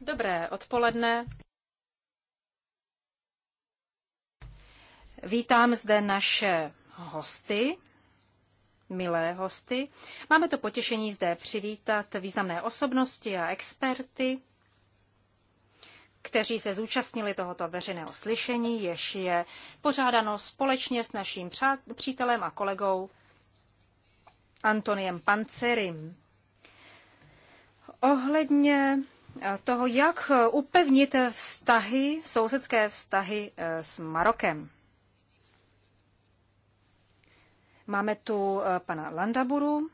Dobré odpoledne. Vítám zde naše hosty, milé hosty. Máme to potěšení zde přivítat významné osobnosti a experty, kteří se zúčastnili tohoto veřejného slyšení, jež je pořádano společně s naším přítelem a kolegou Antoniem Pancerim. Ohledně eh, toho, jak eh, upevnit vztahy, sousedské vztahy eh, s Marokem. Máme tu pana Landaburu,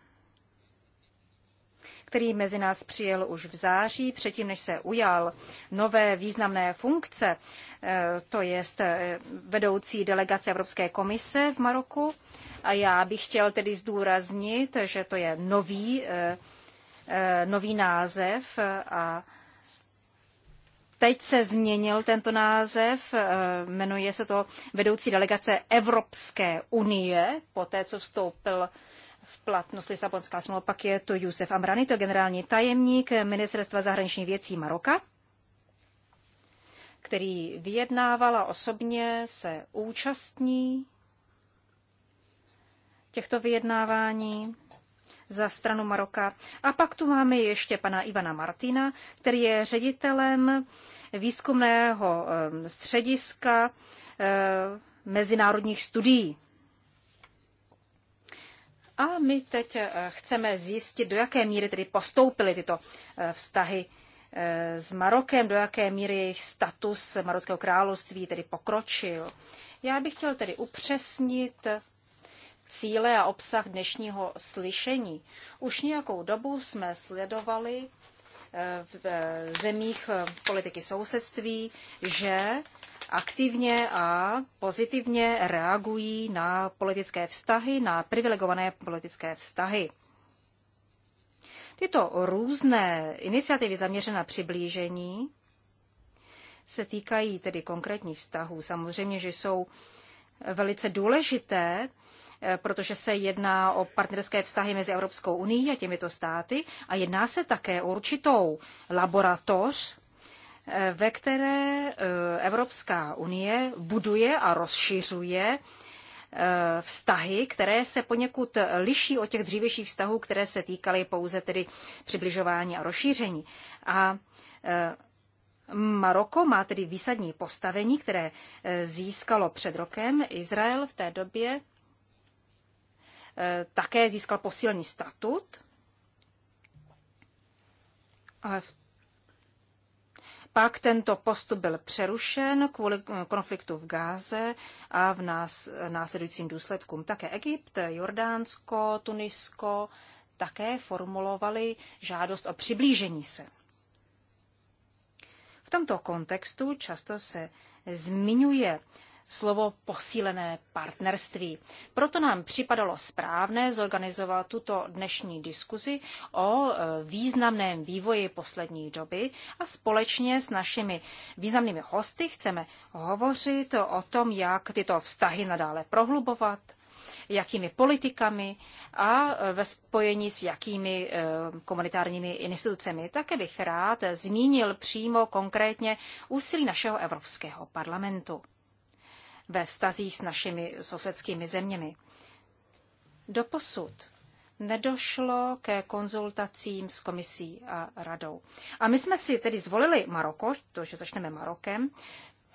který mezi nás přijel už v září, předtím než se ujal nové významné funkce, eh, to je eh, vedoucí delegace Evropské komise v Maroku. A já bych chtěl tedy zdůraznit, že to je nový, eh, nový název a Teď se změnil tento název, jmenuje se to vedoucí delegace Evropské unie, po té, co vstoupil v platnost Lisabonská smlouva. Pak je to Josef Amrani, to generální tajemník Ministerstva zahraničních věcí Maroka, který vyjednával a osobně se účastní těchto vyjednávání za stranu Maroka. A pak tu máme ještě pana Ivana Martina, který je ředitelem výzkumného eh, střediska eh, mezinárodních studií. A my teď eh, chceme zjistit, do jaké míry tedy postoupily tyto eh, vztahy eh, s Marokem, do jaké míry jejich status Marockého království tedy pokročil. Já bych chtěl tedy upřesnit cíle a obsah dnešního slyšení. Už nějakou dobu jsme sledovali v zemích politiky sousedství, že aktivně a pozitivně reagují na politické vztahy, na privilegované politické vztahy. Tyto různé iniciativy zaměřené na přiblížení se týkají tedy konkrétních vztahů. Samozřejmě, že jsou velice důležité, protože se jedná o partnerské vztahy mezi Evropskou unii a těmito státy a jedná se také o určitou laboratoř ve které eh, Evropská unie buduje a rozšiřuje eh, vztahy, které se poněkud liší od těch dřívějších vztahů, které se týkaly pouze tedy přibližování a rozšíření. A eh, Maroko má tedy výsadní postavení, které získalo před rokem. Izrael v té době také získal posilní statut, ale v pak tento postup byl přerušen kvůli eh, konfliktu v Gáze a v nás, eh, následujícím důsledkům. Také Egypt, Jordánsko, Tunisko také formulovali žádost o přiblížení se. V tomto kontextu často se zmiňuje slovo posílené partnerství. Proto nám připadalo správné zorganizovat tuto dnešní diskuzi o e, významném vývoji poslední doby a společně s našimi významnými hosty chceme hovořit o tom, jak tyto vztahy nadále prohlubovat, jakými politikami a e, ve spojení s jakými e, komunitárními institucemi. Také bych rád zmínil přímo konkrétně úsilí našeho Evropského parlamentu ve vztazích s našimi sousedskými zeměmi. Doposud nedošlo ke konzultacím s komisí a radou. A my jsme si tedy zvolili Maroko, to, že začneme Marokem,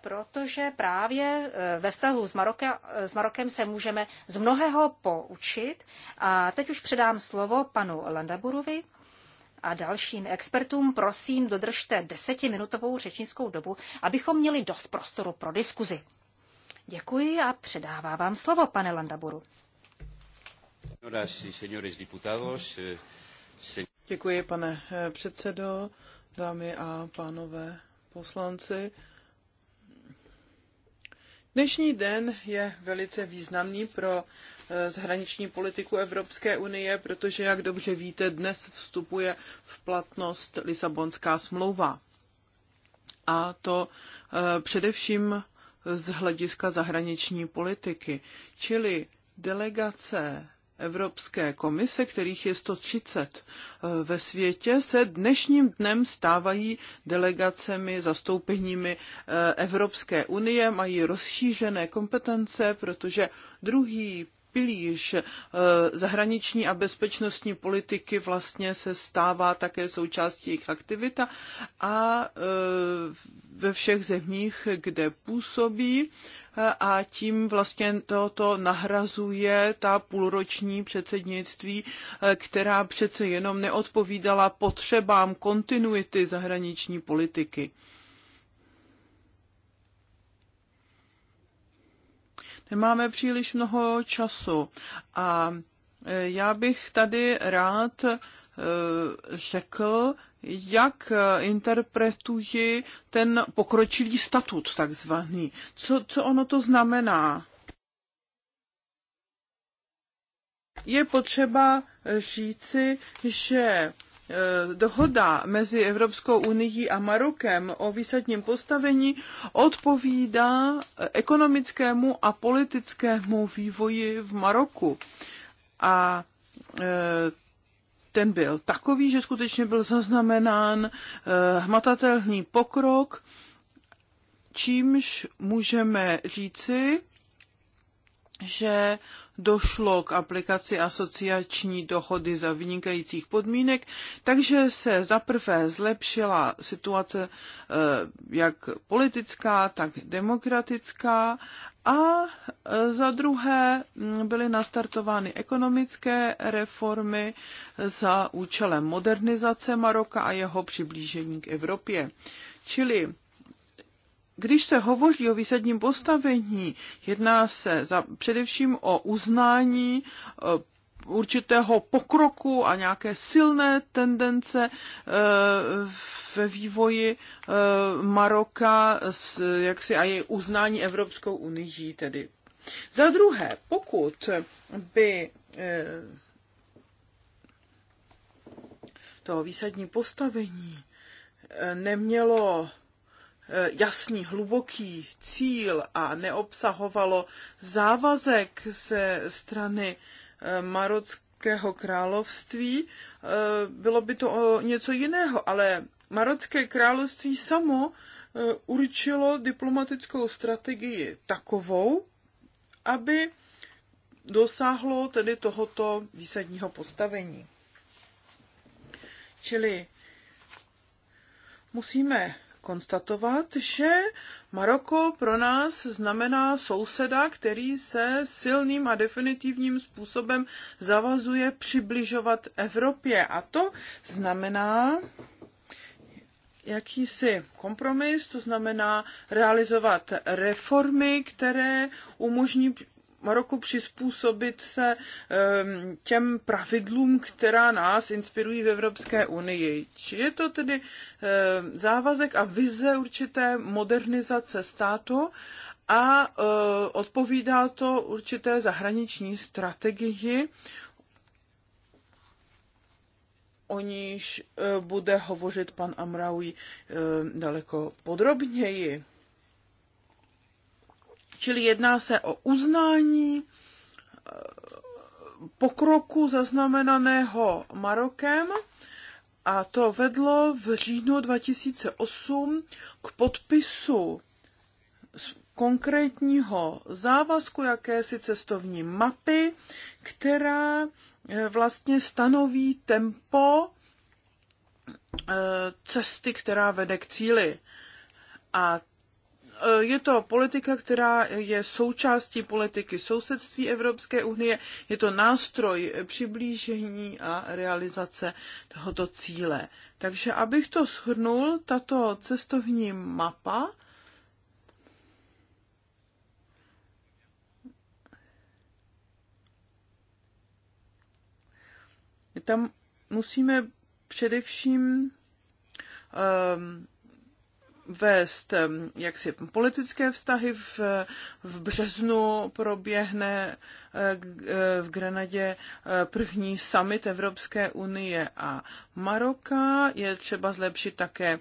protože právě e, ve vztahu s, Maroka, e, s Marokem se můžeme z mnohého poučit. A teď už předám slovo panu Landaburovi a dalším expertům. Prosím, dodržte desetiminutovou řečnickou dobu, abychom měli dost prostoru pro diskuzi. Děkuji a předává vám slovo, pane Landaburu. Eh, Děkuji, pane eh, předsedo, dámy a pánové poslanci. Dnešní den je velice významný pro eh, zahraniční politiku Evropské unie, protože, jak dobře víte, dnes vstupuje v platnost Lisabonská smlouva. A to především z hlediska zahraniční politiky. Čili delegace Evropské komise, kterých je 130 eh, ve světě, se dnešním dnem stávají delegacemi, zastoupeními eh, Evropské unie, mají rozšířené kompetence, protože druhý pilíř eh, zahraniční a bezpečnostní politiky vlastně se stává také součástí jejich aktivita a eh, ve všech zemích, kde působí eh, a tím vlastně toto nahrazuje ta půlroční předsednictví, která přece jenom neodpovídala potřebám kontinuity zahraniční politiky. Nemáme příliš mnoho času a e, já bych tady rád e, řekl, jak e, interpretuji ten pokročilý statut takzvaný. Co, co ono to znamená? Je potřeba říci, že Eh, dohoda mezi Evropskou unii a Marokem o výsadním postavení odpovídá eh, ekonomickému a politickému vývoji v Maroku. A eh, ten byl takový, že skutečně byl zaznamenán hmatatelný pokrok, čímž můžeme říci, že došlo k aplikaci asociační dohody za vynikajících podmínek, takže se zaprvé zlepšila situace eh, jak politická, tak demokratická a eh, za druhé mm, byly nastartovány ekonomické reformy za účelem modernizace Maroka a jeho přiblížení k Evropě. Čili když se hovoří o výsadním postavení, jedná se za, především o uznání e, určitého pokroku a nějaké silné tendence e, ve vývoji e, Maroka jaksi, a její uznání Evropskou unii tedy. Za druhé, pokud by to výsadní postavení nemělo Eh, jasný, hluboký cíl a neobsahovalo závazek ze strany eh, marockého království, eh, bylo by to něco jiného, ale marocké království samo určilo diplomatickou strategii takovou, aby dosáhlo tedy tohoto výsadního postavení. Čili musíme konstatovat, že Maroko pro nás znamená souseda, který se silným a definitivním způsobem zavazuje přibližovat Evropě. A to znamená jakýsi kompromis, to znamená realizovat reformy, které umožní Maroku přizpůsobit se těm pravidlům, která nás inspirují v Evropské unii. Je to tedy závazek a vize určité modernizace státu a e, odpovídá to určité zahraniční strategii, o níž e, bude hovořit pan Amraoui e, daleko podrobněji. Čili jedná se o uznání eh, pokroku zaznamenaného Marokem a to vedlo v říjnu 2008 k podpisu konkrétního závazku jakési cestovní mapy, která eh, vlastně stanoví tempo eh, cesty, která vede k cíli. A Eh, je to politika, která je součástí politiky sousedství Evropské unie, je to nástroj přiblížení a realizace tohoto cíle. Takže abych to shrnul, tato cestovní mapa tam musíme především um, vést jaksi politické vztahy. V, v březnu proběhne eh, eh, v Grenadě eh, první summit Evropské unie a Maroka. Je třeba zlepšit také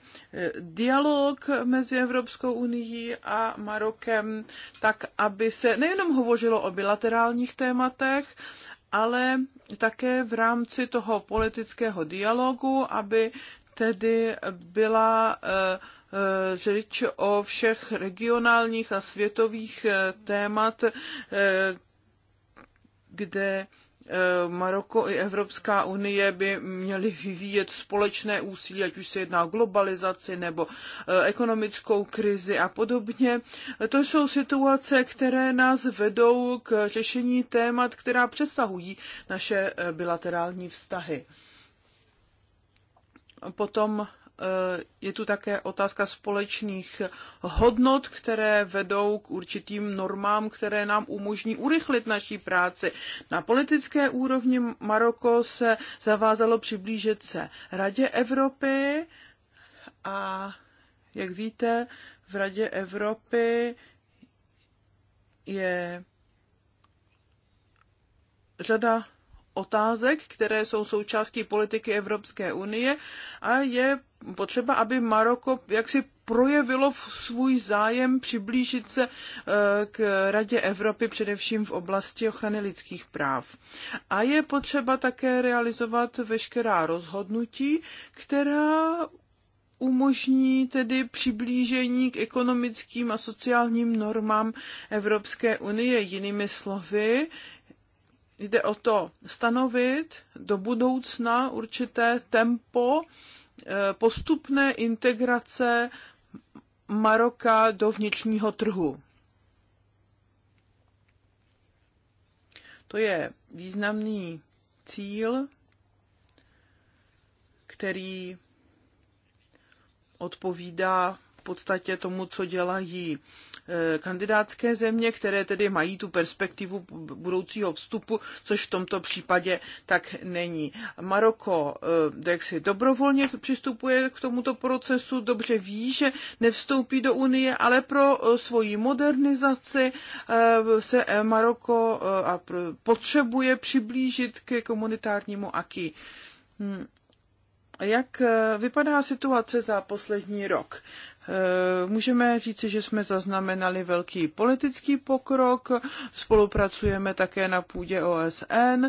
dialog mezi Evropskou unii a Marokem, tak aby se nejenom hovořilo o bilaterálních tématech, ale také v rámci toho politického dialogu, aby tedy byla uh, Eh, řeč o všech regionálních a světových eh, témat, eh, kde Maroko i Evropská unie by měly vyvíjet společné úsilí, ať už se jedná o globalizaci nebo ekonomickou krizi a podobně. To jsou situace, které nás vedou k řešení témat, která přesahují naše bilaterální vztahy. Potom Eh, je tu také otázka společných hodnot, které vedou k určitým normám, které nám umožní urychlit naší práci. Na politické úrovni Maroko se zavázalo přiblížit se Radě Evropy a, jak víte, v Radě Evropy je řada otázek, které jsou součástí politiky Evropské unie a je potřeba, aby Maroko jaksi projevilo svůj zájem přiblížit se eh, k Radě Evropy, především v oblasti ochrany lidských práv. A je potřeba také realizovat veškerá rozhodnutí, která umožní tedy přiblížení k ekonomickým a sociálním normám Evropské unie. Jinými slovy, jde o to stanovit do budoucna určité tempo eh, postupné integrace Maroka do vnitřního trhu. To je významný cíl, který odpovídá podstatě tomu, co dělají e, kandidátské země, které tedy mají tu perspektivu budoucího vstupu, což v tomto případě tak není. Maroko e, jak si dobrovolně přistupuje k tomuto procesu, dobře ví, že nevstoupí do Unie, ale pro e, svoji modernizaci se Maroko potřebuje přiblížit ke komunitárnímu aky. Hm. Jak vypadá situace za poslední rok? Eh, můžeme říci, že jsme zaznamenali velký politický pokrok, spolupracujeme také na půdě OSN,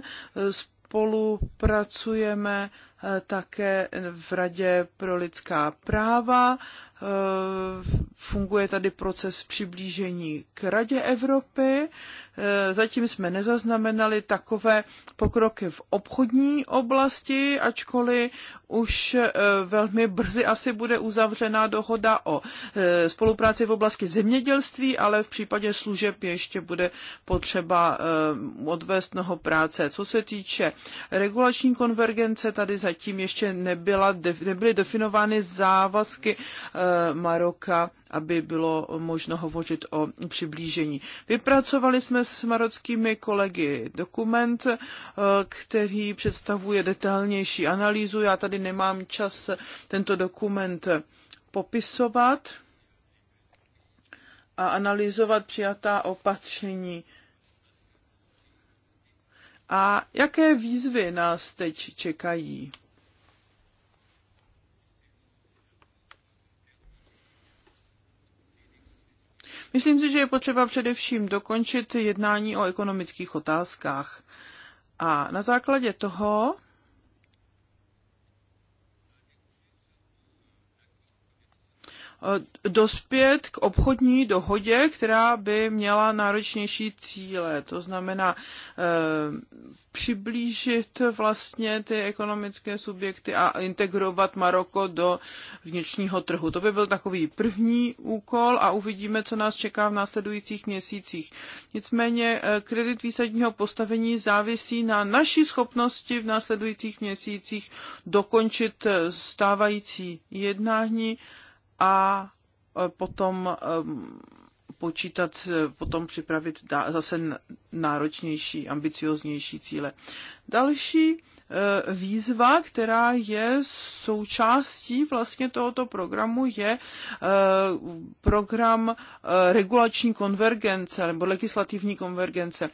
spolupracujeme eh, také v Radě pro lidská práva Eh, funguje tady proces přiblížení k Radě Evropy. Eh, zatím jsme nezaznamenali takové pokroky v obchodní oblasti, ačkoliv už eh, velmi brzy asi bude uzavřena dohoda o spolupráci v oblasti zemědělství, ale v případě služeb ještě bude potřeba odvést mnoho práce. Co se týče regulační konvergence, tady zatím ještě nebyla, nebyly definovány závazky Maroka, aby bylo možno hovořit o přiblížení. Vypracovali jsme s marockými kolegy dokument, eh, který představuje detailnější analýzu. Já tady nemám čas tento dokument popisovat a analyzovat přijatá opatření. A jaké výzvy nás teď čekají? Myslím si, že je potřeba především dokončit jednání o ekonomických otázkách. A na základě toho Eh, dospět k obchodní dohodě, která by měla náročnější cíle. To znamená eh, přiblížit vlastně ty ekonomické subjekty a integrovat Maroko do vnitřního trhu. To by byl takový první úkol a uvidíme, co nás čeká v následujících měsících. Nicméně eh, kredit výsadního postavení závisí na naší schopnosti v následujících měsících dokončit stávající jednání a e, potom e, počítat, e, potom připravit zase náročnější, ambicioznější cíle. Další výzva, která je součástí vlastně tohoto programu, je program regulační konvergence nebo legislativní konvergence.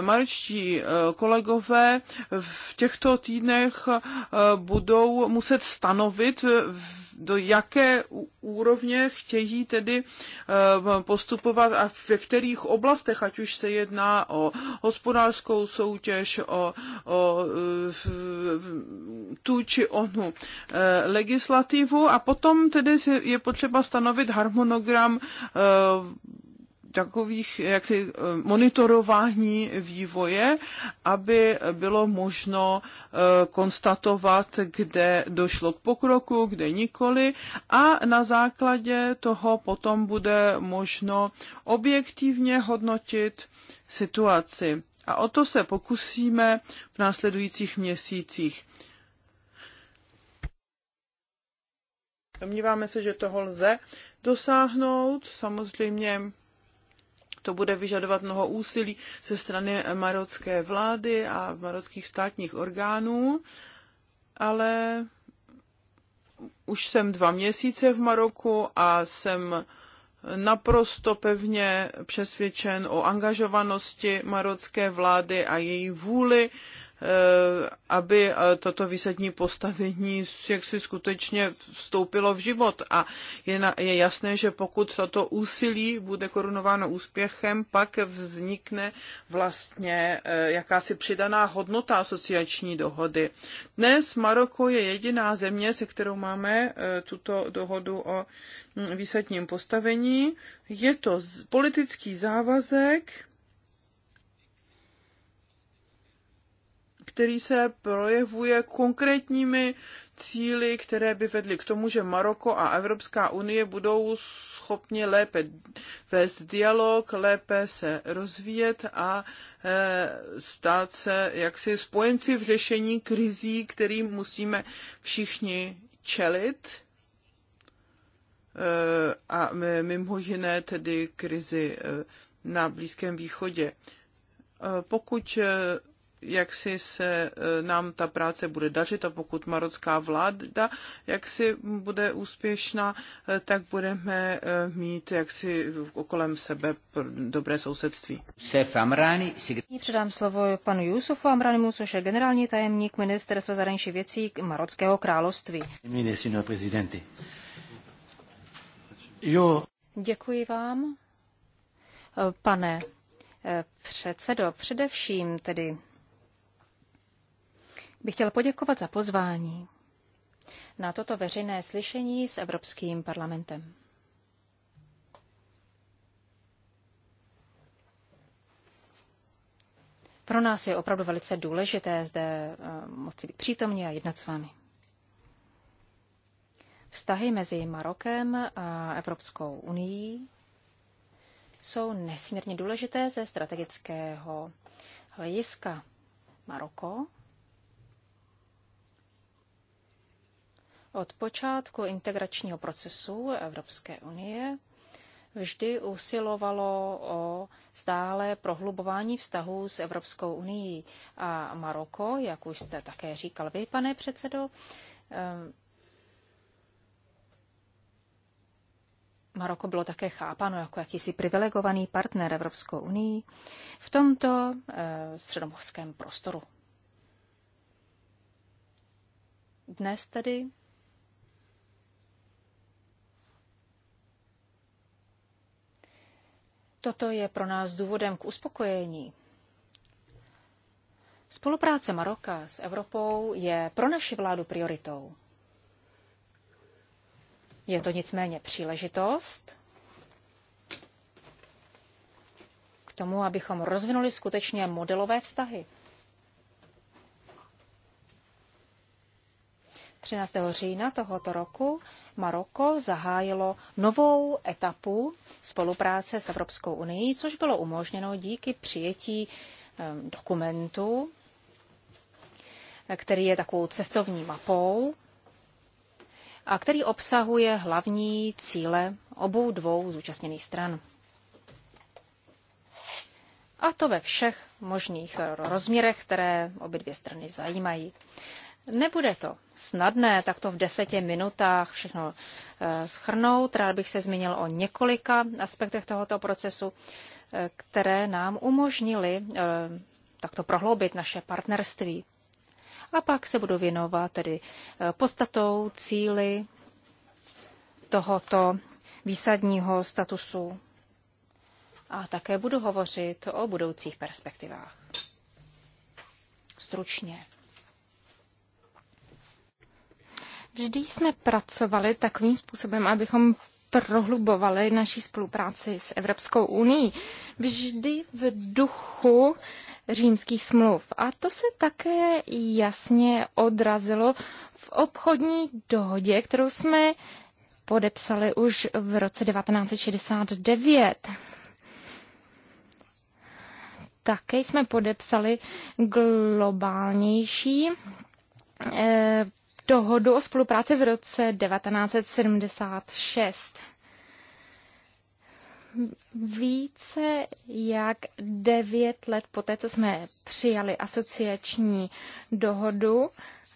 Marečtí kolegové v těchto týdnech budou muset stanovit do jaké úrovně chtějí tedy eh, postupovat a ve kterých oblastech, ať už se jedná o hospodářskou soutěž, o, o tu či onu eh, legislativu a potom tedy je potřeba stanovit harmonogram eh, takových jaksi eh, monitorování vývoje, aby bylo možno eh, konstatovat, kde došlo k pokroku, kde nikoli a na základě toho potom bude možno objektivně hodnotit situaci. A o to se pokusíme v následujících měsících. Domníváme se, že toho lze dosáhnout. Samozřejmě to bude vyžadovat mnoho úsilí ze strany marocké vlády a marockých státních orgánů, ale už jsem dva měsíce v Maroku a jsem naprosto pevně přesvědčen o angažovanosti marocké vlády a její vůli Eh, aby eh, toto výsadní postavení jaksi skutečně vstoupilo v život. A je, na, je jasné, že pokud toto úsilí bude korunováno úspěchem, pak vznikne vlastně eh, jakási přidaná hodnota asociační dohody. Dnes Maroko je jediná země, se kterou máme tuto dohodu o mm, výsadním postavení. Je to politický závazek, který se projevuje konkrétními cíly, které by vedly k tomu, že Maroko a Evropská unie budou schopni lépe vést dialog, lépe se rozvíjet a eh, stát se jaksi spojenci v řešení krizí, kterým musíme všichni čelit eh, a mimo jiné tedy krizi eh, na Blízkém východě. Pokud jak si se e, nám ta práce bude dařit a pokud marocká vláda jak si bude úspěšná, e, tak budeme e, mít jak si kolem sebe dobré sousedství. Předám slovo panu Jusufu Amranimu, což je generální tajemník Ministerstva zahraničí věcí Marockého království. Děkuji vám. Pane předsedo, především tedy bych chtěl poděkovat za pozvání na toto veřejné slyšení s Evropským parlamentem. Pro nás je opravdu velice důležité zde eh, moci být přítomní a jednat s vámi. Vztahy mezi Marokem a Evropskou unii jsou nesmírně důležité ze strategického hlediska. Maroko Od počátku integračního procesu Evropské unie vždy usilovalo o stále prohlubování vztahů s Evropskou unii a Maroko, jak už jste také říkal vy, pane předsedo. Ehm, Maroko bylo také chápáno jako jakýsi privilegovaný partner Evropskou unii v tomto ehm, středomorském prostoru. Dnes tedy Toto je pro nás důvodem k uspokojení. Spolupráce Maroka s Evropou je pro naši vládu prioritou. Je to nicméně příležitost k tomu, abychom rozvinuli skutečně modelové vztahy. 13. října tohoto roku Maroko zahájilo novou etapu spolupráce s Evropskou unii, což bylo umožněno díky přijetí dokumentu, který je takovou cestovní mapou a který obsahuje hlavní cíle obou dvou zúčastněných stran. A to ve všech možných rozměrech, které obě dvě strany zajímají. Nebude to snadné takto v deseti minutách všechno eh, schrnout. Rád bych se zmínil o několika aspektech tohoto procesu, eh, které nám umožnily eh, takto prohloubit naše partnerství. A pak se budu věnovat tedy podstatou, cíly tohoto výsadního statusu a také budu hovořit o budoucích perspektivách. Stručně. Vždy jsme pracovali takovým způsobem, abychom prohlubovali naší spolupráci s Evropskou unii. Vždy v duchu římských smluv. A to se také jasně odrazilo v obchodní dohodě, kterou jsme podepsali už v roce 1969. Také jsme podepsali globálnější eh, dohodu o spolupráci v roce 1976 více jak devět let poté, co jsme přijali asociační dohodu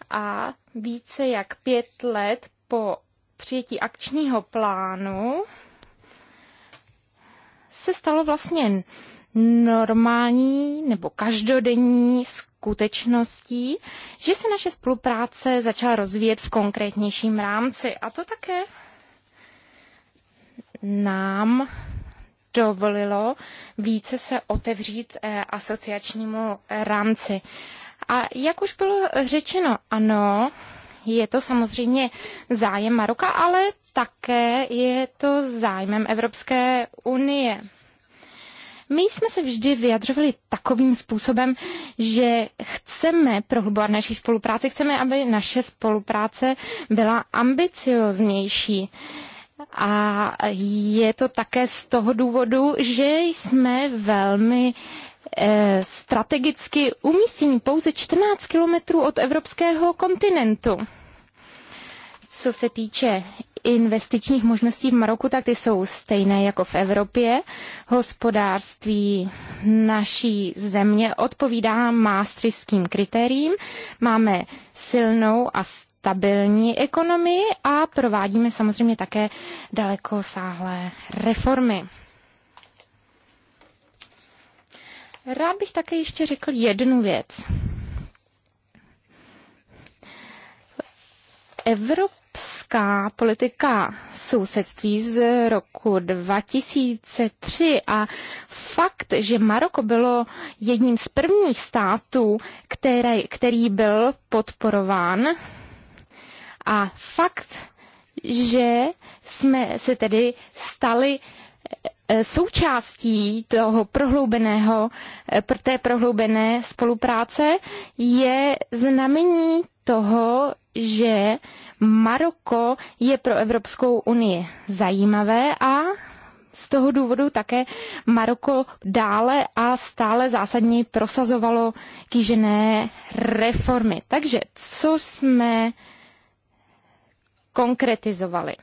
a více jak pět let po přijetí akčního plánu se stalo vlastně normální nebo každodenní skutečností, že se naše spolupráce začala rozvíjet v konkrétnějším rámci. A to také nám dovolilo více se otevřít eh, asociačnímu rámci. A jak už bylo řečeno, ano, je to samozřejmě zájem Maroka, ale také je to zájmem Evropské unie. My jsme se vždy vyjadřovali takovým způsobem, že chceme prohlubovat naší spolupráci, chceme, aby naše spolupráce byla ambicioznější. A je to také z toho důvodu, že jsme velmi eh, strategicky umístění pouze 14 kilometrů od evropského kontinentu. Co se týče investičních možností v Maroku, tak ty jsou stejné jako v Evropě. Hospodářství naší země odpovídá mástřickým kritériím. Máme silnou a stabilní ekonomii a provádíme samozřejmě také dalekosáhlé reformy. Rád bych také ještě řekl jednu věc. Evropa evropská politika sousedství z roku 2003 a fakt, že Maroko bylo jedním z prvních států, který, který byl podporován a fakt, že jsme se tedy stali E, součástí toho prohloubeného, e, té prohloubené spolupráce je znamení toho, že Maroko je pro Evropskou unii zajímavé a z toho důvodu také Maroko dále a stále zásadně prosazovalo kýžené reformy. Takže co jsme konkretizovali?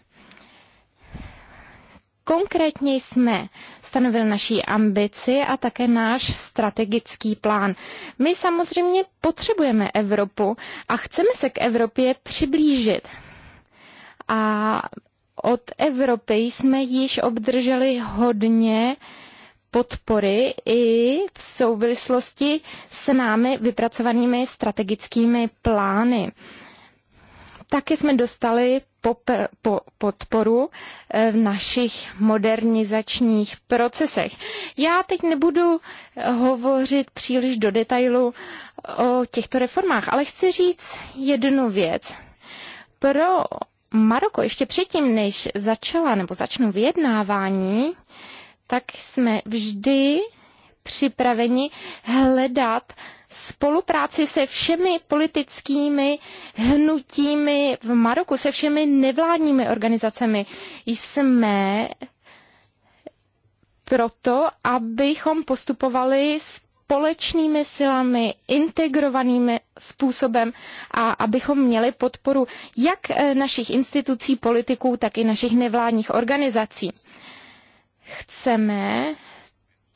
Konkrétně jsme stanovil naší ambici a také náš strategický plán. My samozřejmě potřebujeme Evropu a chceme se k Evropě přiblížit. A od Evropy jsme již obdrželi hodně podpory i v souvislosti s námi vypracovanými strategickými plány. Také jsme dostali podporu eh, v našich modernizačních procesech. Já teď nebudu eh, hovořit příliš do detailu eh, o těchto reformách, ale chci říct jednu věc. Pro Maroko ještě předtím, než začala nebo začnu vyjednávání, tak jsme vždy připraveni hledat spolupráci se všemi politickými hnutími v Maroku, se všemi nevládními organizacemi. Jsme proto, abychom postupovali společnými silami, integrovaným způsobem a abychom měli podporu jak eh, našich institucí, politiků, tak i našich nevládních organizací. Chceme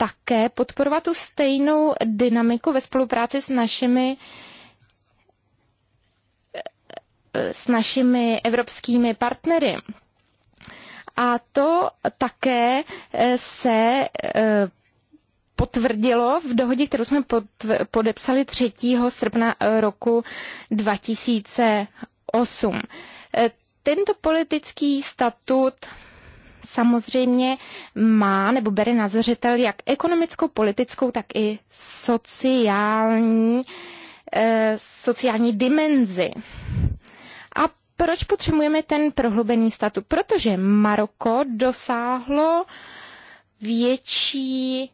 také podporovat tu stejnou dynamiku ve spolupráci s našimi s našimi evropskými partnery. A to také eh, se eh, potvrdilo v dohodě, kterou jsme podepsali 3. srpna eh, roku 2008. Tento politický statut samozřejmě má nebo bere na zřetel jak ekonomickou, politickou, tak i sociální, e, sociální dimenzi. A proč potřebujeme ten prohlubený statut? Protože Maroko dosáhlo větší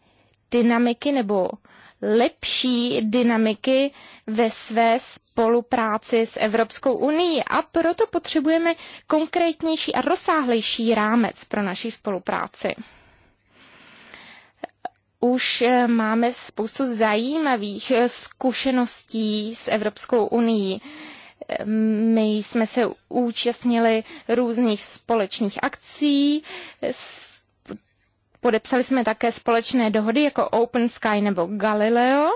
dynamiky nebo e, lepší dynamiky ve své spolupráci s Evropskou unii a proto potřebujeme konkrétnější a rozsáhlejší rámec pro naši spolupráci už eh, máme spoustu zajímavých eh, zkušeností s Evropskou unii. Eh, my jsme se účastnili různých společných akcí, Podepsali jsme také společné dohody jako Open Sky nebo Galileo.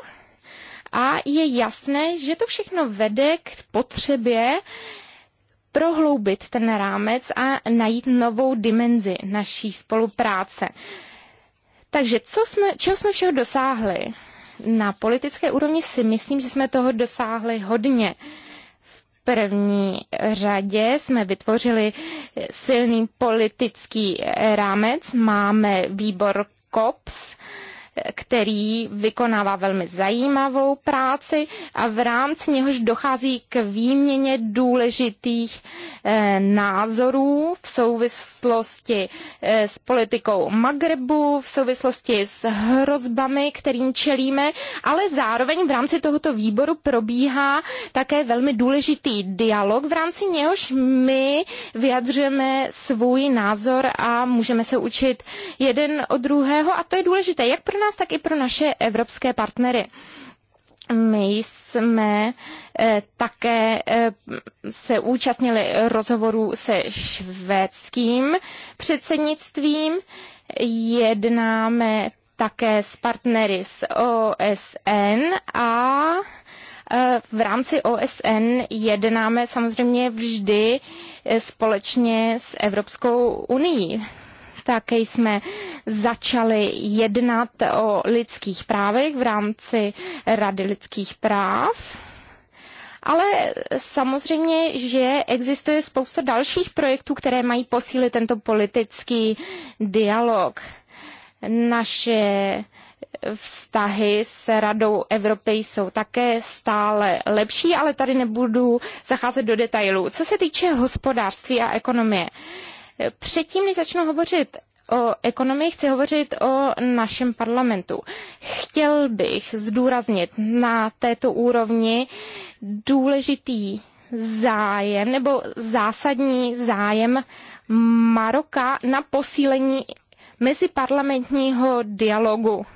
A je jasné, že to všechno vede k potřebě prohloubit ten rámec a najít novou dimenzi naší spolupráce. Takže co jsme, čeho jsme všeho dosáhli? Na politické úrovni si myslím, že jsme toho dosáhli hodně. Uh, první řadě jsme vytvořili silný politický rámec, máme výbor COPS, který vykonává velmi zajímavou práci a v rámci něhož dochází k výměně důležitých eh, názorů v souvislosti eh, s politikou Magrebu, v souvislosti s hrozbami, kterým čelíme, ale zároveň v rámci tohoto výboru probíhá také velmi důležitý dialog, v rámci něhož my vyjadřujeme svůj názor a můžeme se učit jeden od druhého a to je důležité jak pro nás, tak i pro naše evropské partnery. My jsme eh, také eh, se účastnili rozhovoru se švédským předsednictvím. Jednáme také s partnery z OSN a eh, v rámci OSN jednáme samozřejmě vždy společně s Evropskou unii. Také jsme začali jednat o lidských právech v rámci Rady lidských práv. Ale samozřejmě, že existuje spousta dalších projektů, které mají posílit tento politický dialog. Naše vztahy s Radou Evropy jsou také stále lepší, ale tady nebudu zacházet do detailů. Co se týče hospodářství a ekonomie, Předtím, než začnu hovořit o ekonomii, chci hovořit o našem parlamentu. Chtěl bych zdůraznit na této úrovni důležitý zájem nebo zásadní zájem Maroka na posílení meziparlamentního dialogu.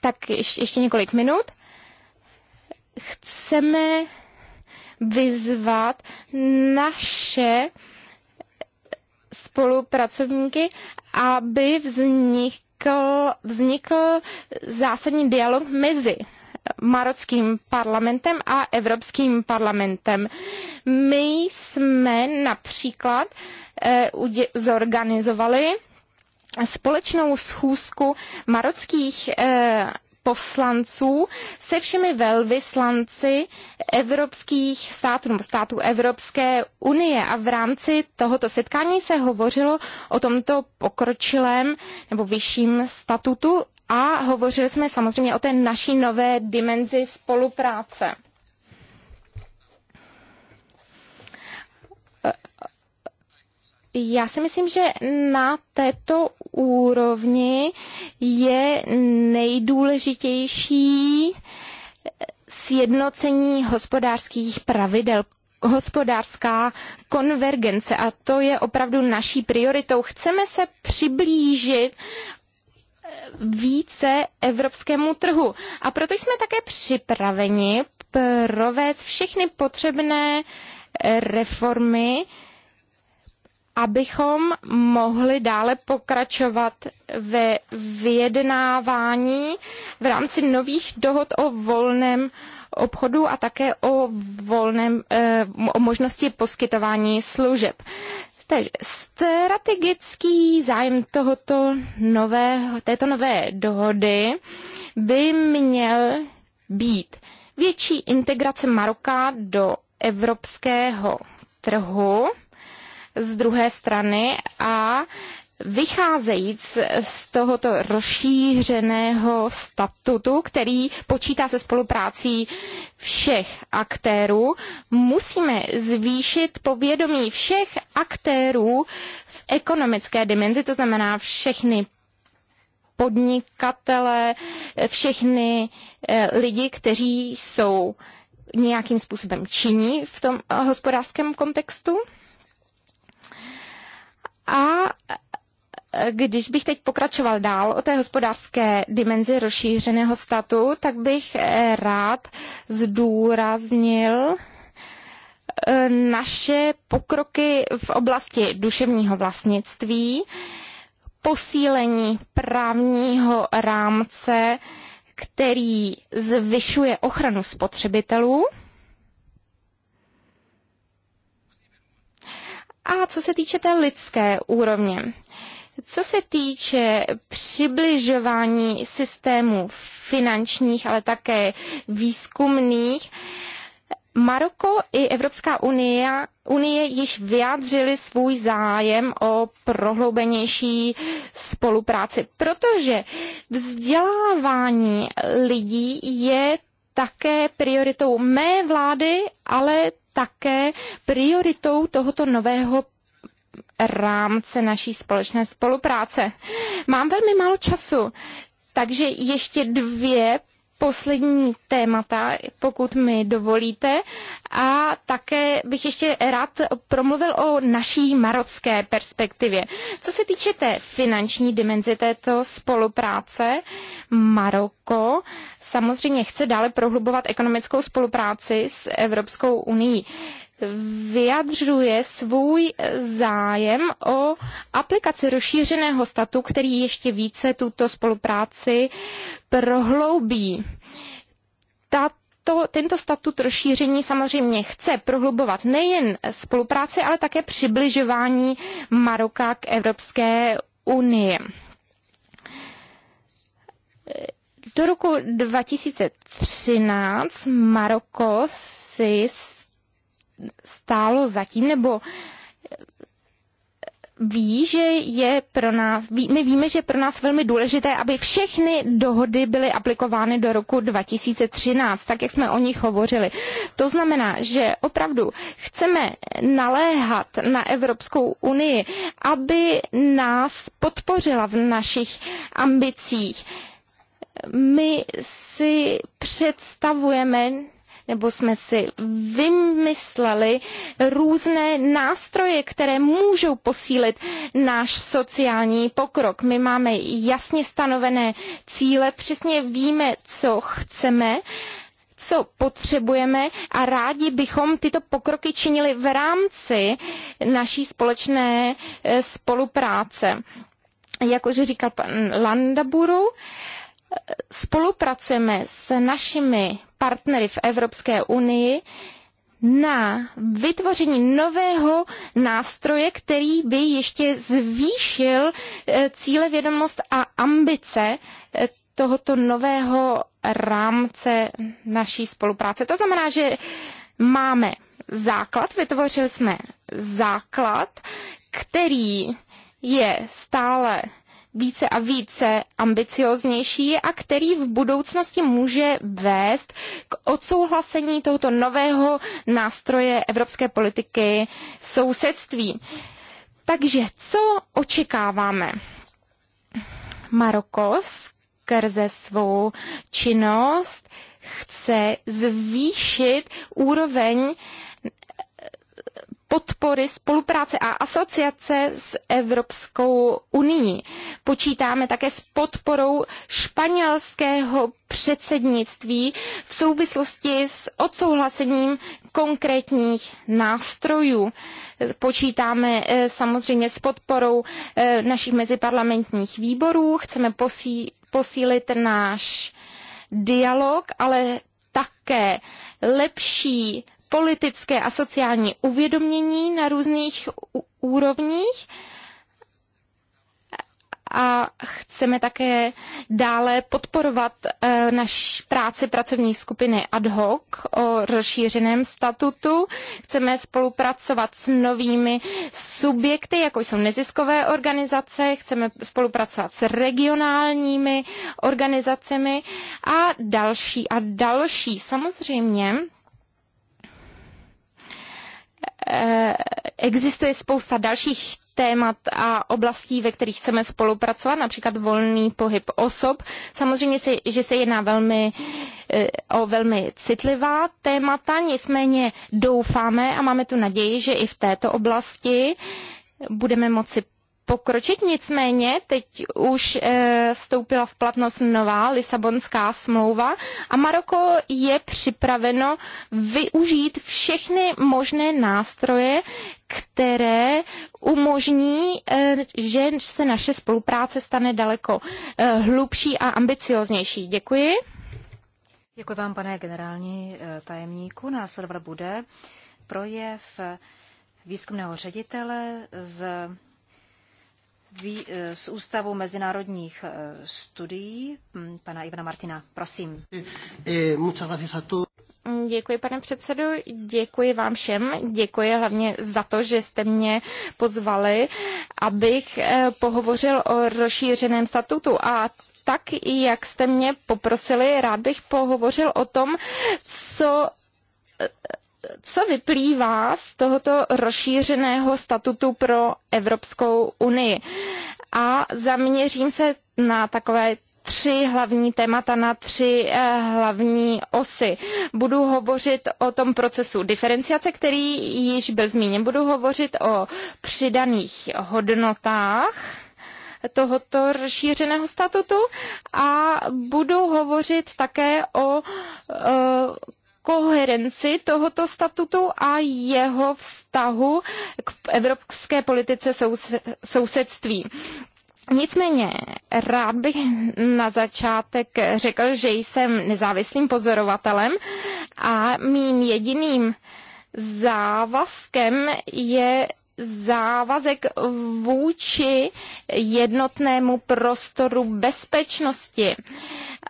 Tak ještě několik minut. Chceme vyzvat naše spolupracovníky, aby vznikl, vznikl zásadní dialog mezi marockým parlamentem a evropským parlamentem. My jsme například eh, zorganizovali společnou schůzku marockých eh, poslanců se všemi velvyslanci evropských států nebo států Evropské unie a v rámci tohoto setkání se hovořilo o tomto pokročilém nebo vyšším statutu a hovořili jsme samozřejmě o té naší nové dimenzi spolupráce. Já si myslím, že na této úrovni je nejdůležitější sjednocení hospodářských pravidel, hospodářská konvergence a to je opravdu naší prioritou. Chceme se přiblížit více evropskému trhu. A proto jsme také připraveni provést všechny potřebné reformy, abychom mohli dále pokračovat ve vyjednávání v rámci nových dohod o volném obchodu a také o, volném, eh, o možnosti poskytování služeb. Takže strategický zájem tohoto nového, této nové dohody by měl být větší integrace Maroka do evropského trhu z druhé strany a vycházejíc z tohoto rozšířeného statutu, který počítá se spoluprácí všech aktérů, musíme zvýšit povědomí všech aktérů v ekonomické dimenzi, to znamená všechny podnikatele, všechny eh, lidi, kteří jsou nějakým způsobem činí v tom eh, hospodářském kontextu. A e, když bych teď pokračoval dál o té hospodářské dimenzi rozšířeného statu, tak bych e, rád zdůraznil e, naše pokroky v oblasti duševního vlastnictví, posílení právního rámce, který zvyšuje ochranu spotřebitelů A co se týče té lidské úrovně, co se týče přibližování systémů finančních, ale také výzkumných, Maroko i Evropská unie, unie již vyjádřili svůj zájem o prohloubenější spolupráci, protože vzdělávání lidí je také prioritou mé vlády, ale také prioritou tohoto nového rámce naší společné spolupráce. Mám velmi málo času, takže ještě dvě poslední témata, pokud mi dovolíte. A také bych ještě rád promluvil o naší marocké perspektivě. Co se týče té finanční dimenze této spolupráce, Maroko samozřejmě chce dále prohlubovat ekonomickou spolupráci s Evropskou unii vyjadřuje svůj zájem o aplikaci rozšířeného statu, který ještě více tuto spolupráci prohloubí. Tato to, tento statut rozšíření samozřejmě chce prohlubovat nejen spolupráci, ale také přibližování Maroka k Evropské unii. Do roku 2013 Maroko si stálo zatím, nebo ví, že je pro nás, ví, my víme, že je pro nás velmi důležité, aby všechny dohody byly aplikovány do roku 2013, tak jak jsme o nich hovořili. To znamená, že opravdu chceme naléhat na Evropskou unii, aby nás podpořila v našich ambicích. My si představujeme nebo jsme si vymysleli různé nástroje, které můžou posílit náš sociální pokrok. My máme jasně stanovené cíle, přesně víme, co chceme co potřebujeme a rádi bychom tyto pokroky činili v rámci naší společné eh, spolupráce. Jak už říkal pan Landaburu, eh, spolupracujeme s našimi partnery v Evropské unii na vytvoření nového nástroje, který by ještě zvýšil eh, cíle vědomost a ambice eh, tohoto nového rámce naší spolupráce. To znamená, že máme základ, vytvořili jsme základ, který je stále více a více ambicioznější a který v budoucnosti může vést k odsouhlasení tohoto nového nástroje evropské politiky sousedství. Takže co očekáváme? Maroko skrze svou činnost chce zvýšit úroveň podpory spolupráce a asociace s Evropskou unii. Počítáme také s podporou španělského předsednictví v souvislosti s odsouhlasením konkrétních nástrojů. Počítáme eh, samozřejmě s podporou eh, našich meziparlamentních výborů, chceme posí, posílit náš dialog, ale také lepší politické a sociální uvědomění na různých úrovních a chceme také dále podporovat eh, naši práci pracovní skupiny ad hoc o rozšířeném statutu. Chceme spolupracovat s novými subjekty, jako jsou neziskové organizace, chceme spolupracovat s regionálními organizacemi a další a další. Samozřejmě, Eh, existuje spousta dalších témat a oblastí, ve kterých chceme spolupracovat, například volný pohyb osob. Samozřejmě, si, že se jedná velmi, eh, o velmi citlivá témata, nicméně doufáme a máme tu naději, že i v této oblasti budeme moci pokročit, nicméně teď už eh, vstoupila v platnost nová Lisabonská smlouva a Maroko je připraveno využít všechny možné nástroje, které umožní, eh, že se naše spolupráce stane daleko eh, hlubší a ambicioznější. Děkuji. Děkuji vám, pane generální tajemníku. Následovat bude projev výzkumného ředitele z Eh, z Ústavu mezinárodních eh, studií, hm, pana Ivana Martina. Prosím. Eh, děkuji, pane předsedu, děkuji vám všem, děkuji hlavně za to, že jste mě pozvali, abych pohovořil o rozšířeném statutu a tak, jak jste mě poprosili, rád bych pohovořil o tom, co co vyplývá z tohoto rozšířeného statutu pro Evropskou unii. A zaměřím se na takové tři hlavní témata, na tři eh, hlavní osy. Budu hovořit o tom procesu diferenciace, který již byl zmíněn. Budu hovořit o přidaných hodnotách tohoto rozšířeného statutu a budu hovořit také o eh, koherenci tohoto statutu a jeho vztahu k evropské politice sousedství. Nicméně rád bych na začátek řekl, že jsem nezávislým pozorovatelem a mým jediným závazkem je závazek vůči jednotnému prostoru bezpečnosti. Uh,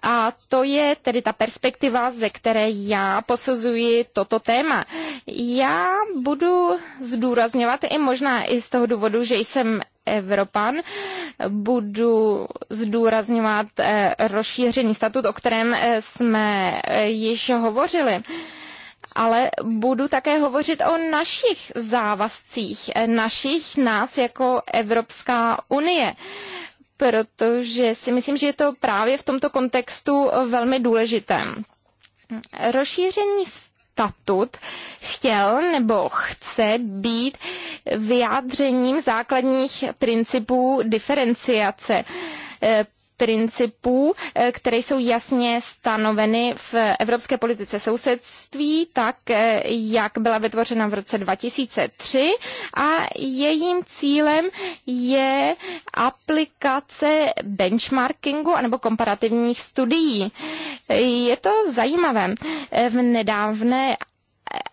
a to je tedy ta perspektiva, ze které já posuzuji toto téma. Já budu zdůrazňovat i možná i z toho důvodu, že jsem Evropan. Budu zdůrazňovat eh, rozšířený statut, o kterém eh, jsme eh, již hovořili ale budu také hovořit o našich závazcích, našich nás jako Evropská unie protože si myslím, že je to právě v tomto kontextu eh, velmi důležité. Rozšíření statut chtěl nebo chce být vyjádřením základních principů diferenciace eh, principů, eh, které jsou jasně stanoveny v evropské politice sousedství, tak eh, jak byla vytvořena v roce 2003 a jejím cílem je aplikace benchmarkingu anebo komparativních studií. Je to zajímavé. Eh, v nedávné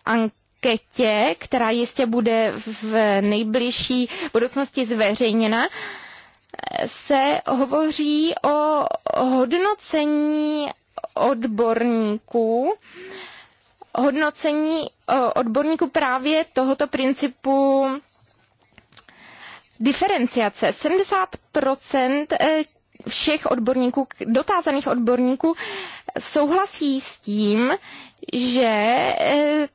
anketě, která jistě bude v nejbližší budoucnosti zveřejněna, se hovoří o hodnocení odborníků, hodnocení eh, odborníků právě tohoto principu diferenciace. 70 eh, všech odborníků, dotázaných odborníků, souhlasí s tím, že eh,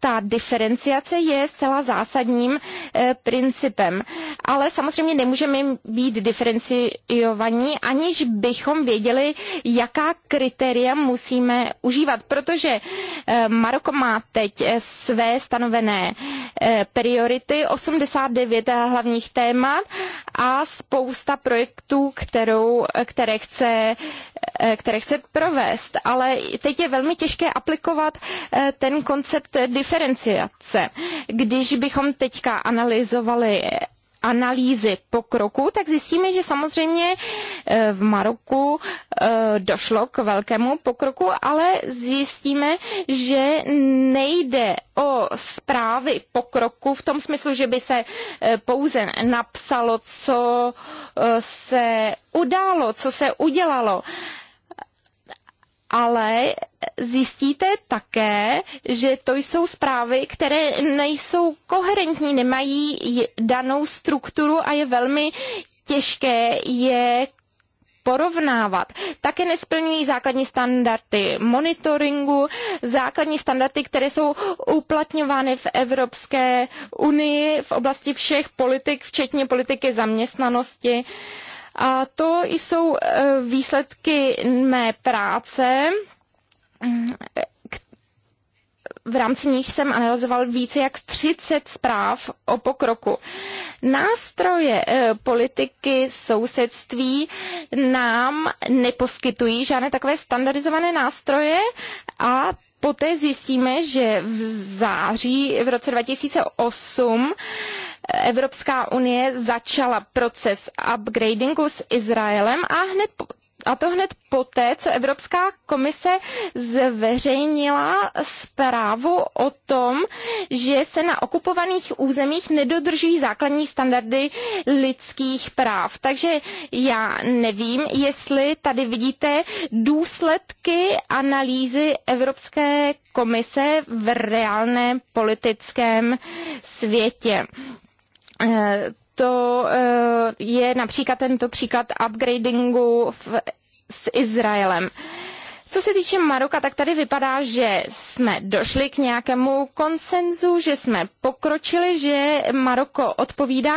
ta diferenciace je zcela zásadním eh, principem. Ale samozřejmě nemůžeme být diferenciovaní, aniž bychom věděli, jaká kritéria musíme užívat, protože eh, Maroko má teď eh, své stanovené priority, 89 hlavních témat a spousta projektů, kterou, které chce které chce provést, ale teď je velmi těžké aplikovat ten koncept diferenciace diferenciace. Když bychom teďka analyzovali analýzy pokroku, tak zjistíme, že samozřejmě eh, v Maroku eh, došlo k velkému pokroku, ale zjistíme, že nejde o zprávy pokroku v tom smyslu, že by se eh, pouze napsalo, co se událo, co se udělalo ale zjistíte také, že to jsou zprávy, které nejsou koherentní, nemají danou strukturu a je velmi těžké je porovnávat. Také nesplňují základní standardy monitoringu, základní standardy, které jsou uplatňovány v Evropské unii v oblasti všech politik, včetně politiky zaměstnanosti. A to jsou e, výsledky mé práce. Mm, v rámci níž jsem analyzoval více jak 30 zpráv o pokroku. Nástroje e, politiky sousedství nám neposkytují žádné takové standardizované nástroje a poté zjistíme, že v září v roce 2008 Evropská unie začala proces upgradingu s Izraelem a hned a to hned poté, co Evropská komise zveřejnila zprávu o tom, že se na okupovaných územích nedodržují základní standardy lidských práv. Takže já nevím, jestli tady vidíte důsledky analýzy Evropské komise v reálném politickém světě eh, to eh, je například tento příklad upgradingu v, s Izraelem. Co se týče Maroka, tak tady vypadá, že jsme došli k nějakému konsenzu, že jsme pokročili, že Maroko odpovídá,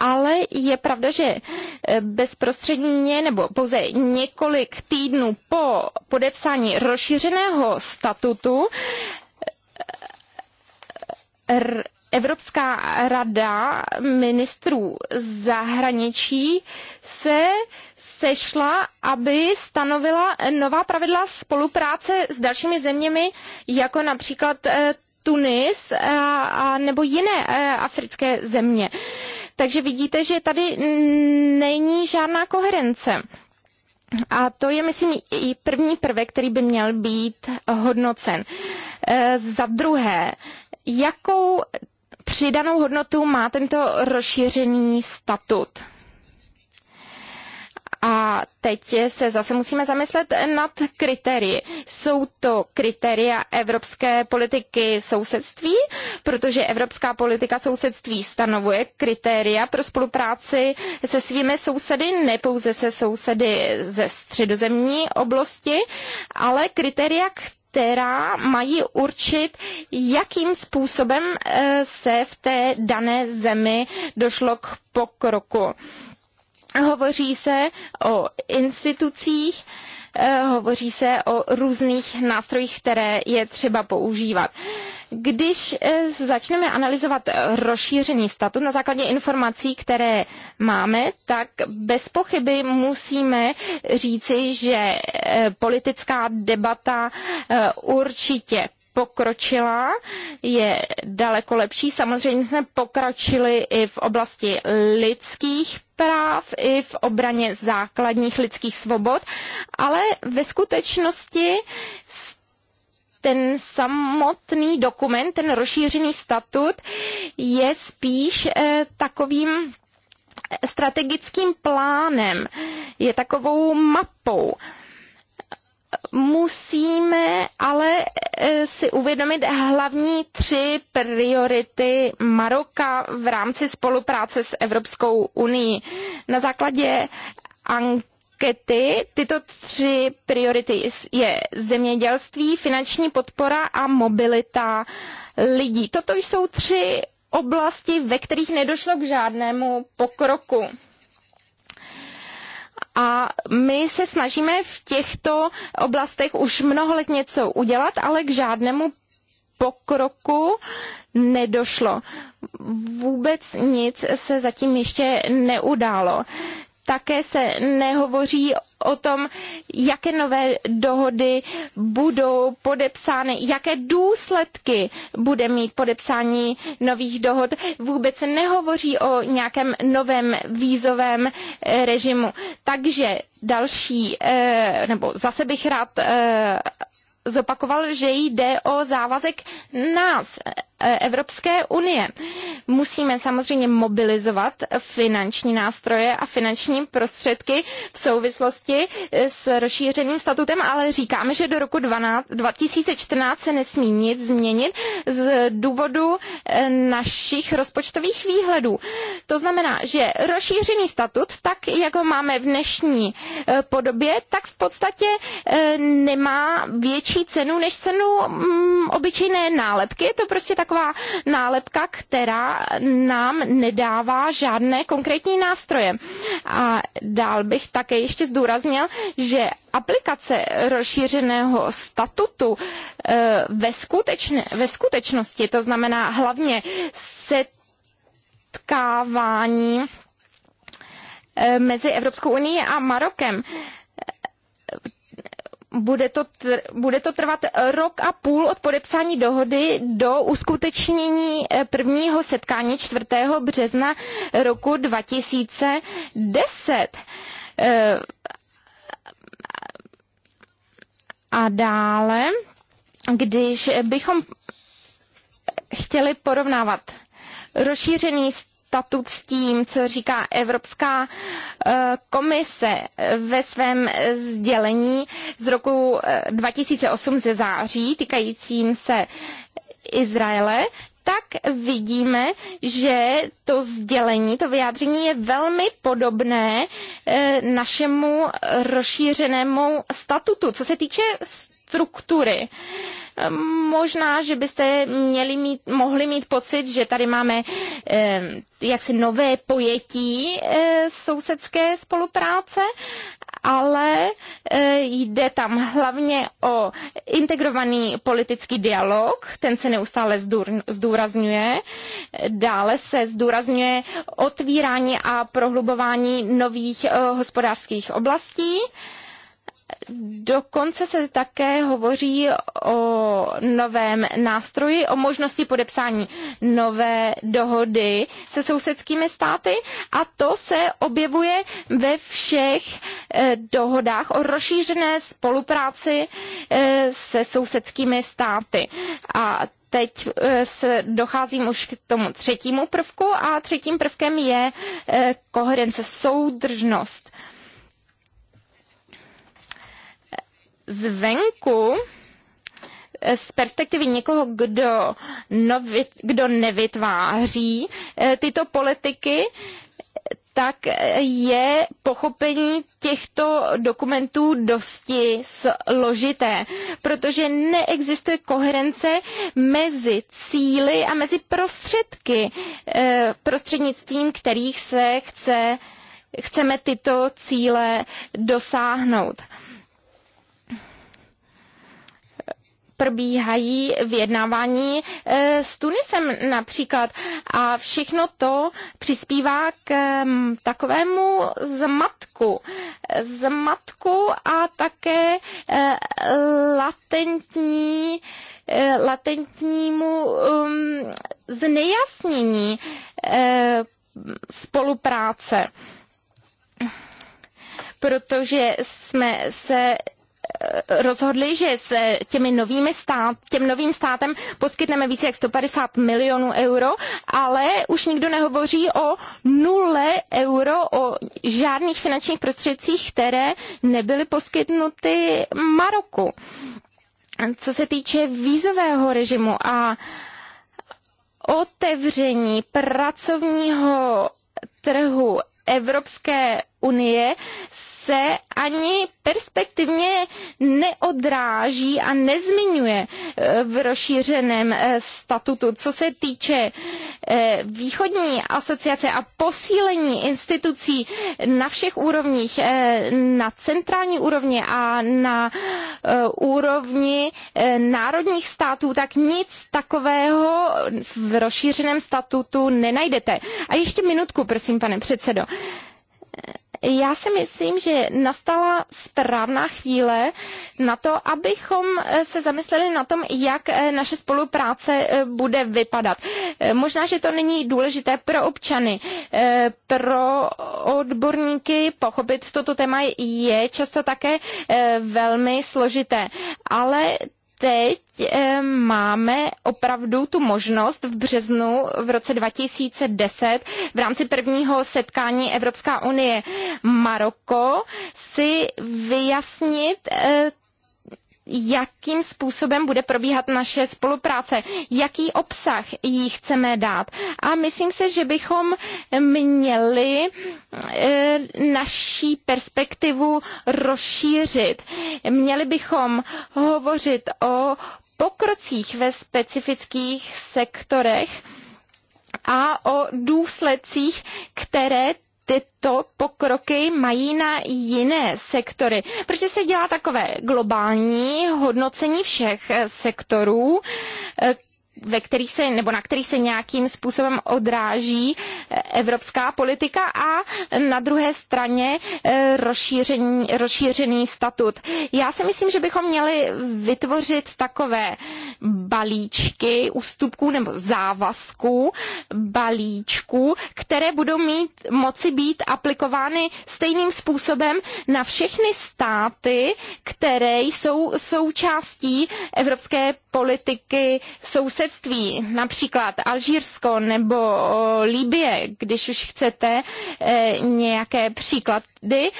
ale je pravda, že eh, bezprostředně nebo pouze několik týdnů po podepsání rozšířeného statutu Evropská rada ministrů zahraničí se sešla, aby stanovila nová pravidla spolupráce s dalšími zeměmi, jako například eh, Tunis eh, a, nebo jiné eh, africké země. Takže vidíte, že tady není žádná koherence. A to je, myslím, i první prvek, který by měl být hodnocen. Za druhé, jakou přidanou hodnotu má tento rozšířený statut? A teď se zase musíme zamyslet nad kritérii. Jsou to kritéria evropské politiky sousedství, protože evropská politika sousedství stanovuje kritéria pro spolupráci se svými sousedy, ne pouze se sousedy ze středozemní oblasti, ale kritéria, k která mají určit, jakým způsobem eh, se v té dané zemi došlo k pokroku. Hovoří se o institucích, Eh, hovoří se o různých nástrojích, které je třeba používat. Když eh, začneme analyzovat eh, rozšířený statut na základě informací, které máme, tak bez pochyby musíme říci, že politická debata určitě pokročila, je daleko lepší. Samozřejmě jsme pokročili i v oblasti lidských práv i v obraně základních lidských svobod, ale ve skutečnosti ten samotný dokument, ten rozšířený statut je spíš eh, takovým strategickým plánem, je takovou mapou. Eh, musíme ale e, si uvědomit hlavní tři priority Maroka v rámci spolupráce s Evropskou unii. Na základě ankety tyto tři priority je zemědělství, finanční podpora a mobilita lidí. Toto jsou tři oblasti, ve kterých nedošlo k žádnému pokroku. A my se snažíme v těchto oblastech už mnoho let něco udělat, ale k žádnému pokroku nedošlo. Vůbec nic se zatím ještě neudálo. Také se nehovoří o tom, jaké nové dohody budou podepsány, jaké důsledky bude mít podepsání nových dohod. Vůbec se nehovoří o nějakém novém vízovém eh, režimu. Takže další, eh, nebo zase bych rád eh, zopakoval, že jde o závazek nás, e, e, Evropské unie. Musíme samozřejmě mobilizovat finanční nástroje a finanční prostředky v souvislosti s rozšířeným statutem, ale říkáme, že do roku 12, 2014 se nesmí nic změnit z důvodu e, našich rozpočtových výhledů. To znamená, že rozšířený statut, tak jak ho máme v dnešní podobě, tak v podstatě nemá větší vyšší cenu než cenu mm, obyčejné nálepky. Je to prostě taková nálepka, která nám nedává žádné konkrétní nástroje. A dál bych také ještě zdůraznil, že aplikace rozšířeného statutu e, ve, skutečne, ve skutečnosti, to znamená hlavně setkávání eh, mezi Evropskou unii a Marokem bude to, tr- bude to trvat rok a půl od podepsání dohody do uskutečnění eh, prvního setkání 4. března roku 2010. Eh, a dále, když bychom chtěli porovnávat rozšířený statut s tím, co říká Evropská eh, komise eh, ve svém eh, sdělení z roku 2008 ze září týkajícím se Izraele, tak vidíme, že to sdělení, to vyjádření je velmi podobné našemu rozšířenému statutu, co se týče struktury možná, že byste měli mít, mohli mít pocit, že tady máme jaksi nové pojetí e, sousedské spolupráce, ale e, jde tam hlavně o integrovaný politický dialog, ten se neustále zdůrazňuje. Dále se zdůrazňuje otvírání a prohlubování nových e, hospodářských oblastí. Dokonce se také hovoří o novém nástroji, o možnosti podepsání nové dohody se sousedskými státy a to se objevuje ve všech eh, dohodách o rozšířené spolupráci eh, se sousedskými státy. A teď eh, se docházím už k tomu třetímu prvku a třetím prvkem je koherence, soudržnost. zvenku eh, z perspektivy někoho, kdo, novi, kdo nevytváří eh, tyto politiky, tak je pochopení těchto dokumentů dosti složité, protože neexistuje koherence mezi cíly a mezi prostředky, eh, prostřednictvím kterých se chce, chceme tyto cíle dosáhnout. probíhají vyjednávání eh, s Tunisem například. A všechno to přispívá k mm, takovému zmatku. Zmatku a také eh, latentní eh, latentnímu um, znejasnění e, spolupráce protože jsme se rozhodli, že s těmi novými stát, těm novým státem poskytneme více jak 150 milionů euro, ale už nikdo nehovoří o nule euro, o žádných finančních prostředcích, které nebyly poskytnuty Maroku. Co se týče vízového režimu a otevření pracovního trhu Evropské unie se ani perspektivně neodráží a nezmiňuje eh, v rozšířeném eh, statutu. Co se týče eh, východní asociace a posílení institucí na všech úrovních, na centrální úrovni a na úrovni národních států, tak nic takového v rozšířeném statutu nenajdete. A ještě minutku, prosím, pane předsedo. Já si myslím, že nastala správná chvíle na to, abychom eh, se zamysleli na tom, jak eh, naše spolupráce eh, bude vypadat. Možná, že to není důležité pro občany, pro odborníky pochopit toto téma je často také velmi složité, ale teď eh, máme opravdu tu možnost v březnu v roce 2010 v rámci prvního setkání Evropská unie Maroko si vyjasnit eh, jakým způsobem bude probíhat naše spolupráce, jaký obsah jí chceme dát. A myslím se, že bychom měli e, naší perspektivu rozšířit. Měli bychom hovořit o pokrocích ve specifických sektorech a o důsledcích, které tyto pokroky mají na jiné sektory, protože se dělá takové globální hodnocení všech sektorů, ve kterých se, nebo na kterých se nějakým způsobem odráží eh, evropská politika a na druhé straně eh, rozšíření, rozšířený statut. Já si myslím, že bychom měli vytvořit takové balíčky ústupků nebo závazků, balíčků, které budou mít moci být aplikovány stejným způsobem na všechny státy, které jsou součástí evropské politiky sousedství sousedství, například Alžírsko nebo Libye, když už chcete e, nějaké příklady,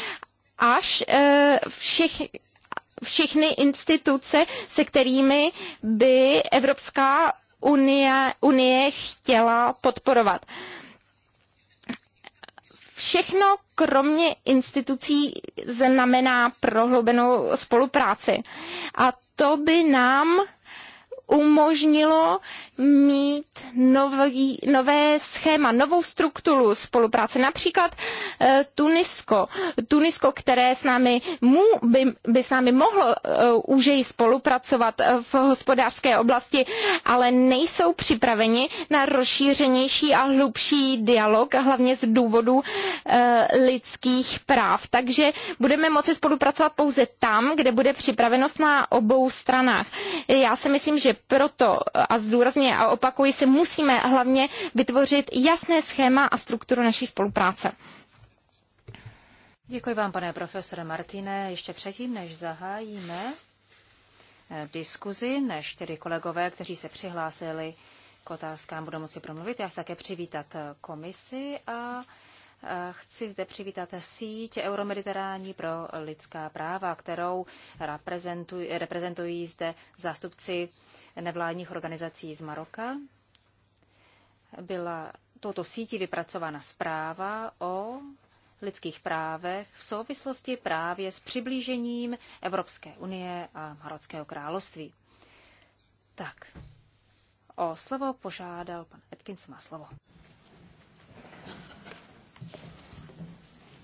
až e, všech, všechny instituce, se kterými by Evropská unie, unie chtěla podporovat. Všechno kromě institucí znamená prohloubenou spolupráci. A to by nám umožnilo mít nový, nové schéma, novou strukturu spolupráce. Například e, Tunisko. Tunisko, které s námi mu, by, by s námi mohlo e, eh, užeji spolupracovat eh, v hospodářské oblasti, ale nejsou připraveni na rozšířenější a hlubší dialog, hlavně z důvodu e, lidských práv. Takže budeme moci spolupracovat pouze tam, kde bude připravenost na obou stranách. Já si myslím, že proto a zdůrazně a opakuji si, musíme hlavně vytvořit jasné schéma a strukturu naší spolupráce. Děkuji vám, pane profesore Martine. Ještě předtím, než zahájíme eh, diskuzi, než tedy kolegové, kteří se přihlásili k otázkám, budou moci promluvit, já se také přivítat eh, komisi a eh, Chci zde přivítat síť Euromediterální pro lidská práva, kterou reprezentují, reprezentují zde zástupci nevládních organizací z Maroka. Byla touto sítí vypracována zpráva o lidských právech v souvislosti právě s přiblížením Evropské unie a Marockého království. Tak, o slovo požádal pan Atkins, má slovo.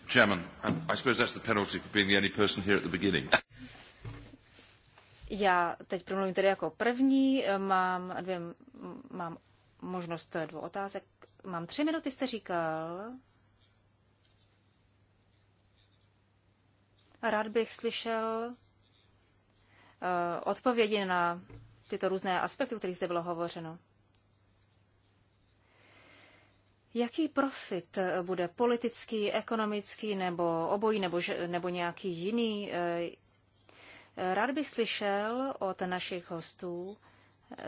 Chairman, I suppose that's the penalty for being the only person here at the beginning. Já teď promluvím tedy jako první, mám, dvě, mám možnost dvou otázek. Mám tři minuty, jste říkal. Rád bych slyšel eh, odpovědi na tyto různé aspekty, o kterých zde bylo hovořeno. Jaký profit eh, bude politický, ekonomický nebo obojí nebo, nebo nějaký jiný? Eh, Rád bych slyšel od našich hostů,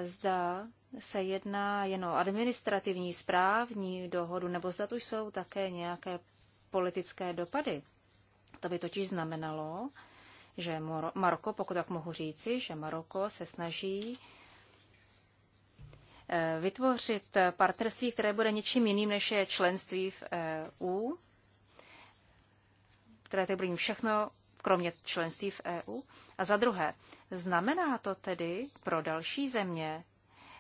zda se jedná jen o administrativní správní dohodu, nebo zda tu jsou také nějaké politické dopady. To by totiž znamenalo, že Maroko, pokud tak mohu říci, že Maroko se snaží eh, vytvořit partnerství, které bude něčím jiným, než je členství v EU, které to bude všechno kromě členství v EU? A za druhé, znamená to tedy pro další země,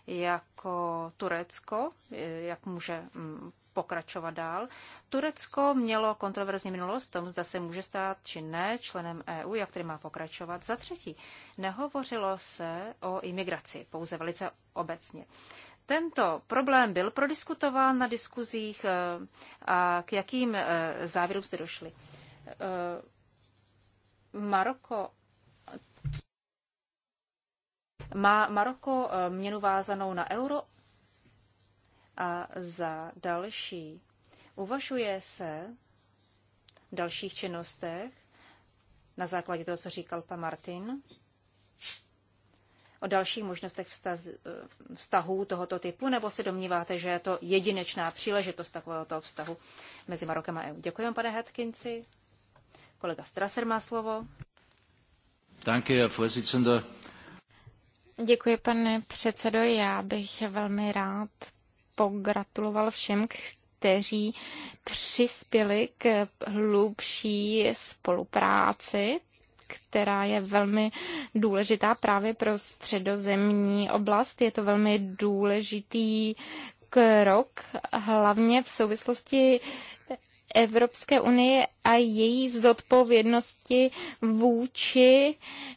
jako Turecko, eh, jak může mm, pokračovat dál. Turecko mělo kontroverzní minulost tom, zda se může stát či ne členem EU, jak tedy má pokračovat. Za třetí, nehovořilo se o imigraci, pouze velice obecně. Tento problém byl prodiskutován na diskuzích eh, a k jakým eh, závěrům jste došli. Maroko má Maroko eh, měnu vázanou na euro a za další uvažuje se v dalších činnostech na základě toho, co říkal pan Martin, o dalších možnostech vztaz, eh, vztahů tohoto typu, nebo se domníváte, že je to jedinečná příležitost toho vztahu mezi Marokem a EU? Děkuji vám, pane Hetkinci. Kolega Strasser má slovo. Děkuji, pane předsedo. Já bych velmi rád pogratuloval všem, kteří přispěli k hlubší spolupráci která je velmi důležitá právě pro středozemní oblast. Je to velmi důležitý krok, hlavně v souvislosti Evropské unie a její zodpovědnosti vůči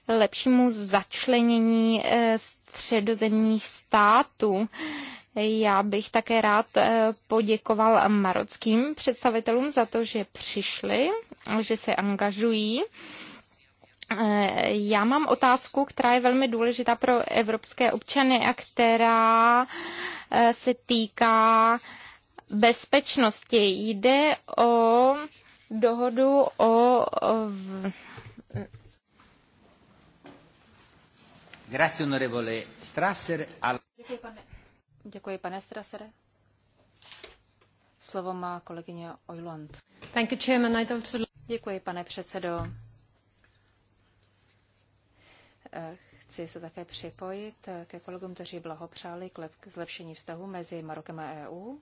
lepšímu začlenění eh, středozemních států. Já bych také rád eh, poděkoval marockým představitelům za to, že přišli, že se angažují. Eh, já mám otázku, která je velmi důležitá pro evropské občany a která se týká bezpečnosti. Jde o dohodu o... V... Grazie, onorevole Strasser. Al... Děkuji, pane. Děkuji, pane Strasser. Slovo má kolegyně Ojland. Thank you, Chairman. I Děkuji, pane předsedo. Chci se také připojit ke kolegům, kteří blahopřáli k zlepšení vztahu mezi Marokem a EU.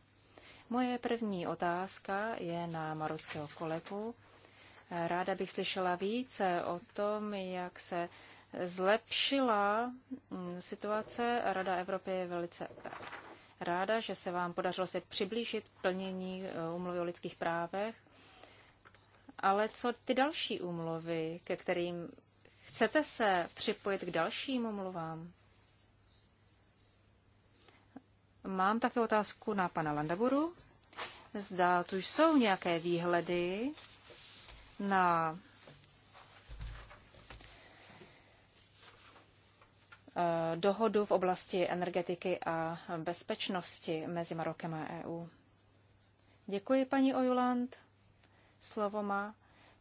Moje první otázka je na marockého kolegu. Ráda bych slyšela více o tom, jak se zlepšila mm, situace. Rada Evropy je velice ráda, že se vám podařilo se přiblížit plnění umluvy eh, o lidských právech. Ale co ty další úmluvy, ke kterým chcete se připojit k dalším umluvám? Mám také otázku na pana Landaburu. Zda tu jsou nějaké výhledy na eh, dohodu v oblasti energetiky a bezpečnosti mezi Marokem a EU. Děkuji, paní Ojuland. Slovo má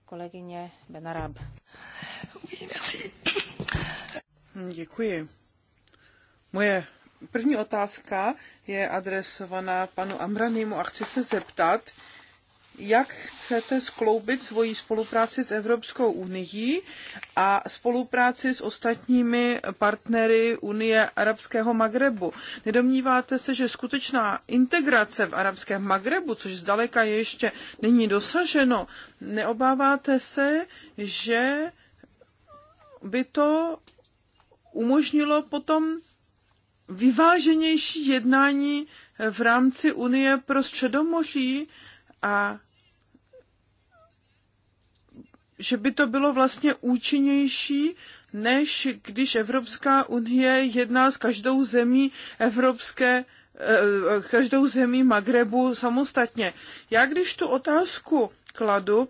kolegyně Benarab. Děkuji. Moje První otázka je adresovaná panu Amranimu a chci se zeptat, jak chcete skloubit svoji spolupráci s Evropskou unií a spolupráci s ostatními partnery Unie Arabského Magrebu. Nedomníváte se, že skutečná integrace v Arabském Magrebu, což zdaleka ještě není dosaženo, neobáváte se, že by to umožnilo potom vyváženější jednání eh, v rámci Unie pro středomoří a že by to bylo vlastně účinnější, než když Evropská unie jedná s každou zemí Evropské eh, každou zemí Magrebu samostatně. Já když tu otázku kladu,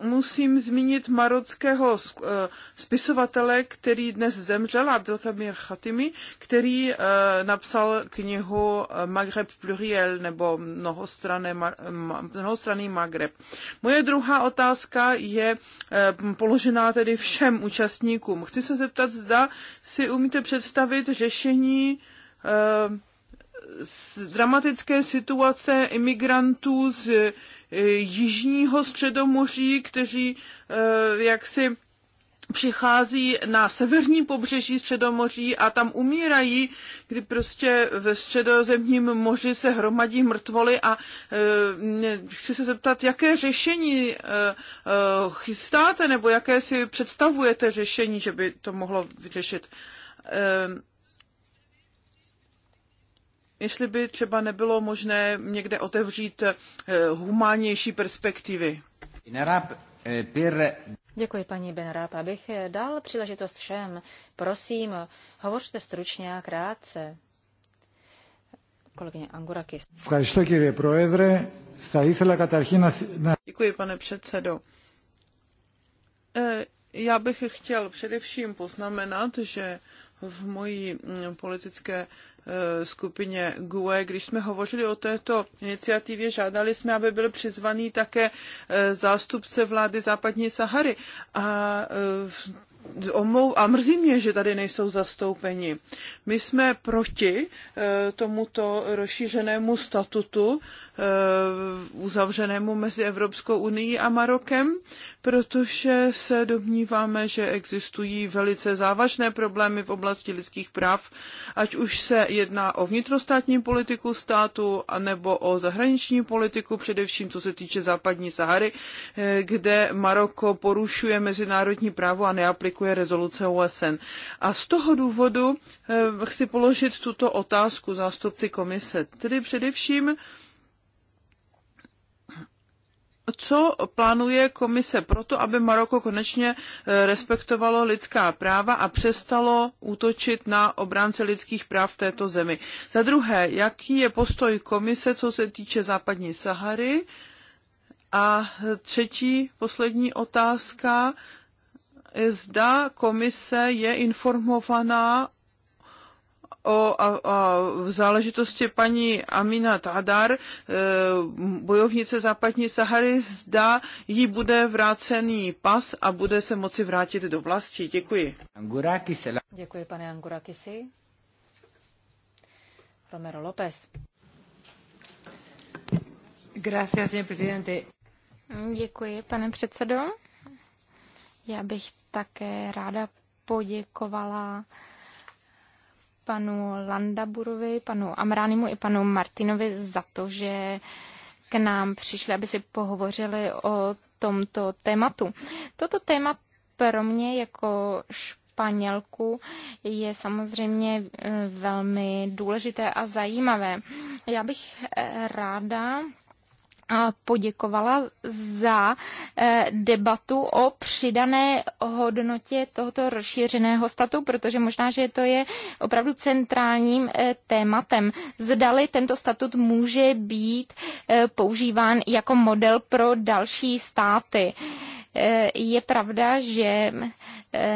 musím zmínit marockého eh, spisovatele, který dnes zemřel, Abdelkamir Khatimi, který eh, napsal knihu eh, Maghreb pluriel nebo mnohostranný Maghreb. Moje druhá otázka je položená tedy všem účastníkům. Chci se zeptat, zda si umíte představit řešení z dramatické situace imigrantů z e, jižního středomoří, kteří e, jaksi přichází na severní pobřeží Středomoří a tam umírají, kdy prostě ve středozemním moři se hromadí mrtvoly a e, chci se zeptat, jaké řešení e, e, chystáte nebo jaké si představujete řešení, že by to mohlo vyřešit. E, jestli by třeba nebylo možné někde otevřít eh, humánnější perspektivy. Eh, Děkuji, paní Benaráp. Abych eh, dal příležitost všem, prosím, hovořte stručně a krátce. Kolegyně Angurakis. Děkuji, pane předsedo. Já bych chtěl především poznamenat, že v mojí mm, politické Eh, skupině GUE. Když jsme hovořili o této iniciativě, žádali jsme, aby byl přizvaný také eh, zástupce vlády západní Sahary. A eh, a mrzí mě, že tady nejsou zastoupeni. My jsme proti eh, tomuto rozšířenému statutu eh, uzavřenému mezi Evropskou unii a Marokem, protože se domníváme, že existují velice závažné problémy v oblasti lidských práv, ať už se jedná o vnitrostátní politiku státu nebo o zahraniční politiku, především co se týče západní Sahary, eh, kde Maroko porušuje mezinárodní právo a neaplikuje ratifikuje rezoluce OSN. A z toho důvodu eh, chci položit tuto otázku zástupci komise. Tedy především, co plánuje komise proto, aby Maroko konečně eh, respektovalo lidská práva a přestalo útočit na obránce lidských práv v této zemi. Za druhé, jaký je postoj komise, co se týče západní Sahary? A třetí, poslední otázka zda komise je informovaná o, a, a v záležitosti paní Amina Tadar, e, bojovnice západní Sahary, zda jí bude vrácený pas a bude se moci vrátit do vlasti. Děkuji. Děkuji, pane Angurakisi. Romero López. Gracias, señor presidente. Děkuji, pane předsedo. Já bych také ráda poděkovala panu Landaburovi, panu Amránimu i panu Martinovi za to, že k nám přišli, aby si pohovořili o tomto tématu. Toto téma pro mě jako Španělku je samozřejmě eh, velmi důležité a zajímavé. Já bych eh, ráda poděkovala za eh, debatu o přidané hodnotě tohoto rozšířeného statu, protože možná, že to je opravdu centrálním eh, tématem. Zdali tento statut může být eh, používán jako model pro další státy. Je pravda, že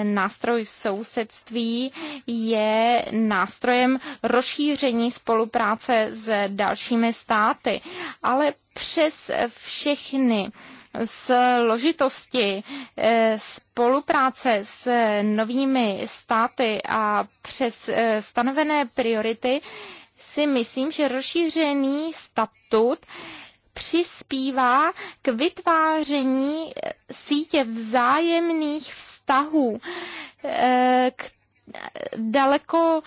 nástroj sousedství je nástrojem rozšíření spolupráce s dalšími státy. Ale přes všechny složitosti eh, spolupráce s novými státy a přes eh, stanovené priority si myslím, že rozšířený statut přispívá k vytváření eh, sítě vzájemných vztahů, k daleko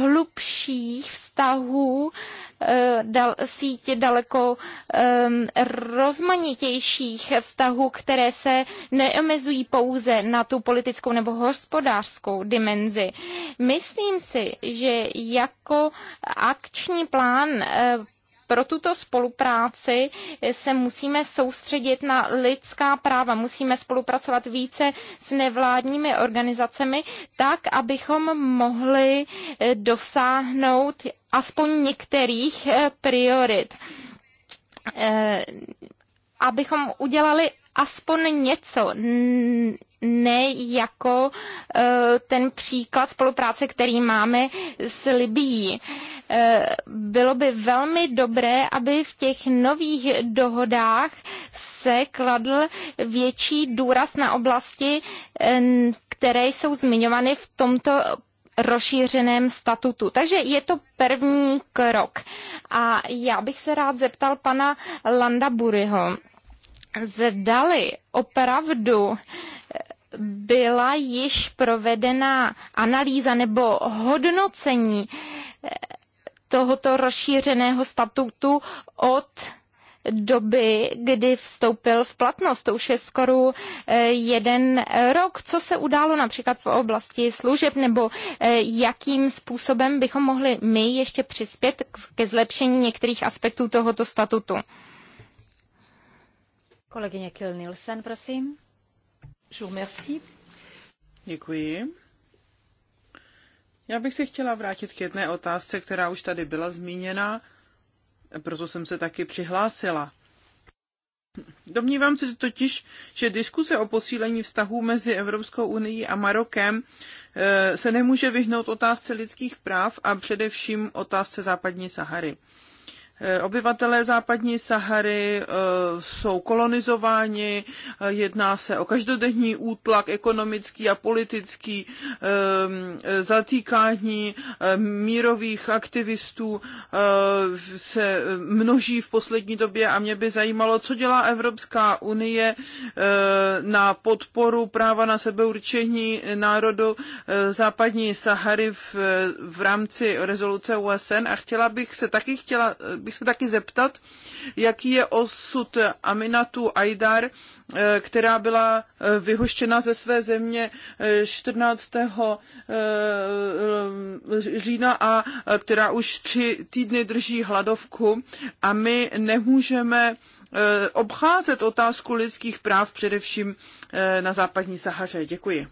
hlubších vztahů Eh, dal, síť daleko um, rozmanitějších vztahů, které se neomezují pouze na tu politickou nebo hospodářskou dimenzi. Myslím si, že jako akční plán uh, pro tuto spolupráci se musíme soustředit na lidská práva. Musíme spolupracovat více s nevládními organizacemi, tak, abychom mohli eh, dosáhnout aspoň některých eh, priorit. Eh, abychom udělali aspoň něco ne jako eh, ten příklad spolupráce, který máme s Libií. Eh, bylo by velmi dobré, aby v těch nových dohodách se kladl větší důraz na oblasti, eh, které jsou zmiňovány v tomto rozšířeném statutu. Takže je to první krok. A já bych se rád zeptal pana Landa Buryho, zdali opravdu byla již provedena analýza nebo hodnocení eh, tohoto rozšířeného statutu od doby, kdy vstoupil v platnost. To už je skoro eh, jeden rok. Co se událo například v oblasti služeb nebo eh, jakým způsobem bychom mohli my ještě přispět ke zlepšení některých aspektů tohoto statutu? Kolegyně Kill Nielsen, prosím. Děkuji. Já bych se chtěla vrátit k jedné otázce, která už tady byla zmíněna, proto jsem se taky přihlásila. Domnívám se že totiž, že diskuse o posílení vztahů mezi Evropskou unii a Marokem e, se nemůže vyhnout otázce lidských práv a především otázce západní Sahary. Eh, obyvatelé západní Sahary eh, jsou kolonizováni, eh, jedná se o každodenní útlak ekonomický a politický, zatýkání mírových aktivistů se množí v poslední době a mě by zajímalo, co dělá Evropská unie na podporu práva na sebeurčení národu západní Sahary v, v rámci rezoluce OSN a chtěla bych se taky chtěla bych se taky zeptat, jaký je osud Aminatu Aidar, eh, která byla eh, vyhoštěna ze své země 14. Eh, října a která už tři týdny drží hladovku a my nemůžeme obcházet otázku lidských práv především na západní Sahaře. Děkuji.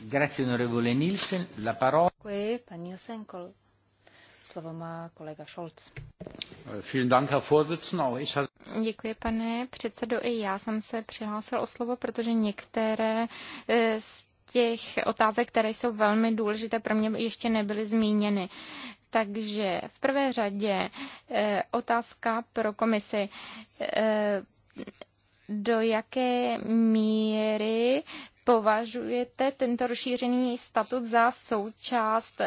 Grazie, onorevole Nielsen. La parola... Děkuji, pan Nielsen, Slovo má kolega Scholz. Děkuji, pane předsedo. I já jsem se přihlásil o slovo, protože některé eh, z těch otázek, které jsou velmi důležité pro mě, ještě nebyly zmíněny. Takže v prvé řadě eh, otázka pro komisi eh, do jaké míry Považujete tento rozšířený statut za součást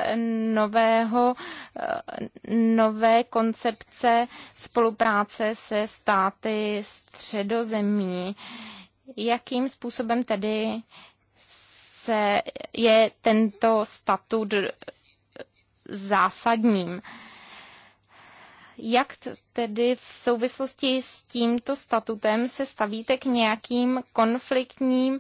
nového, eh, nové koncepce spolupráce se státy středozemí? Jakým způsobem tedy se je tento statut zásadním? Jak tedy v souvislosti s tímto statutem se stavíte k nějakým konfliktním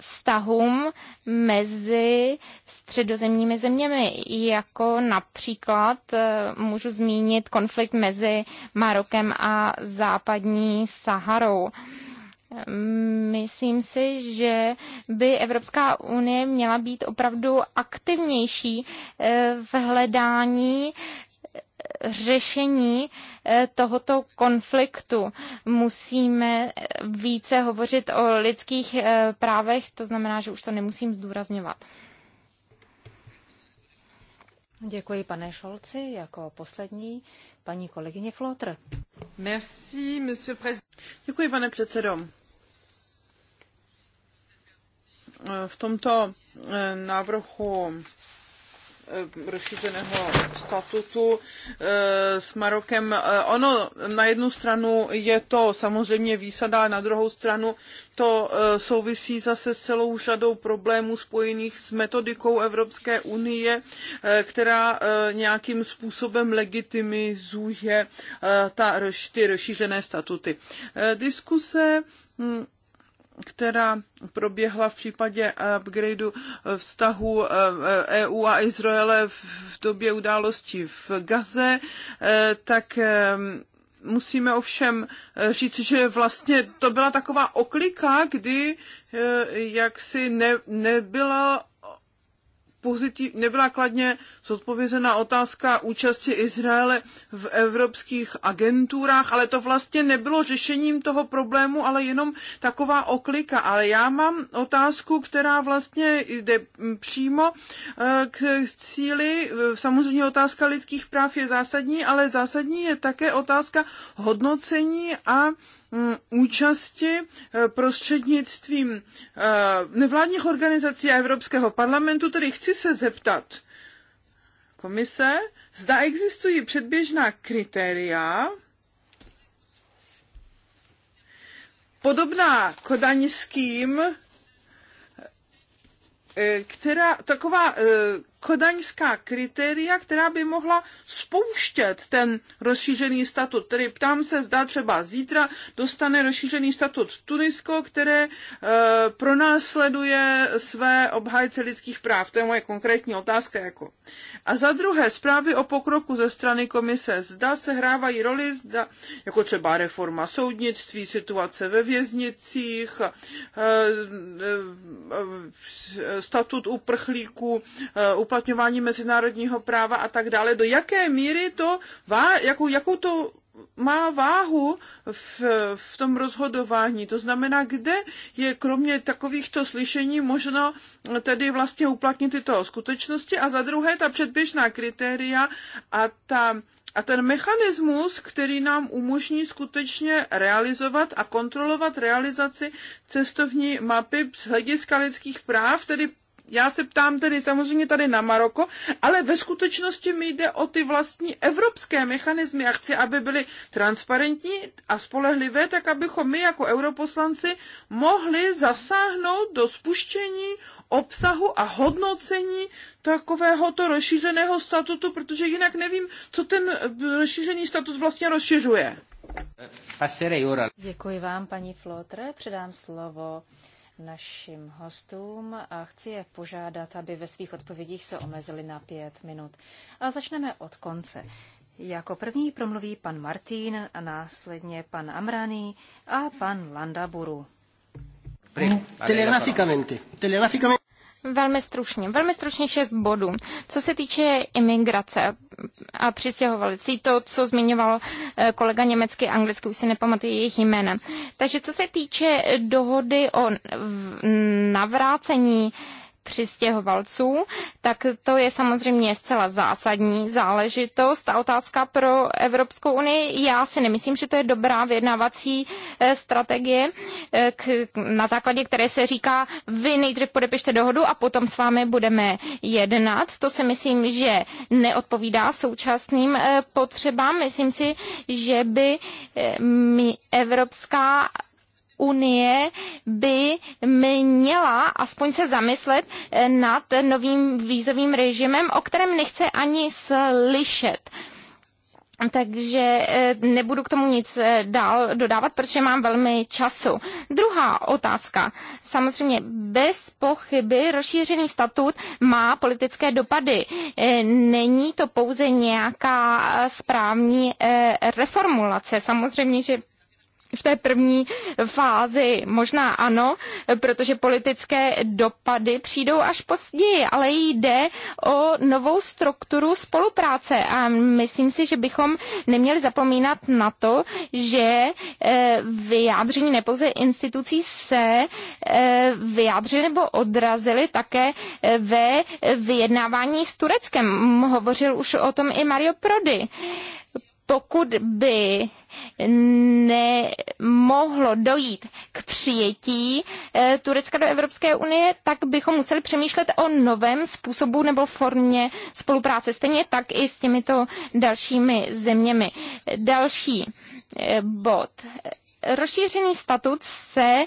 vztahům mezi středozemními zeměmi, jako například eh, můžu zmínit konflikt mezi Marokem a západní Saharou. Myslím si, že by Evropská unie měla být opravdu aktivnější eh, v hledání řešení eh, tohoto konfliktu. Musíme více hovořit o lidských eh, právech, to znamená, že už to nemusím zdůrazňovat. Děkuji, pane Šolci. Jako poslední paní kolegyně Flotr. Merci, monsieur président. Děkuji, pane předsedo. Eh, v tomto návrhu Eh, rozšířeného statutu eh, s Marokem. Eh, ono na jednu stranu je to samozřejmě výsada, na druhou stranu to souvisí zase s celou řadou problémů spojených s metodikou Evropské unie, která nějakým způsobem legitimizuje ta, ty rozšířené statuty. Diskuse hm, která proběhla v případě upgradeu vztahu EU eh, e a Izraele v době událostí v Gaze, eh, tak eh, musíme ovšem říct, že vlastně to byla taková oklika, kdy jaksi ne, nebyla pozitiv, nebyla kladně zodpovězena otázka účasti Izraele v evropských agenturách, ale to vlastně nebylo řešením toho problému, ale jenom taková oklika. Ale já mám otázku, která vlastně jde přímo eh, k cíli. Samozřejmě otázka lidských práv je zásadní, ale zásadní je také otázka hodnocení a Mm, účasti eh, prostřednictvím eh, nevládních organizací a Evropského parlamentu, tedy chci se zeptat komise, zda existují předběžná kritéria, podobná kodaňským, eh, která taková kodaňská kritéria, která by mohla spouštět ten rozšířený statut. Tedy ptám se, zda třeba zítra dostane rozšířený statut Tunisko, které e, pronásleduje své obhájce lidských práv. To je moje konkrétní otázka. Jako. A za druhé, zprávy o pokroku ze strany komise. Zda se hrávají roli, zda, jako třeba reforma soudnictví, situace ve věznicích, e, e, e statut uprchlíků, e, uplatňování mezinárodního práva a tak dále, do jaké míry to, jakou, jakou to má váhu v, v tom rozhodování. To znamená, kde je kromě takovýchto slyšení možno tedy vlastně uplatnit tyto skutečnosti a za druhé ta předběžná kritéria a ta a ten mechanismus, který nám umožní skutečně realizovat a kontrolovat realizaci cestovní mapy z hlediska lidských práv, tedy já se ptám tedy samozřejmě tady na Maroko, ale ve skutečnosti mi jde o ty vlastní evropské mechanismy a chci, aby byly transparentní a spolehlivé, tak abychom my jako europoslanci mohli zasáhnout do spuštění obsahu a hodnocení takovéhoto rozšířeného statutu, protože jinak nevím, co ten rozšířený statut vlastně rozšiřuje. Děkuji vám, paní Flotre. Předám slovo našim hostům a chci je požádat, aby ve svých odpovědích se omezili na pět minut. A začneme od konce. Jako první promluví pan Martín a následně pan Amrani a pan Landaburu. Telegraficamente. Velmi stručně. Velmi stručně šest bodů. Co se týče imigrace a přistěhovalicí, to, co zmiňoval eh, kolega německy a anglicky, už si nepamatuji jejich jména. Takže co se týče dohody o navrácení přistěhovalců, tak to je samozřejmě zcela zásadní záležitost a otázka pro Evropskou unii. Já si nemyslím, že to je dobrá vyjednávací eh, strategie, eh, na základě které se říká, vy nejdřív podepište dohodu a potom s vámi budeme jednat. To si myslím, že neodpovídá současným eh, potřebám. Myslím si, že by Evropská unie by měla aspoň se zamyslet eh, nad novým vízovým režimem, o kterém nechce ani slyšet. Takže eh, nebudu k tomu nic eh, dál dodávat, protože mám velmi času. Druhá otázka. Samozřejmě bez pochyby rozšířený statut má politické dopady. Není to pouze nějaká správní reformulace. Samozřejmě, že v té první fázi možná ano, protože politické dopady přijdou až později, ale jde o novou strukturu spolupráce a myslím si, že bychom neměli zapomínat na to, že eh, vyjádření nepouze institucí se eh, vyjádřily nebo odrazily také eh, ve vyjednávání s Tureckem. Hovořil už o tom i Mario Prodi pokud by nemohlo dojít k přijetí eh, Turecka do Evropské unie, tak bychom museli přemýšlet o novém způsobu nebo formě spolupráce. Stejně tak i s těmito dalšími zeměmi. Další eh, bod rozšířený statut se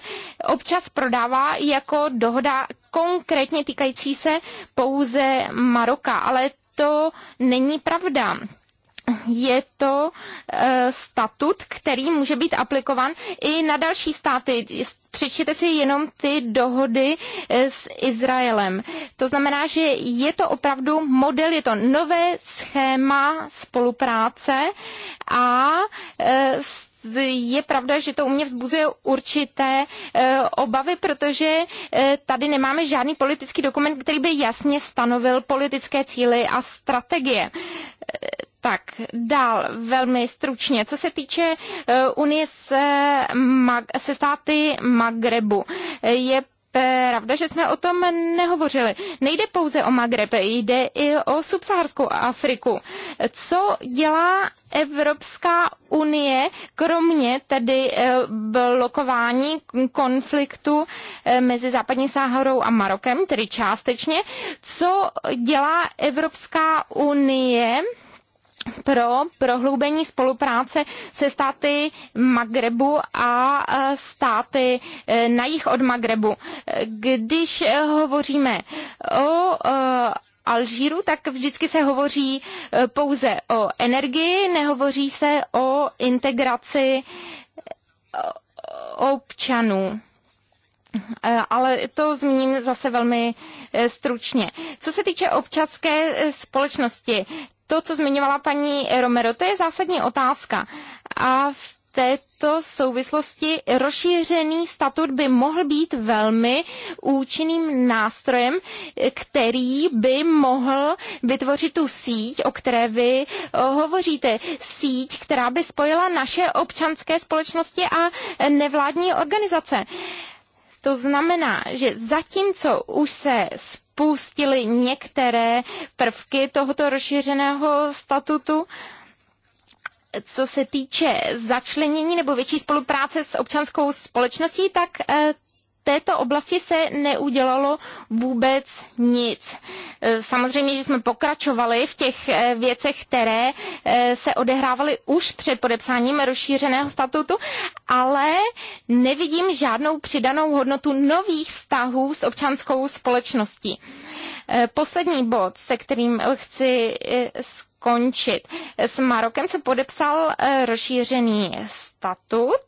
občas prodává jako dohoda konkrétně týkající se pouze Maroka, ale to není pravda je to e, statut, který může být aplikovan i na další státy. Přečtěte si jenom ty dohody e, s Izraelem. To znamená, že je to opravdu model, je to nové schéma spolupráce a e, je pravda, že to u mě vzbuzuje určité obavy, protože tady nemáme žádný politický dokument, který by jasně stanovil politické cíly a strategie tak dál, velmi stručně. Co se týče eh, Unie se, se státy Magrebu, je pravda, že jsme o tom nehovořili. Nejde pouze o Magreb, jde i o subsaharskou Afriku. Co dělá Evropská unie, kromě tedy eh, blokování konfliktu eh, mezi západní Sáharou a Marokem, tedy částečně, co dělá Evropská unie pro prohloubení spolupráce se státy Magrebu a e, státy e, na jich od Magrebu. Když hovoříme o e, Alžíru, tak vždycky se hovoří pouze o energii, nehovoří se o integraci občanů. Ale to zmíním zase velmi stručně. Co se týče občanské společnosti, to, co zmiňovala paní Romero, to je zásadní otázka. A v této souvislosti rozšířený statut by mohl být velmi účinným nástrojem, který by mohl vytvořit tu síť, o které vy hovoříte. Síť, která by spojila naše občanské společnosti a nevládní organizace. To znamená, že zatímco už se spustily některé prvky tohoto rozšířeného statutu, co se týče začlenění nebo větší spolupráce s občanskou společností, tak eh, této oblasti se neudělalo vůbec nic. E, samozřejmě, že jsme pokračovali v těch e, věcech, které e, se odehrávaly už před podepsáním rozšířeného statutu, ale nevidím žádnou přidanou hodnotu nových vztahů s občanskou společností. Poslední bod, se kterým chci skončit. S Marokem se podepsal rozšířený statut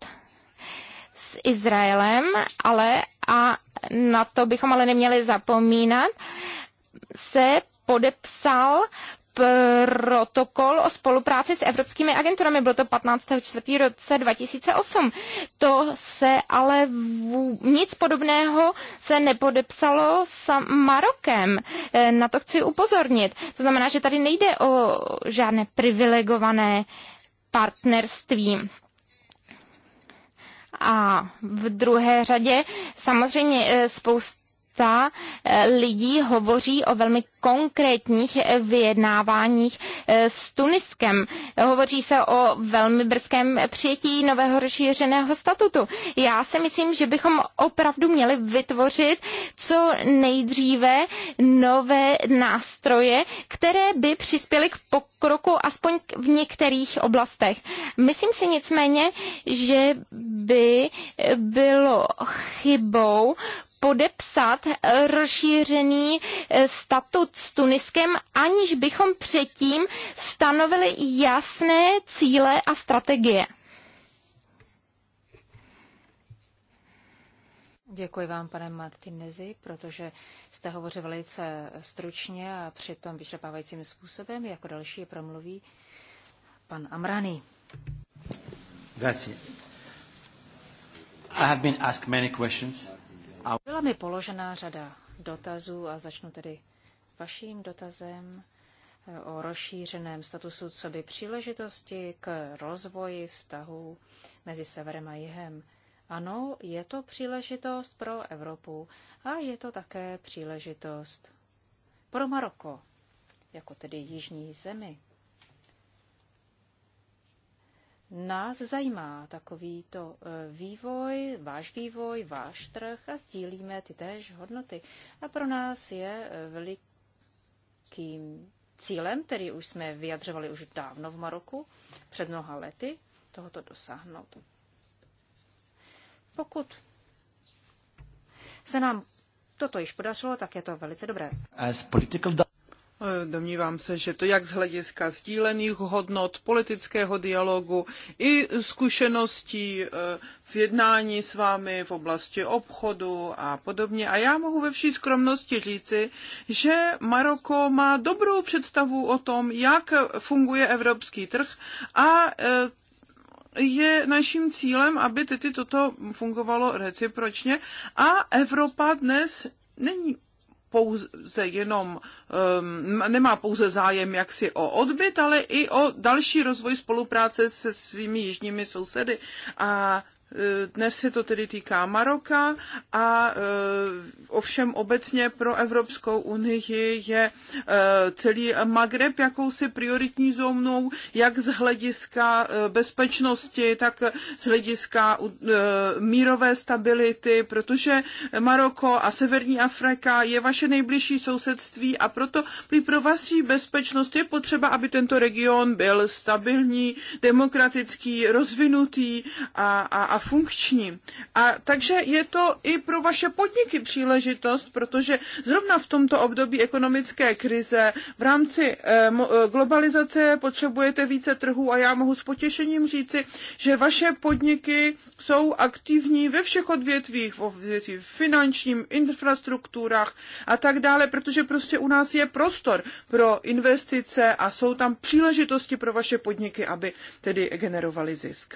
s Izraelem, ale a na to bychom ale neměli zapomínat, se podepsal protokol o spolupráci s evropskými agenturami. Bylo to 15. čtvrtý roce 2008. To se ale vů, nic podobného se nepodepsalo s Marokem. E, na to chci upozornit. To znamená, že tady nejde o žádné privilegované partnerství. A v druhé řadě samozřejmě eh, spousta spousta eh, lidí hovoří o velmi konkrétních eh, vyjednáváních eh, s Tuniskem. Hovoří se o velmi brzkém přijetí nového rozšířeného statutu. Já si myslím, že bychom opravdu měli vytvořit co nejdříve nové nástroje, které by přispěly k pokroku aspoň v některých oblastech. Myslím si nicméně, že by bylo chybou podepsat rozšířený statut s Tuniskem, aniž bychom předtím stanovili jasné cíle a strategie. Děkuji vám, pane Martinezi, protože jste hovořil velice stručně a přitom vyčerpávajícím způsobem. Jako další promluví pan Amrani. Grazie. I have been asked many questions. Byla mi položená řada dotazů a začnu tedy vaším dotazem eh, o rozšířeném statusu co by příležitosti k rozvoji vztahů mezi severem a jihem. Ano, je to příležitost pro Evropu a je to také příležitost pro Maroko, jako tedy jižní zemi. Nás zajímá takovýto e, vývoj, váš vývoj, váš trh a sdílíme ty též hodnoty. A pro nás je e, velikým cílem, který už jsme vyjadřovali už dávno v Maroku, před mnoha lety, tohoto dosáhnout. Pokud se nám toto již podařilo, tak je to velice dobré. As political... Domnívám se, že to jak z hlediska sdílených hodnot, politického dialogu i zkušeností eh, v jednání s vámi v oblasti obchodu a podobně. A já mohu ve vší skromnosti říci, že Maroko má dobrou představu o tom, jak funguje evropský trh a eh, je naším cílem, aby tedy toto fungovalo recipročně a Evropa dnes není pouze jenom, um, nemá pouze zájem jaksi o odbyt, ale i o další rozvoj spolupráce se svými jižními sousedy. A Eh, dnes se to tedy týká Maroka a eh, ovšem obecně pro Evropskou unii je eh, celý Magreb jakousi prioritní zónou, jak z hlediska bezpečnosti, tak z hlediska mírové stability, protože Maroko a Severní Afrika je vaše nejbližší sousedství a proto by pro vaši bezpečnost je potřeba, aby tento region byl stabilní, demokratický, rozvinutý a, a, a funkční. A takže je to i pro vaše podniky příležitost, protože zrovna v tomto období ekonomické krize v rámci eh, eh, globalizace potřebujete více trhů a já mohu s potěšením říci, že vaše podniky jsou aktivní ve všech odvětvích, v odvětví finančním, infrastrukturách a tak dále, protože prostě u nás je prostor pro investice a jsou tam příležitosti pro vaše podniky, aby tedy generovali zisk.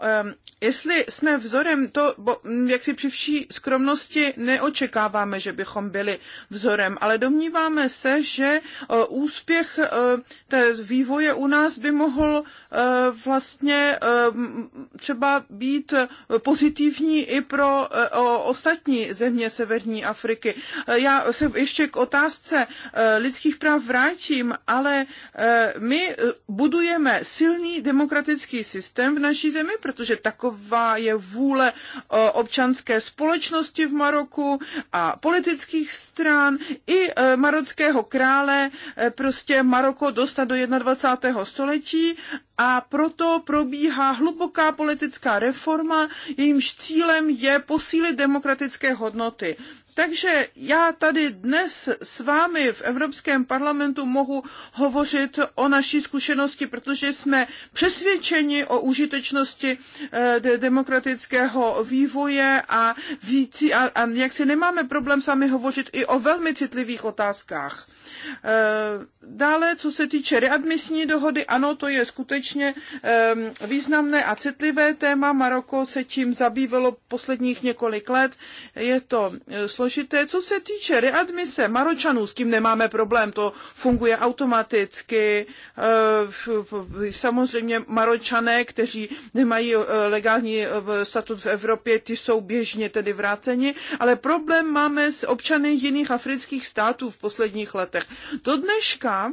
Ehm, jestli jsme vzorem, to bo, hm, jak si při vší skromnosti neočekáváme, že bychom byli vzorem, ale domníváme se, že eh, úspěch eh, té vývoje u nás by mohl eh, vlastně hm, třeba být pozitivní i pro ostatní země Severní Afriky. Já se ještě k otázce lidských práv vrátím, ale my budujeme silný demokratický systém v naší zemi, protože taková je vůle eh, občanské společnosti v Maroku a politických stran i eh, marockého krále eh, prostě Maroko dostat do 21. století a proto probíhá hluboká politická reforma, jejímž cílem je posílit demokratické hodnoty. Takže já tady dnes s vámi v Evropském parlamentu mohu hovořit o naší zkušenosti, protože jsme přesvědčeni o užitečnosti eh, demokratického vývoje a, vící, a, a jak si nemáme problém sami hovořit i o velmi citlivých otázkách. Eh, dále, co se týče readmisní dohody, ano, to je skutečně skutečně ehm, významné a citlivé téma. Maroko se tím zabývalo posledních několik let. Je to eh, složité. Co se týče readmise Maročanů, s tím nemáme problém, to funguje automaticky. Eh, samozřejmě Maročané, kteří nemají eh, legální statut v Evropě, ty jsou běžně tedy vráceni, ale problém máme s občany jiných afrických států v posledních letech. Do dneška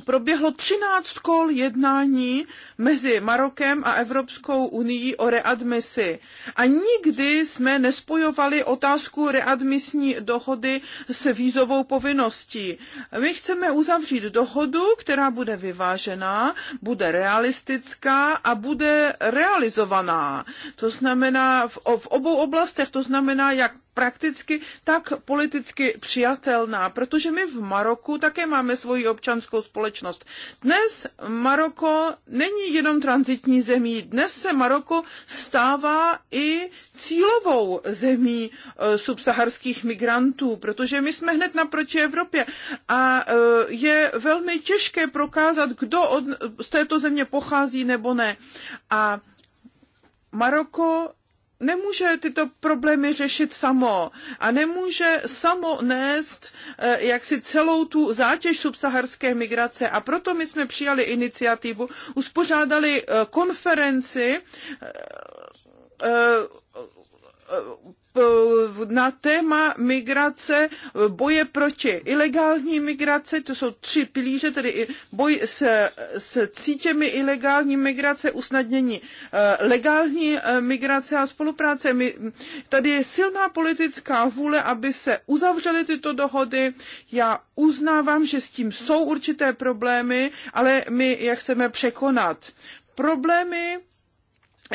proběhlo 13 kol jednání mezi Marokem a Evropskou unii o readmisi. A nikdy jsme nespojovali otázku readmisní dohody s vízovou povinností. My chceme uzavřít dohodu, která bude vyvážená, bude realistická a bude realizovaná. To znamená v, v obou oblastech, to znamená jak prakticky tak politicky přijatelná, protože my v Maroku také máme svoji občanskou společnost. Dnes Maroko není jenom transitní zemí, dnes se Maroko stává i cílovou zemí e, subsaharských migrantů, protože my jsme hned naproti Evropě a e, je velmi těžké prokázat, kdo od, z této země pochází nebo ne. A Maroko nemůže tyto problémy řešit samo a nemůže samo nést eh, jaksi celou tu zátěž subsaharské migrace. A proto my jsme přijali iniciativu, uspořádali eh, konferenci eh, Eh, na téma migrace, eh, boje proti ilegální migraci, to jsou tři pilíře, tedy boj s, s cítěmi ilegální migrace, usnadnění eh, legální migrace a spolupráce. My, tady je silná politická vůle, aby se uzavřely tyto dohody. Já uznávám, že s tím jsou určité problémy, ale my je chceme překonat. Problémy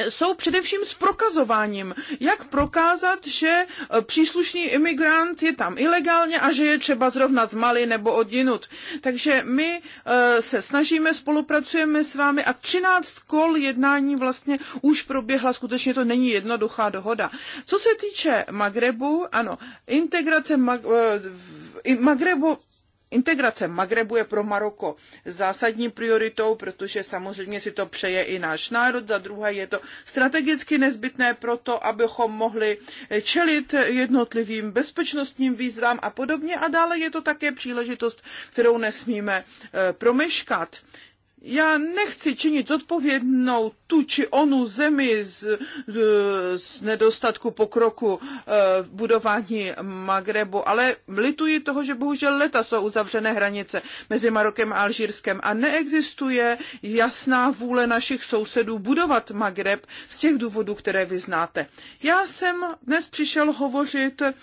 jsou především s prokazováním. Jak prokázat, že e, příslušný imigrant je tam ilegálně a že je třeba zrovna z Mali nebo od jinut. Takže my e, se snažíme, spolupracujeme s vámi a 13 kol jednání vlastně už proběhla, skutečně to není jednoduchá dohoda. Co se týče Magrebu, ano, integrace Mag- e, Magrebu Integrace Magrebu je pro Maroko zásadní prioritou, protože samozřejmě si to přeje i náš národ. Za druhé je to strategicky nezbytné proto, abychom mohli čelit jednotlivým bezpečnostním výzvám a podobně. A dále je to také příležitost, kterou nesmíme eh, promeškat já nechci činit odpovědnou tu či onu zemi z, z nedostatku pokroku eh, v budování Magrebu, ale lituji toho, že bohužel leta jsou uzavřené hranice mezi Marokem a Alžírskem a neexistuje jasná vůle našich sousedů budovat Magreb z těch důvodů, které vy znáte. Já jsem dnes přišel hovořit eh,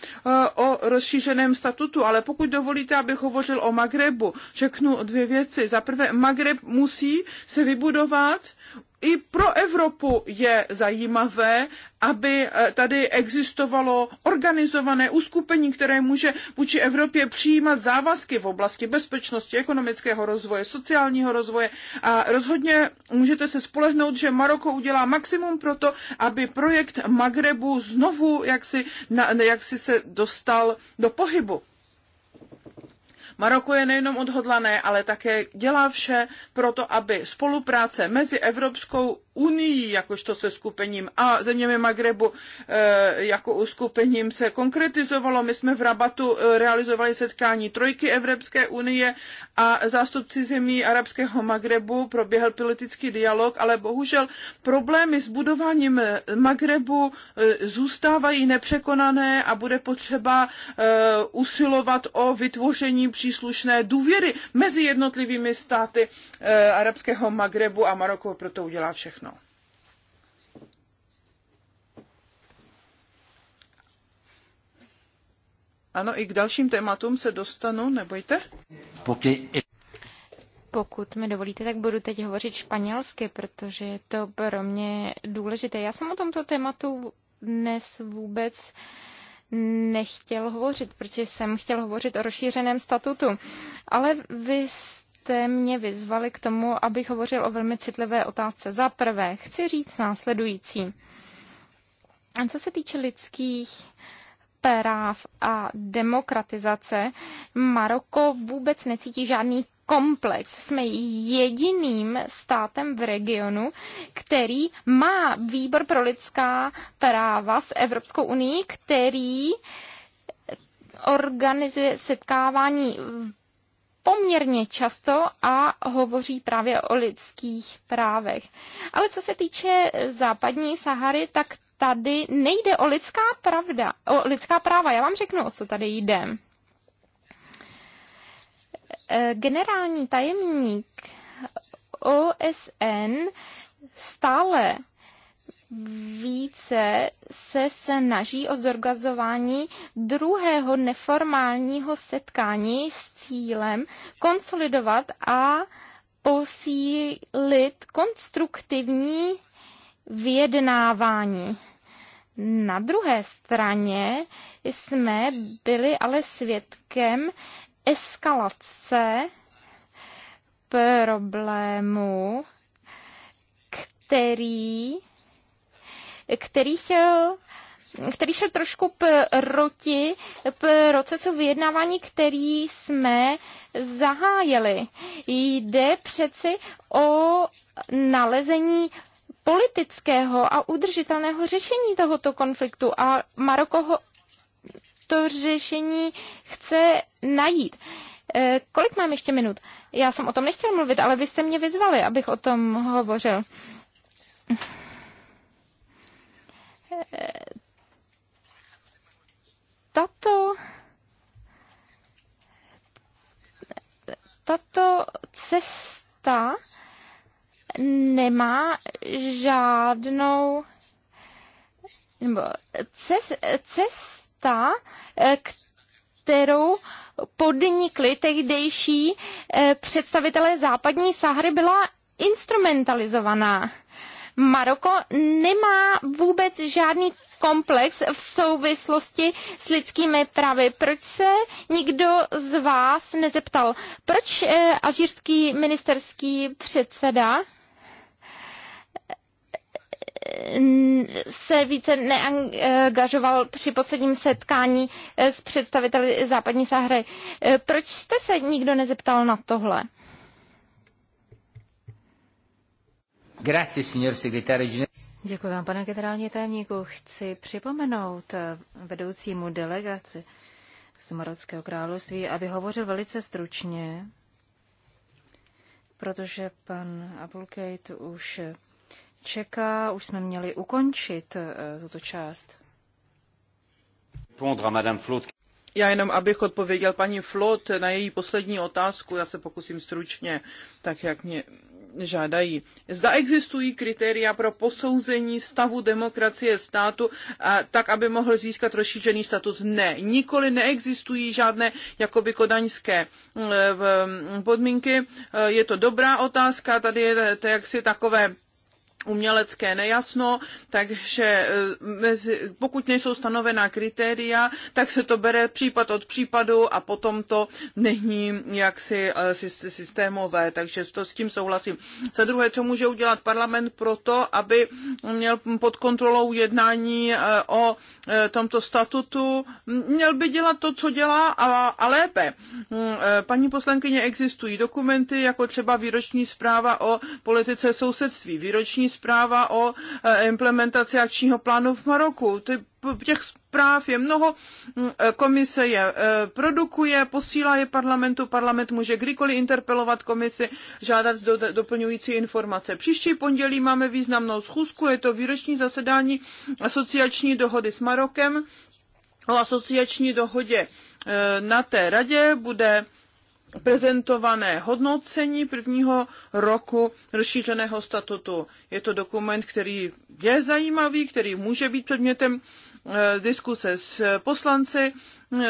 o rozšířeném statutu, ale pokud dovolíte, abych hovořil o Magrebu, řeknu dvě věci. Za prvé, Magreb musí musí se vybudovat. I pro Evropu je zajímavé, aby eh, tady existovalo organizované uskupení, které může vůči Evropě přijímat závazky v oblasti bezpečnosti, ekonomického rozvoje, sociálního rozvoje a rozhodně můžete se spolehnout, že Maroko udělá maximum pro to, aby projekt Magrebu znovu jaksi, na, jaksi se dostal do pohybu. Maroko je nejenom odhodlané, ale také dělá vše pro to, aby spolupráce mezi Evropskou unii jakožto se skupením a zeměmi Magrebu eh, jako uskupením se konkretizovalo. My jsme v Rabatu eh, realizovali setkání Trojky Evropské unie a zástupci zemí arabského Magrebu proběhl politický dialog, ale bohužel problémy s budováním Magrebu eh, zůstávají nepřekonané a bude potřeba usilovat o vytvoření příslušné důvěry mezi jednotlivými státy arabského Magrebu a Maroko proto udělá všechno. Ano, i k dalším tématům se dostanu, nebojte. Pokud mi dovolíte, tak budu teď hovořit španělsky, protože je to pro mě důležité. Já jsem o tomto tématu dnes vůbec nechtěl hovořit, protože jsem chtěl hovořit o rozšířeném statutu. Ale vy jste mě vyzvali k tomu, abych hovořil o velmi citlivé otázce. Za prvé, chci říct následující. A co se týče lidských práv a demokratizace Maroko vůbec necítí žádný komplex. Jsme jediným státem v regionu, který má výbor pro lidská práva s Evropskou unii, který organizuje setkávání poměrně často a hovoří právě o lidských právech. Ale co se týče západní Sahary, tak tady nejde o lidská, pravda, o lidská práva. Já vám řeknu, o co tady jde. Eh, generální tajemník OSN stále více se snaží o zorganizování druhého neformálního setkání s cílem konsolidovat a posílit konstruktivní vyjednávání. Na druhé straně jsme byli ale svědkem eskalace problému, který, který chtěl který šel trošku proti procesu vyjednávání, který jsme zahájili. Jde přeci o nalezení politického a udržitelného řešení tohoto konfliktu a Maroko ho to řešení chce najít. E, kolik mám ještě minut? Já jsem o tom nechtěl mluvit, ale vy jste mě vyzvali, abych o tom hovořil. E, tato tato cesta nemá žádnou nebo cest, cesta, eh, kterou podnikli tehdejší eh, představitelé západní Sahary, byla instrumentalizovaná. Maroko nemá vůbec žádný komplex v souvislosti s lidskými právy. Proč se nikdo z vás nezeptal? Proč eh, alžírský ministerský předseda se více neangažoval při posledním setkání eh, s představiteli západní Sahary. Eh, proč jste se nikdo nezeptal na tohle? Děkuji vám, pane generální tajemníku. Chci připomenout eh, vedoucímu delegaci z Marockého království, aby hovořil velice stručně, protože pan Abulkejt už čeká. Už jsme měli ukončit eh, tuto část. Já jenom abych odpověděl paní Flot na její poslední otázku, já se pokusím stručně, tak jak mě žádají. Zda existují kritéria pro posouzení stavu demokracie státu a, tak, aby mohl získat rozšířený statut? Ne. Nikoli neexistují žádné jakoby kodaňské eh, mm, podmínky. Eh, je to dobrá otázka, tady je to jaksi takové umělecké nejasno, takže e, mezi, pokud nejsou stanovená kritéria, tak se to bere případ od případu a potom to není jaksi e, systémové, takže to s tím souhlasím. Za druhé, co může udělat parlament pro to, aby měl pod kontrolou jednání e, o tomto statutu, měl by dělat to, co dělá a, a lépe. Hm, paní poslankyně, existují dokumenty, jako třeba výroční zpráva o politice sousedství, výroční zpráva o eh, implementaci akčního plánu v Maroku. Ty, těch zpráv je mnoho, mm, eh, komise je eh, produkuje, posílá je parlamentu, parlament může kdykoliv interpelovat komisi, žádat do, doplňující informace. Příští pondělí máme významnou schůzku, je to výroční zasedání asociační dohody s Marokem. O asociační dohodě na té radě bude prezentované hodnocení prvního roku rozšířeného statutu. Je to dokument, který je zajímavý, který může být předmětem eh, diskuse s poslanci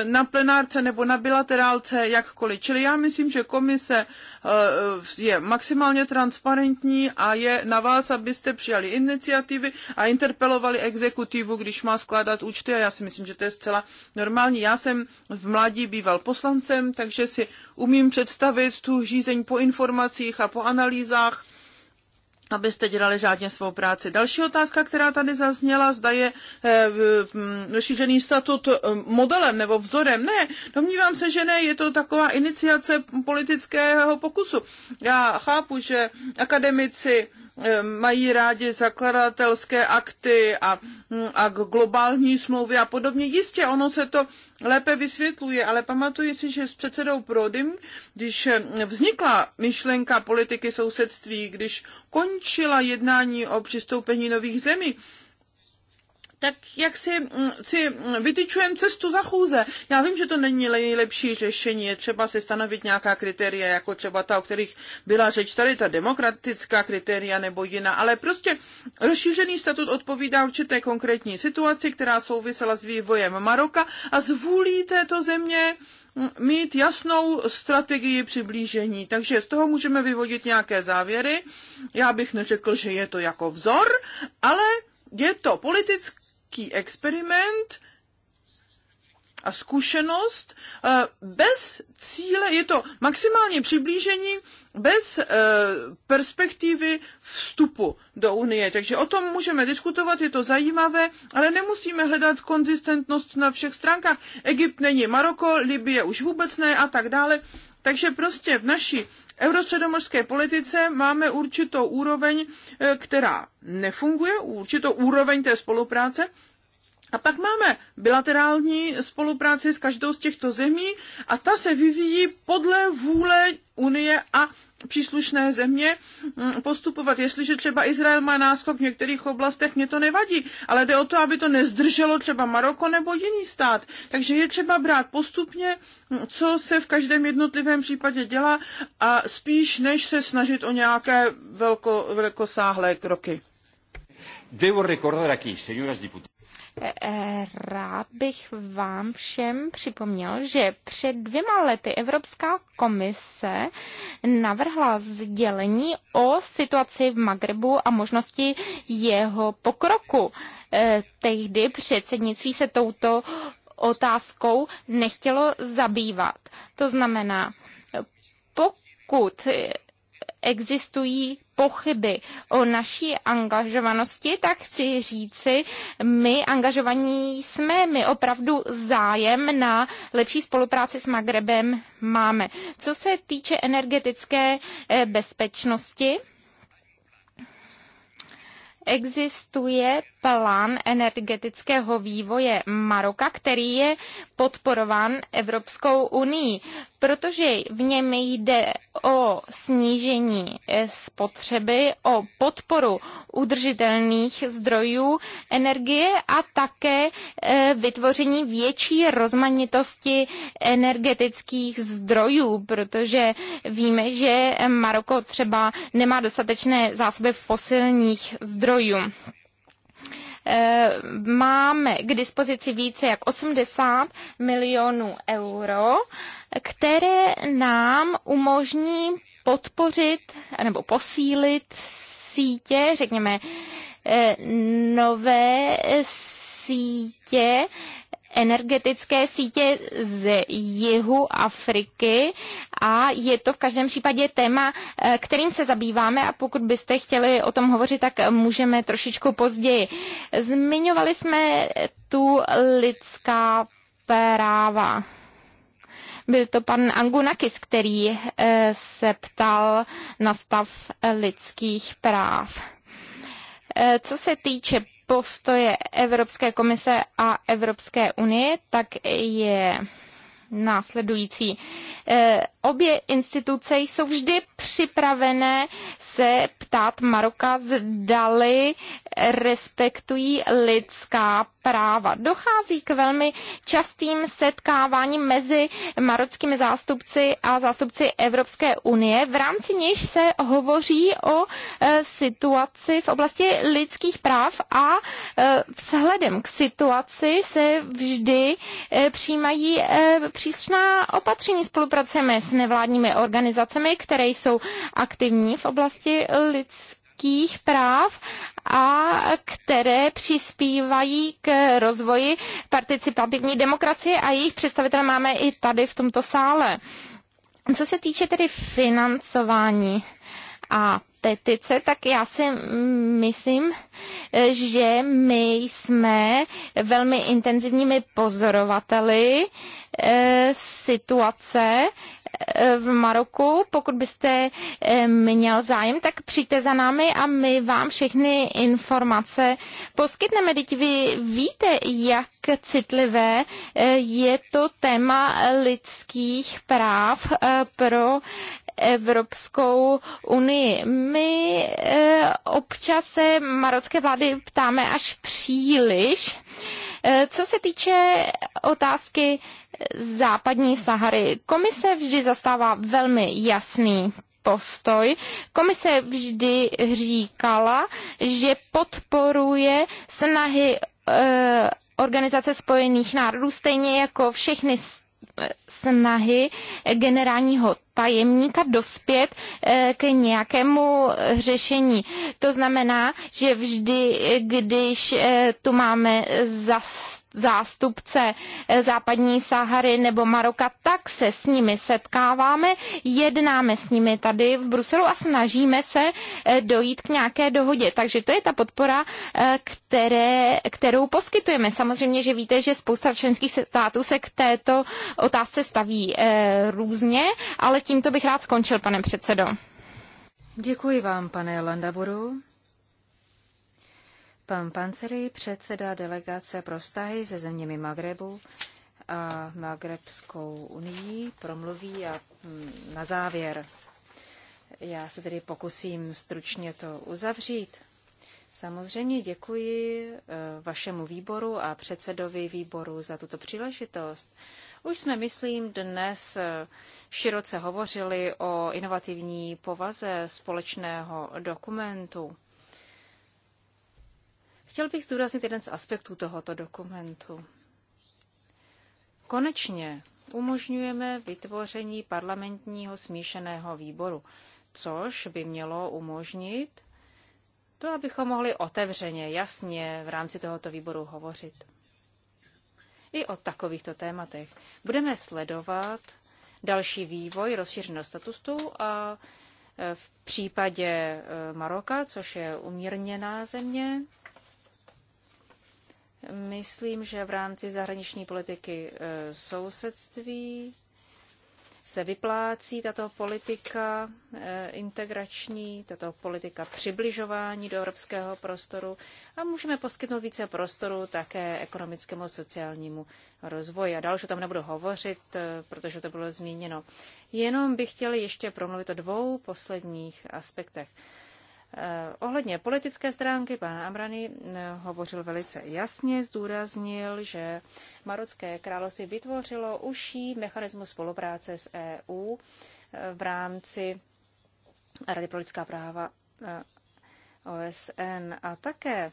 na plenárce nebo na bilaterálce, jakkoliv. Čili já myslím, že komise eh, je maximálně transparentní a je na vás, abyste přijali iniciativy a interpelovali exekutivu, když má skládat účty a já si myslím, že to je zcela normální. Já jsem v mládí býval poslancem, takže si umím představit tu řízení po informacích a po analýzách abyste dělali řádně svou práci. Další otázka, která tady zazněla, zda je rozšířený eh, statut eh, modelem nebo vzorem. Ne, domnívám se, že ne, je to taková iniciace politického pokusu. Já chápu, že akademici eh, mají rádi zakladatelské akty a, hm, a globální smlouvy a podobně. Jistě, ono se to lépe vysvětluje, ale pamatuji si, že s předsedou Prodym, když vznikla myšlenka politiky sousedství, když končila jednání o přistoupení nových zemí, tak jak si, mm, si vytyčujeme cestu za chůze. Já vím, že to není nejlepší řešení, je třeba si stanovit nějaká kritéria, jako třeba ta, o kterých byla řeč tady, ta demokratická kritéria nebo jiná, ale prostě rozšířený statut odpovídá určité konkrétní situaci, která souvisela s vývojem Maroka a s vůlí této země mm, mít jasnou strategii přiblížení. Takže z toho můžeme vyvodit nějaké závěry. Já bych neřekl, že je to jako vzor, ale je to politická velký experiment a zkušenost eh, bez cíle, je to maximálně přiblížení bez eh, perspektivy vstupu do Unie. Takže o tom můžeme diskutovat, je to zajímavé, ale nemusíme hledat konzistentnost na všech stránkách. Egypt není Maroko, Libie už vůbec ne a tak dále. Takže prostě v naší eurostředomořské politice máme určitou úroveň, e, která nefunguje, určitou úroveň té spolupráce, a pak máme bilaterální spolupráci s každou z těchto zemí a ta se vyvíjí podle vůle Unie a příslušné země mm, postupovat. Jestliže třeba Izrael má náskok v některých oblastech, mě to nevadí, ale jde o to, aby to nezdrželo třeba Maroko nebo jiný stát. Takže je třeba brát postupně, mm, co se v každém jednotlivém případě dělá a spíš než se snažit o nějaké velko, velkosáhlé kroky. Debo recordar aquí, señoras diputadas rád bych vám všem připomněl, že před dvěma lety Evropská komise navrhla sdělení o situaci v Magrebu a možnosti jeho pokroku. Eh, tehdy předsednictví se touto otázkou nechtělo zabývat. To znamená, pokud existují pochyby o naší angažovanosti, tak chci říci, my angažovaní jsme, my opravdu zájem na lepší spolupráci s Magrebem máme. Co se týče energetické eh, bezpečnosti, existuje plán energetického vývoje Maroka, který je podporován Evropskou unii, protože v něm jde o snížení spotřeby, o podporu udržitelných zdrojů energie a také eh, vytvoření větší rozmanitosti energetických zdrojů, protože víme, že Maroko třeba nemá dostatečné zásoby fosilních zdrojů. Eh, máme k dispozici více jak 80 milionů euro, které nám umožní podpořit nebo posílit sítě, řekněme, eh, nové sítě energetické sítě z jihu Afriky a je to v každém případě téma, eh, kterým se zabýváme a pokud byste chtěli o tom hovořit, tak můžeme trošičku později. Zmiňovali jsme tu lidská práva. Byl to pan Angunakis, který eh, se ptal na stav lidských práv. Eh, co se týče postoje Evropské komise a Evropské unie, tak je následující. Eh, obě instituce jsou vždy připravené se ptát Maroka, zdali respektují lidská práva. Dochází k velmi častým setkáváním mezi marockými zástupci a zástupci Evropské unie, v rámci nějž se hovoří o e, situaci v oblasti lidských práv a e, vzhledem k situaci se vždy e, přijímají e, příslušná opatření. Spolupracujeme s nevládními organizacemi, které jsou aktivní v oblasti lidských lidských práv a které přispívají k rozvoji participativní demokracie a jejich představitele máme i tady v tomto sále. Co se týče tedy financování a petice, tak já si myslím, že my jsme velmi intenzivními pozorovateli eh, situace, Eh, v Maroku. Pokud byste eh, měl zájem, tak přijďte za námi a my vám všechny informace poskytneme. Teď vy víte, jak citlivé eh, je to téma lidských práv pro Evropskou unii. My občas se marocké vlády ptáme až příliš. Co se týče otázky západní Sahary. Komise vždy zastává velmi jasný postoj. Komise vždy říkala, že podporuje snahy e, Organizace spojených národů, stejně jako všechny eh, snahy generálního tajemníka dospět eh, k nějakému řešení. To znamená, že vždy, když tu máme zas zástupce eh, západní Sahary nebo Maroka, tak se s nimi setkáváme, jednáme s nimi tady v Bruselu a snažíme se eh, dojít k nějaké dohodě. Takže to je ta podpora, eh, které, kterou poskytujeme. Samozřejmě, že víte, že spousta členských států se k této otázce staví různě, ale tímto bych rád skončil, pane předsedo. Děkuji vám, pane Landavoru. Pan Panceri, předseda delegace pro vztahy se zeměmi Magrebu a Magrebskou unii, promluví a mm, na závěr. Já se tedy pokusím stručně to uzavřít. Samozřejmě děkuji e, vašemu výboru a předsedovi výboru za tuto příležitost. Už jsme, myslím, dnes e, široce hovořili o inovativní povaze společného dokumentu. Chtěl bych zdůraznit jeden z aspektů tohoto dokumentu. Konečně umožňujeme vytvoření parlamentního smíšeného výboru, což by mělo umožnit to, abychom mohli otevřeně, jasně v rámci tohoto výboru hovořit. I o takovýchto tématech. Budeme sledovat další vývoj rozšířeného statusu a e, v případě e, Maroka, což je umírněná země, Myslím, že v rámci zahraniční politiky e, sousedství se vyplácí tato politika e, integrační, tato politika přibližování do evropského prostoru a můžeme poskytnout více prostoru také ekonomickému a sociálnímu rozvoji. A dál už tam nebudu hovořit, e, protože to bylo zmíněno. Jenom bych chtěla ještě promluvit o dvou posledních aspektech. Eh, ohledně politické stránky pan Amrany eh, hovořil velice jasně, zdůraznil, že Marocké království vytvořilo užší mechanismus spolupráce s EU eh, v rámci Rady pro lidská práva OSN. A také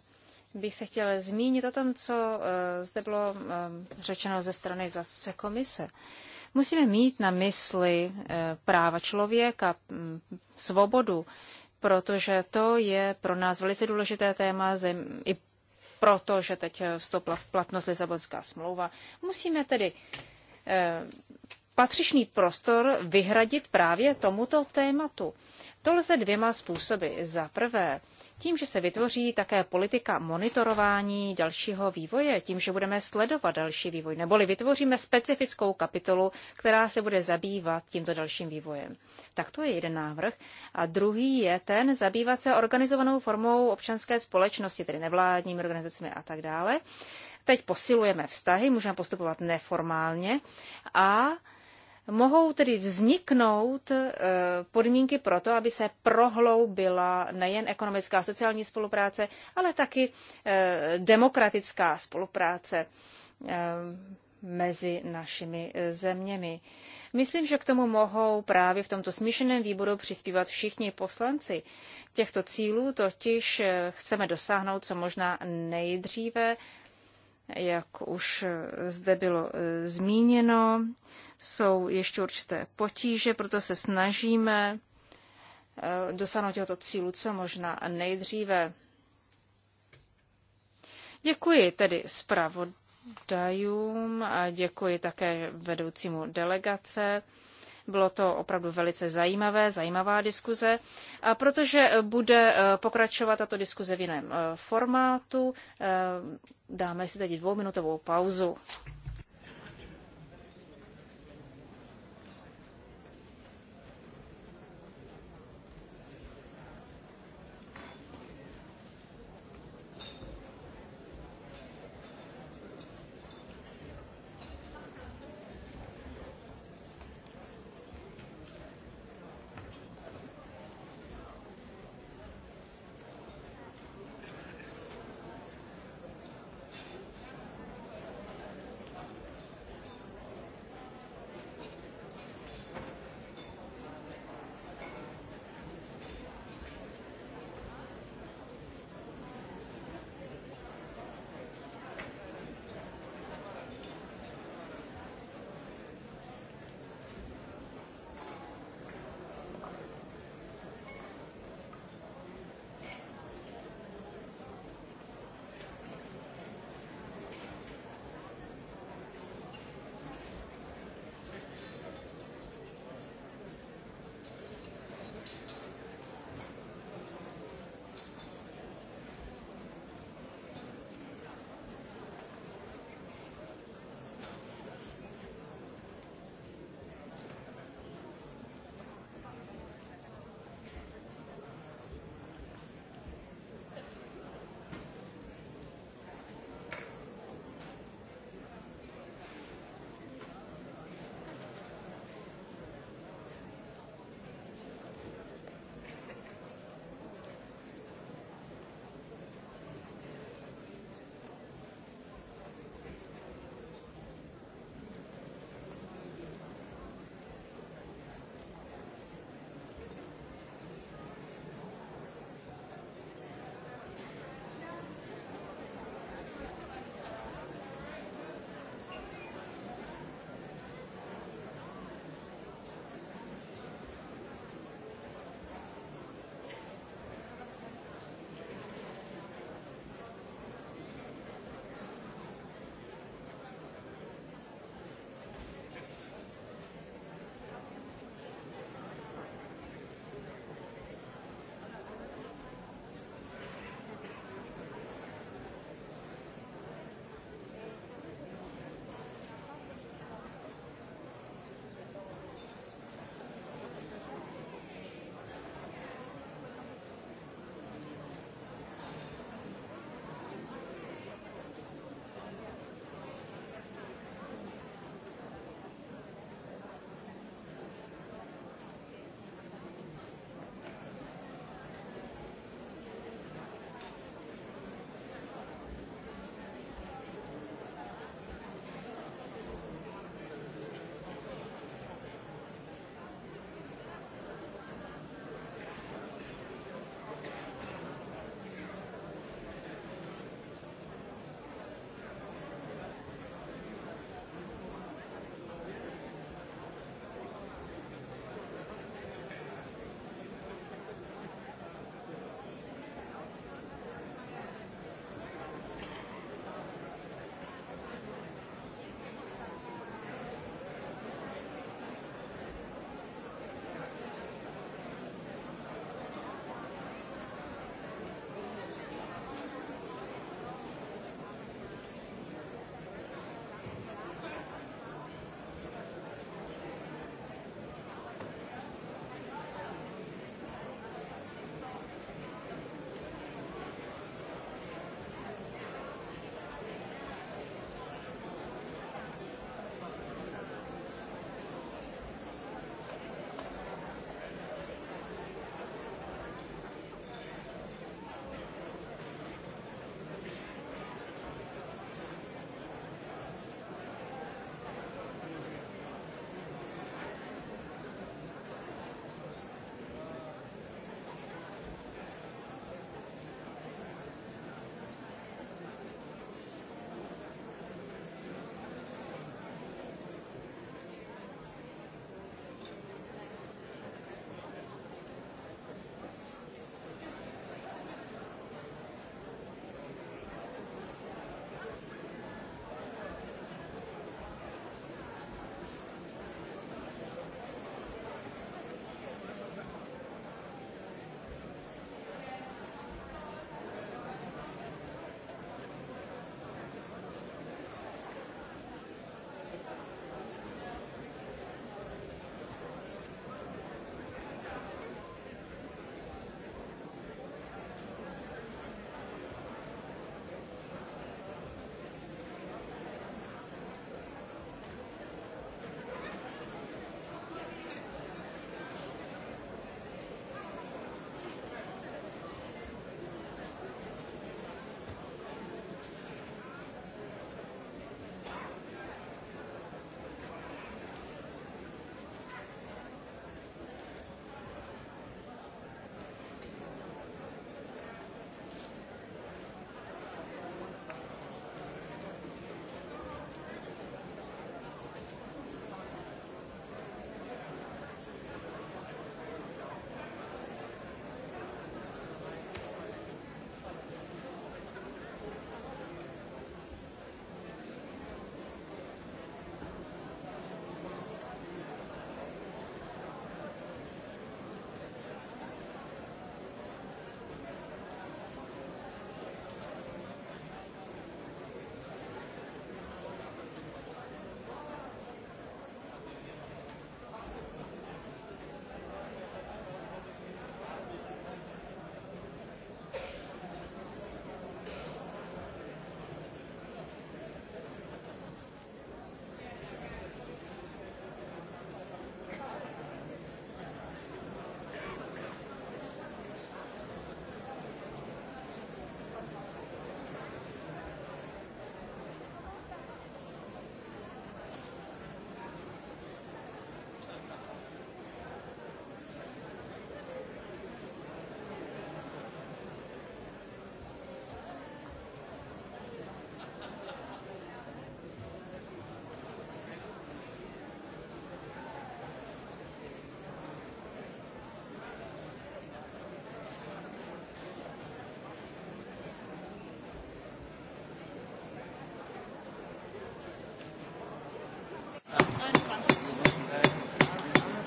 bych se chtěla zmínit o tom, co zde bylo řečeno ze strany zástupce komise. Musíme mít na mysli práva člověka, mm, svobodu, protože to je pro nás velice důležité téma, zem, i proto, že teď vstoupila v platnost Lisabonská smlouva. Musíme tedy eh, patřičný prostor vyhradit právě tomuto tématu. To lze dvěma způsoby. Za prvé, tím, že se vytvoří také politika monitorování dalšího vývoje, tím, že budeme sledovat další vývoj, neboli vytvoříme specifickou kapitolu, která se bude zabývat tímto dalším vývojem. Tak to je jeden návrh. A druhý je ten zabývat se organizovanou formou občanské společnosti, tedy nevládními organizacemi a tak dále. Teď posilujeme vztahy, můžeme postupovat neformálně a mohou tedy vzniknout eh, podmínky pro to, aby se prohloubila nejen ekonomická a sociální spolupráce, ale taky eh, demokratická spolupráce eh, mezi našimi zeměmi. Myslím, že k tomu mohou právě v tomto smíšeném výboru přispívat všichni poslanci. Těchto cílů totiž chceme dosáhnout co možná nejdříve jak už zde bylo e, zmíněno, jsou ještě určité potíže, proto se snažíme e, dosáhnout těchto cílů co možná nejdříve. Děkuji tedy zpravodajům a děkuji také vedoucímu delegace. Bylo to opravdu velice zajímavé, zajímavá diskuze. A protože eh, bude eh, pokračovat tato diskuze v jiném eh, formátu, dáme si teď dvouminutovou pauzu.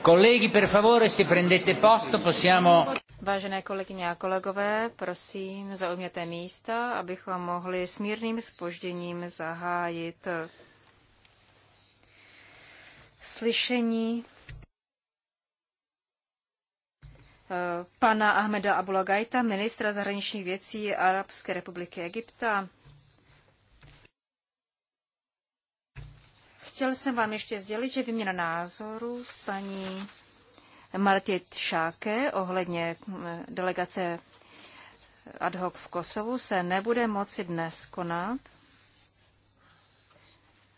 Kolegy, per favore, se prendete posto, possiamo... Vážené kolegyně a kolegové, prosím, zaujměte místa, abychom mohli s mírným spožděním zahájit slyšení eh, pana Ahmeda Abulagajta, ministra zahraničních věcí Arabské republiky Egypta. jsem vám ještě sdělit, že výměna názoru s paní Martit Šáke ohledně eh, delegace ad hoc v Kosovu se nebude moci dnes konat,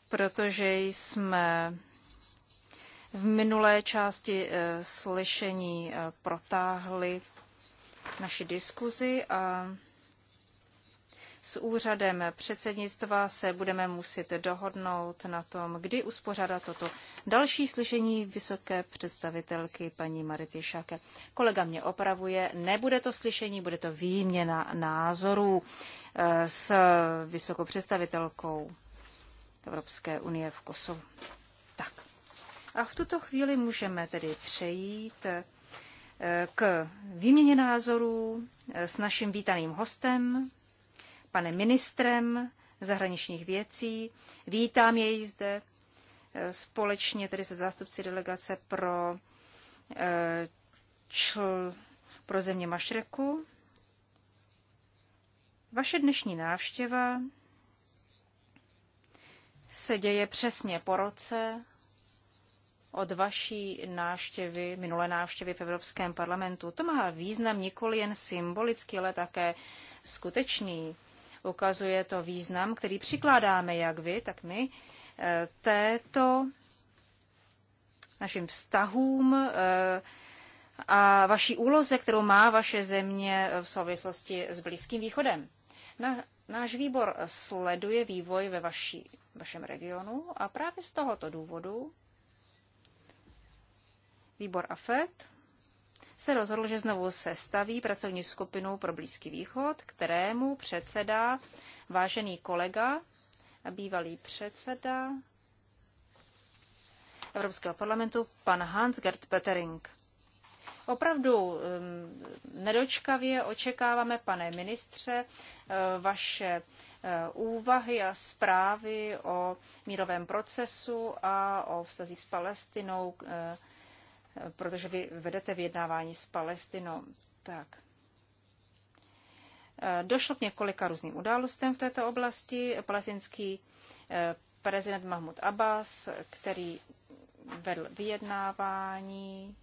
protože jsme v minulé části eh, slyšení eh, protáhli naši diskuzi a s úřadem předsednictva se budeme muset dohodnout na tom, kdy uspořádat toto další slyšení vysoké představitelky paní Marity Šake. Kolega mě opravuje, nebude to slyšení, bude to výměna názorů eh, s vysokou představitelkou Evropské unie v Kosovu. Tak. A v tuto chvíli můžeme tedy přejít eh, k výměně názorů eh, s naším vítaným hostem, panem ministrem zahraničních věcí. Vítám jej zde eh, společně tedy se zástupci delegace pro, eh, čl, pro země Mašreku. Vaše dnešní návštěva se děje přesně po roce od vaší návštěvy, minulé návštěvy v Evropském parlamentu. To má význam nikoli jen symbolický, ale také skutečný. Ukazuje to význam, který přikládáme jak vy, tak my eh, této našim vztahům eh, a vaší úloze, kterou má vaše země v souvislosti s Blízkým východem. Na, náš výbor sleduje vývoj ve vaší, vašem regionu a právě z tohoto důvodu výbor AFET se rozhodl, že znovu sestaví pracovní skupinu pro Blízký východ, kterému předsedá vážený kolega a bývalý předseda Evropského parlamentu, pan Hans-Gert Petering. Opravdu um, nedočkavě očekáváme, pane ministře, uh, vaše uh, úvahy a zprávy o mírovém procesu a o vztazích s Palestinou, uh, protože vy vedete vyjednávání s Palestinou. Tak. E, došlo k několika různým událostem v této oblasti. Palestinský e, prezident Mahmud Abbas, který vedl vyjednávání,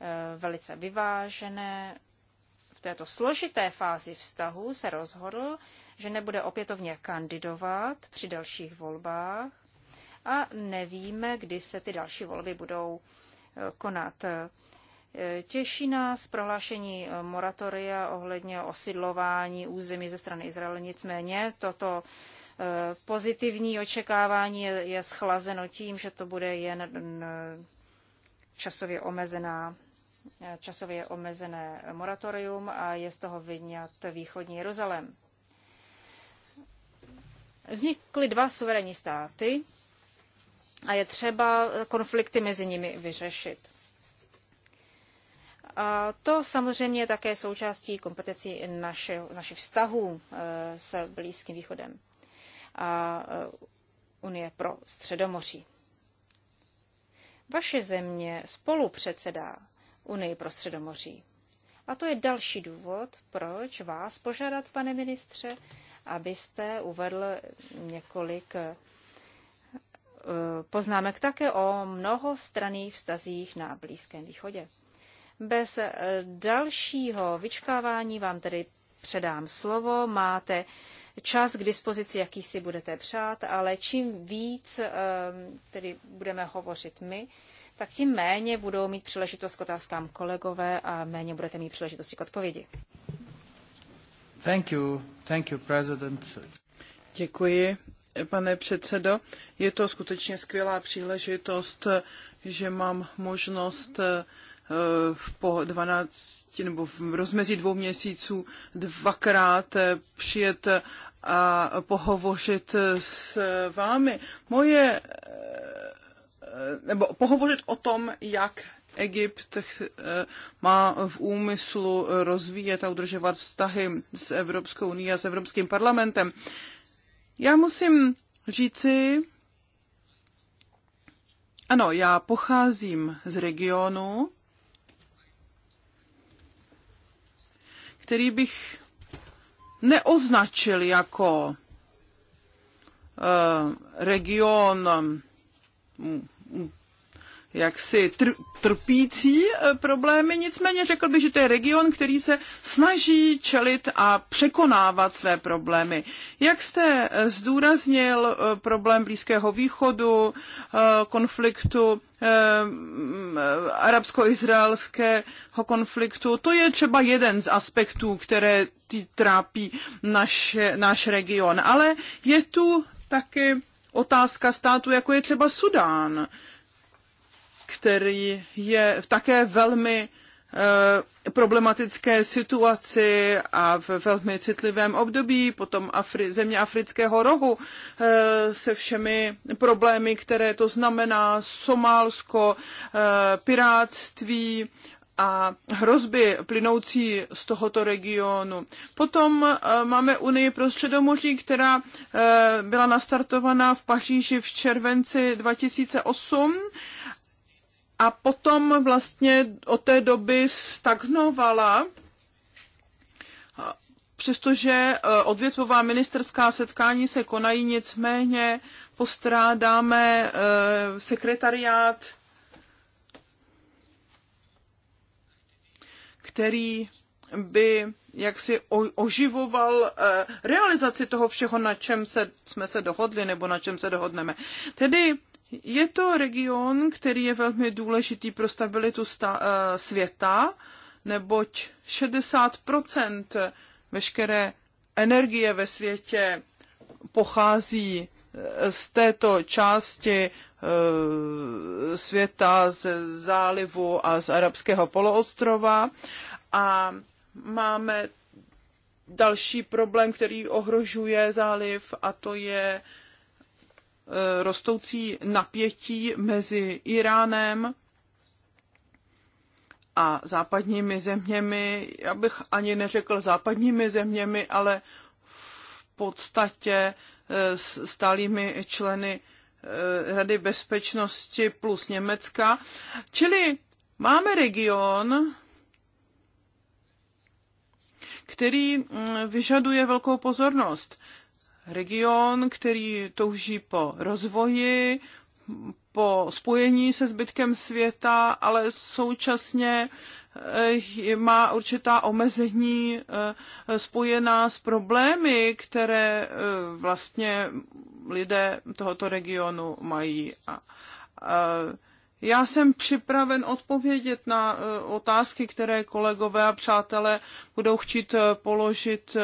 e, velice vyvážené, v této složité fázi vztahu se rozhodl, že nebude opětovně kandidovat při dalších volbách a nevíme, kdy se ty další volby budou konat. Těší nás prohlášení moratoria ohledně osidlování území ze strany Izraele. Nicméně toto eh, pozitivní očekávání je schlazeno tím, že to bude jen časově omezená eh, časově omezené moratorium a je z toho vyňat východní Jeruzalém. Vznikly dva suverénní státy, a je třeba konflikty mezi nimi vyřešit. A to samozřejmě je také součástí kompetencí naše, našich vztahů e, s Blízkým východem a e, Unie pro Středomoří. Vaše země spolu předsedá Unii pro Středomoří. A to je další důvod, proč vás požádat, pane ministře, abyste uvedl několik Eh, poznámek také o mnohostranných vztazích na Blízkém východě. Bez eh, dalšího vyčkávání vám tedy předám slovo. Máte čas k dispozici, jaký si budete přát, ale čím víc eh, tedy budeme hovořit my, tak tím méně budou mít příležitost k otázkám kolegové a méně budete mít příležitosti k odpovědi. Thank you. Thank you, president. Děkuji, pane předsedo. Je to skutečně skvělá příležitost, že mám možnost eh, po 12 nebo v rozmezí dvou měsíců dvakrát eh, přijet a pohovořit s vámi. Moje, eh, nebo pohovořit o tom, jak Egypt má v úmyslu rozvíjet a udržovat vztahy s Evropskou unii a s Evropským parlamentem. Já musím říci, ano, já pocházím z regionu, který bych neoznačil jako eh, region mm, jaksi tr- trpící eh, problémy, nicméně řekl bych, že to je region, který se snaží čelit a překonávat své problémy. Jak jste eh, zdůraznil eh, problém Blízkého východu, konfliktu arabsko-izraelského konfliktu. To je třeba jeden z aspektů, které tý trápí naš, náš region. Ale je tu taky otázka státu, jako je třeba Sudán který je v také velmi eh, problematické situaci a v velmi citlivém období, potom Afri, země afrického rohu eh, se všemi problémy, které to znamená, Somálsko, eh, piráctví a hrozby plynoucí z tohoto regionu. Potom máme Unii pro středomoří, která byla nastartovaná v Paříži v červenci 2008 a potom vlastně od té doby stagnovala Přestože e, odvětvová ministerská setkání se konají, nicméně postrádáme e, sekretariát, který by jaksi oživoval e, realizaci toho všeho, na čem se, jsme se dohodli nebo na čem se dohodneme. Tedy je to region, který je velmi důležitý pro stabilitu sta- eh, světa, neboť 60 veškeré energie ve světě pochází eh, z této části eh, světa, z zálivu a z arabského poloostrova. A máme další problém, který ohrožuje záliv, a to je Eh, rostoucí napětí mezi Iránem a západními zeměmi, já bych ani neřekl západními zeměmi, ale v podstatě eh, stálými členy eh, Rady bezpečnosti plus Německa. Čili máme region, který mm, vyžaduje velkou pozornost region, který touží po rozvoji, po spojení se zbytkem světa, ale současně eh, má určitá omezení eh, spojená s problémy, které eh, vlastně lidé tohoto regionu mají. A já jsem připraven odpovědět na otázky, které kolegové a přátelé budou chtít položit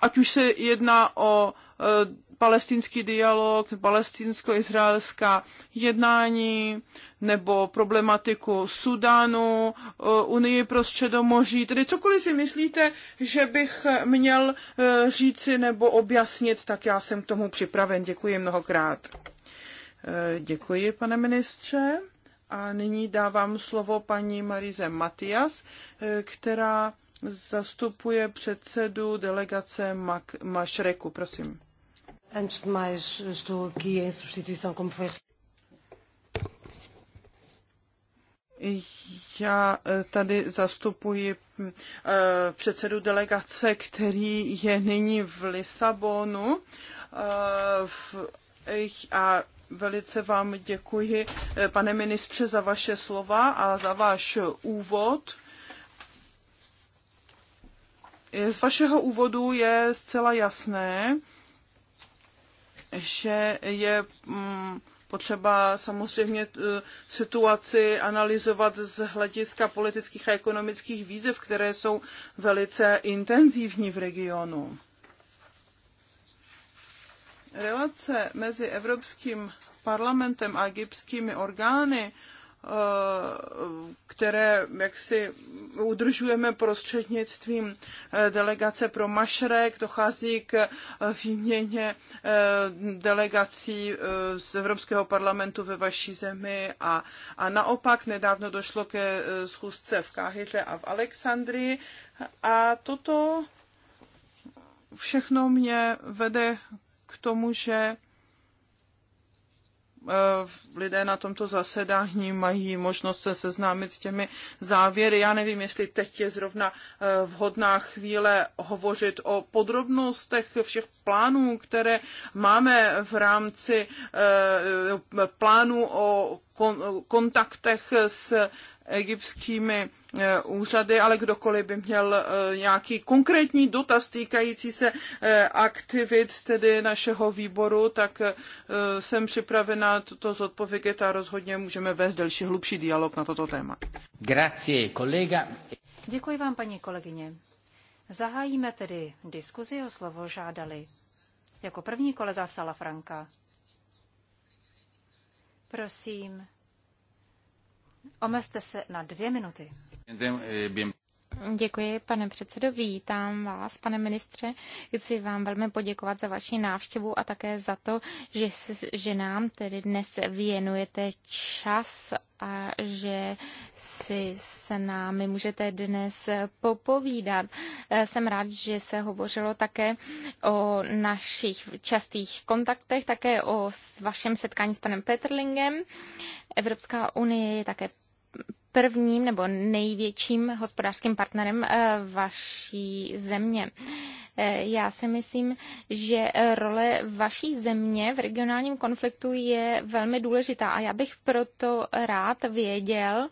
ať už se jedná o e, palestinský dialog, palestinsko-izraelská jednání nebo problematiku Sudánu, e, Unii pro středomoří, tedy cokoliv si myslíte, že bych měl e, říci nebo objasnit, tak já jsem k tomu připraven. Děkuji mnohokrát. Děkuji, pane ministře. A nyní dávám slovo paní Marize Matias, která zastupuje předsedu delegace Mac Mašreku. Prosím. Antes de mais, estou aqui em substituição, como foi Já eh, tady zastupuji eh, předsedu delegace, který je nyní v Lisabonu eh, a velice vám děkuji, pane ministře, za vaše slova a za váš úvod Eh, z vašeho úvodu je zcela jasné, že je mm, potřeba samozřejmě eh, situaci analyzovat z hlediska politických a ekonomických výzev, které jsou velice intenzivní v regionu. Relace mezi Evropským parlamentem a egyptskými orgány Eh, které jak si udržujeme prostřednictvím eh, delegace pro Mašrek. Dochází k eh, výměně delegací z Evropského parlamentu ve vaší zemi a, a naopak nedávno došlo ke schůzce v Káhyře a v Alexandrii a toto všechno mě vede k tomu, že Eh, lidé na tomto zasedání mají možnost se seznámit s těmi závěry. Já nevím, jestli teď je zrovna eh, vhodná chvíle hovořit o podrobnostech všech plánů, které máme v rámci eh, plánů o kontaktech s egyptskými eh, úřady, ale kdokoliv by měl eh, nějaký konkrétní dotaz týkající se eh, aktivit tedy našeho výboru, tak jsem připravena toto zodpovědět a rozhodně můžeme vést delší, hlubší dialog na toto téma. Grazie, kolega. Děkuji vám, paní kolegyně. Zahájíme tedy diskuzi o slovo žádali. Jako první kolega Salafranka. Prosím, Omezte se na dvě minuty. Děkuji, pane předsedo. Vítám vás, pane ministře. Chci vám velmi poděkovat za vaši návštěvu a také za to, že, že nám tedy dnes věnujete čas a že si s námi můžete dnes popovídat. Jsem rád, že se hovořilo také o našich častých kontaktech, také o vašem setkání s panem Petrlingem. Evropská unie je také prvním nebo největším hospodářským partnerem eh, vaší země. Eh, já si myslím, že eh, role vaší země v regionálním konfliktu je velmi důležitá a já bych proto rád věděl,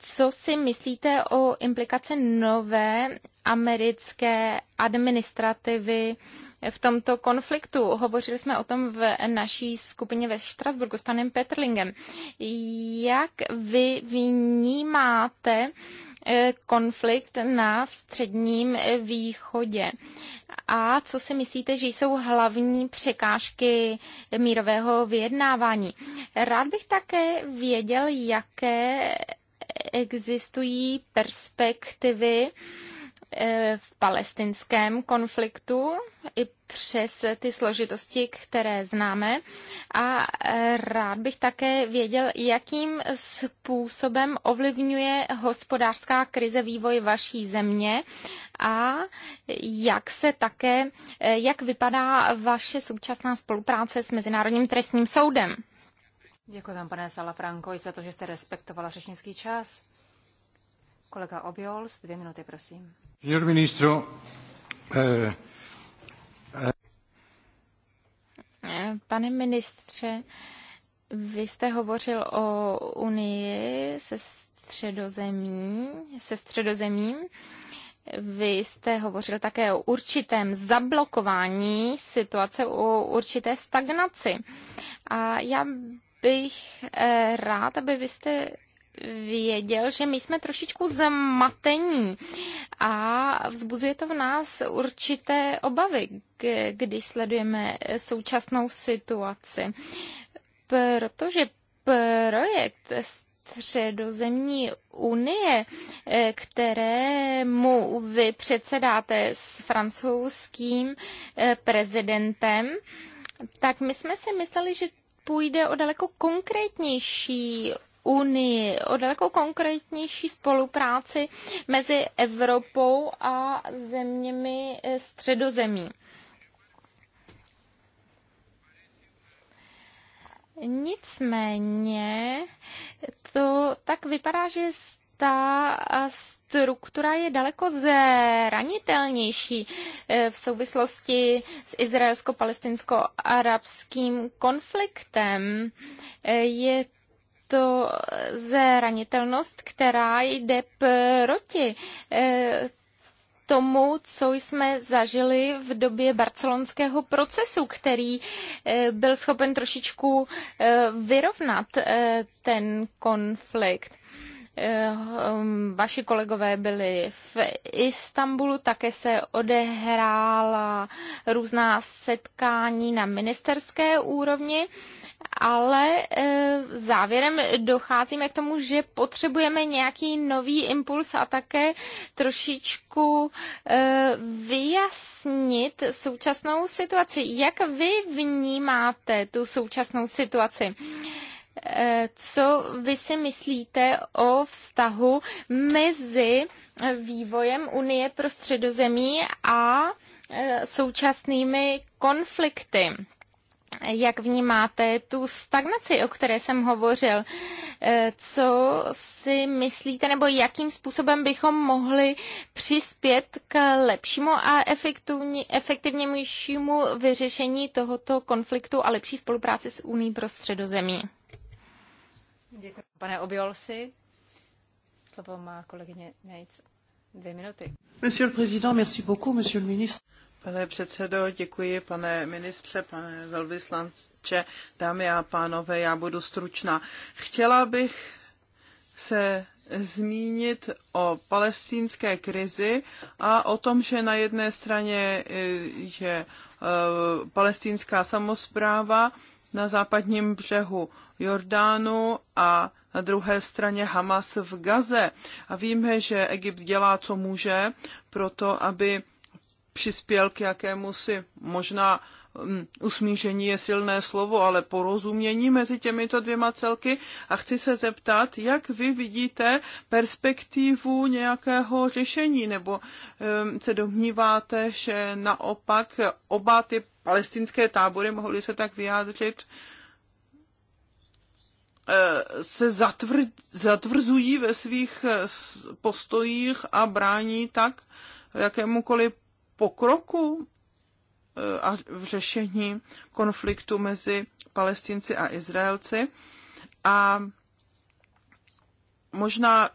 co si myslíte o implikace nové americké administrativy v tomto konfliktu. Hovořili jsme o tom v naší skupině ve Štrasburgu s panem Petrlingem. Jak vy vnímáte eh, konflikt na středním eh, východě? A co si myslíte, že jsou hlavní překážky mírového vyjednávání? Rád bych také věděl, jaké eh, existují perspektivy Eh, v palestinském konfliktu i přes ty složitosti, které známe. A eh, rád bych také věděl, jakým způsobem ovlivňuje hospodářská krize vývoj vaší země a jak se také, eh, jak vypadá vaše současná spolupráce s Mezinárodním trestním soudem. Děkuji vám, pane Salafranko, i za to, že jste respektovala řečnický čas. Kolega Obiols, dvě minuty, prosím. Signor ministro, eh, Pane ministře, vy jste hovořil o Unii se středozemí, se středozemím. Vy jste hovořil také o určitém zablokování situace, o určité stagnaci. A já bych eh, rád, aby vy jste věděl, že my jsme trošičku zmatení a vzbuzuje to v nás určité obavy, když sledujeme současnou situaci. Protože projekt středozemní unie, kterému vy předsedáte s francouzským eh, prezidentem, tak my jsme si mysleli, že půjde o daleko konkrétnější unii, o daleko konkrétnější spolupráci mezi Evropou a zeměmi eh, středozemí. Nicméně to tak vypadá, že ta struktura je daleko zranitelnější eh, v souvislosti s izraelsko-palestinsko-arabským konfliktem. Eh, je to zranitelnost, která jde proti eh, tomu, co jsme zažili v době barcelonského procesu, který eh, byl schopen trošičku eh, vyrovnat ten konflikt. Vaši kolegové byli v Istanbulu, také se odehrála různá setkání na ministerské úrovni ale eh, závěrem docházíme k tomu, že potřebujeme nějaký nový impuls a také trošičku eh, vyjasnit současnou situaci. Jak vy vnímáte tu současnou situaci? Eh, co vy si myslíte o vztahu mezi vývojem Unie pro středozemí a současnými konflikty jak vnímáte tu stagnaci, o které jsem hovořil. Eh, co si myslíte, nebo jakým způsobem bychom mohli přispět k lepšímu a efektivnějšímu vyřešení tohoto konfliktu a lepší spolupráci s Uní pro středozemí? Děkuji, pane Obiolsi. Slovo má kolegyně Nejc. Dvě minuty. Monsieur le président, merci beaucoup, monsieur le ministre. Pane předsedo, děkuji, pane ministře, pane velvyslanče, dámy a pánové, já budu stručná. Chtěla bych se zmínit o palestinské krizi a o tom, že na jedné straně eh, je eh, palestinská samozpráva na západním břehu Jordánu a na druhé straně Hamas v Gaze. A víme, že Egypt dělá, co může pro to, aby přispěl k jakému si možná mm, usmíření je silné slovo, ale porozumění mezi těmito dvěma celky a chci se zeptat, jak vy vidíte perspektivu nějakého řešení, nebo se domníváte, že naopak oba ty palestinské tábory, mohly se tak vyjádřit, e, se zatvr, zatvrzují ve svých e, postojích a brání tak jakémukoliv pokroku eh, a v řešení konfliktu mezi Palestinci a Izraelci. A možná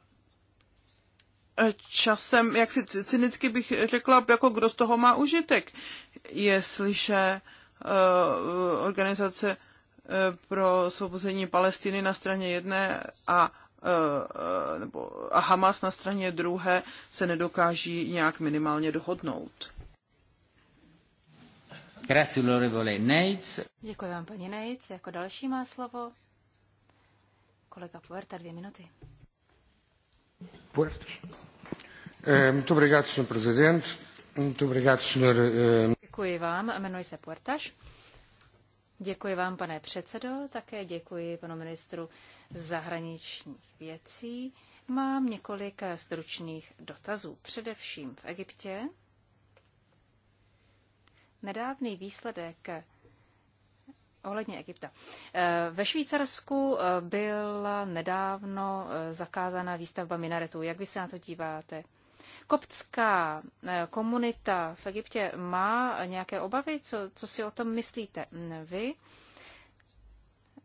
eh, časem, jak si cynicky bych řekla, jako kdo z toho má užitek, jestliže eh, organizace pro svobození Palestiny na straně jedné a Eh, nebo, a Hamas na straně druhé se nedokáží nějak minimálně dohodnout. Děkuji vám, paní Nejc. Jako další má slovo kolega Puerta, dvě minuty. Puerta. Ehm, muito obrigado, senhor presidente. Muito obrigado, senhor... Ehm, Děkuji vám, jmenuji se Puertaš. Děkuji vám, pane předsedo, také děkuji panu ministru zahraničních věcí. Mám několik stručných dotazů, především v Egyptě. Nedávný výsledek ohledně Egypta. Ve Švýcarsku byla nedávno zakázána výstavba minaretů. Jak vy se na to díváte? koptská eh, komunita v Egyptě má nějaké obavy? Co, co si o tom myslíte vy?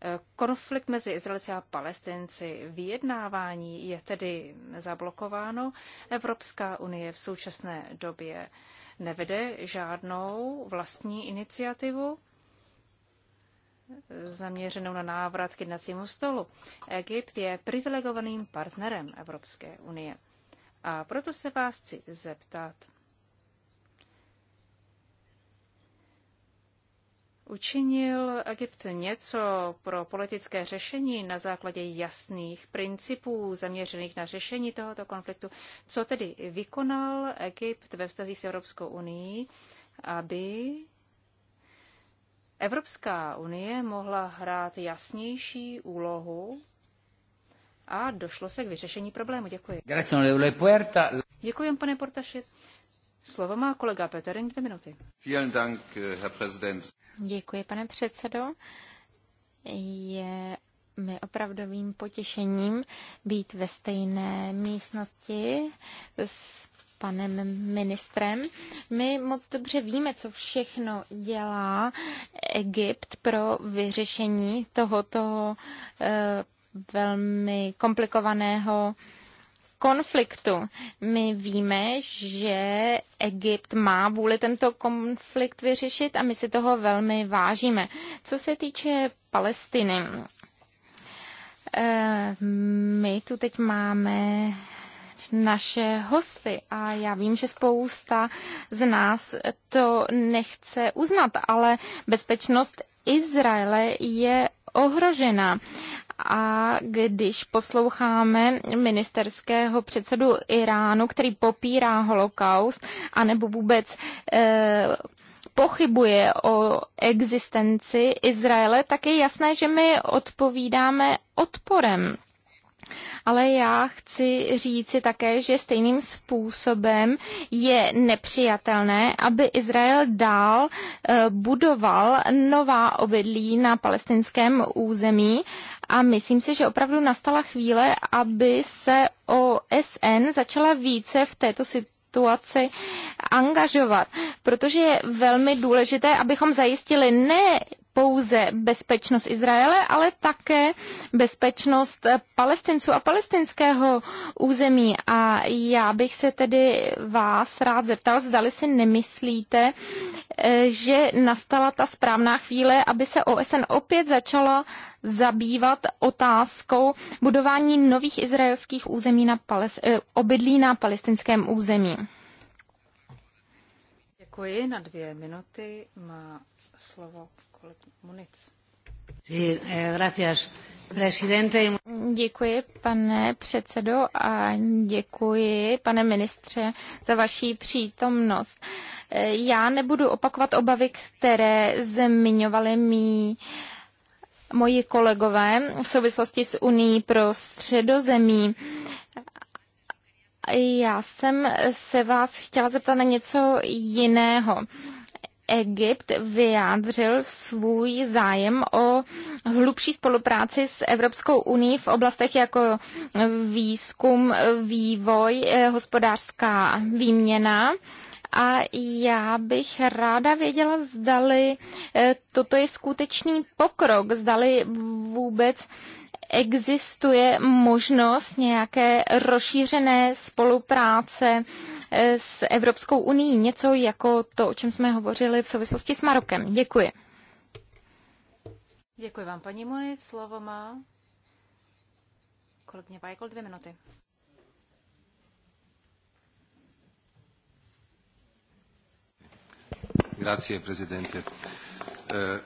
Eh, konflikt mezi Izraelci a Palestinci, vyjednávání je tedy zablokováno. Evropská unie v současné době nevede žádnou vlastní iniciativu zaměřenou na návrat k jednacímu stolu. Egypt je privilegovaným partnerem Evropské unie. A proto se vás chci zeptat. Učinil Egypt něco pro politické řešení na základě jasných principů zaměřených na řešení tohoto konfliktu? Co tedy vykonal Egypt ve vztazích s Evropskou unii, aby Evropská unie mohla hrát jasnější úlohu a došlo se k vyřešení problému. Děkuji. Děkuji, pane Portaši. Slovo má kolega Peterin, dvě minuty. Děkuji, pane předsedo. Je mi opravdovým potěšením být ve stejné místnosti s panem ministrem. My moc dobře víme, co všechno dělá Egypt pro vyřešení tohoto eh, velmi komplikovaného konfliktu. My víme, že Egypt má vůli tento konflikt vyřešit a my si toho velmi vážíme. Co se týče Palestiny, eh, my tu teď máme naše hosty a já vím, že spousta z nás to nechce uznat, ale bezpečnost Izraele je ohrožena a když posloucháme ministerského předsedu Iránu, který popírá holokaust, anebo vůbec eh, pochybuje o existenci Izraele, tak je jasné, že my odpovídáme odporem. Ale já chci říci také, že stejným způsobem je nepřijatelné, aby Izrael dál eh, budoval nová obydlí na palestinském území a myslím si, že opravdu nastala chvíle, aby se OSN začala více v této situaci situaci angažovat, protože je velmi důležité, abychom zajistili ne pouze bezpečnost Izraele, ale také bezpečnost palestinců a palestinského území. A já bych se tedy vás rád zeptal, zdali si nemyslíte, eh, že nastala ta správná chvíle, aby se OSN opět začala zabývat otázkou budování nových izraelských území na pales- eh, obydlí na palestinském území. Děkuji. Na dvě minuty má slovo Munic. Eh, děkuji, pane předsedo, a děkuji, pane ministře, za vaši přítomnost. Eh, já nebudu opakovat obavy, které zmiňovali mý moji kolegové v souvislosti s Unii pro středozemí. Já jsem se vás chtěla zeptat na něco jiného. Egypt vyjádřil svůj zájem o hlubší spolupráci s Evropskou unii v oblastech jako výzkum, vývoj, eh, hospodářská výměna. A já bych ráda věděla, zdali eh, toto je skutečný pokrok, zdali vůbec existuje možnost nějaké rozšířené spolupráce s Evropskou unii. Něco jako to, o čem jsme hovořili v souvislosti s Marokem. Děkuji. Děkuji vám, paní Munic. Slovo má kolegyně Vajkol, dvě minuty. Grazie, prezidente. Eh,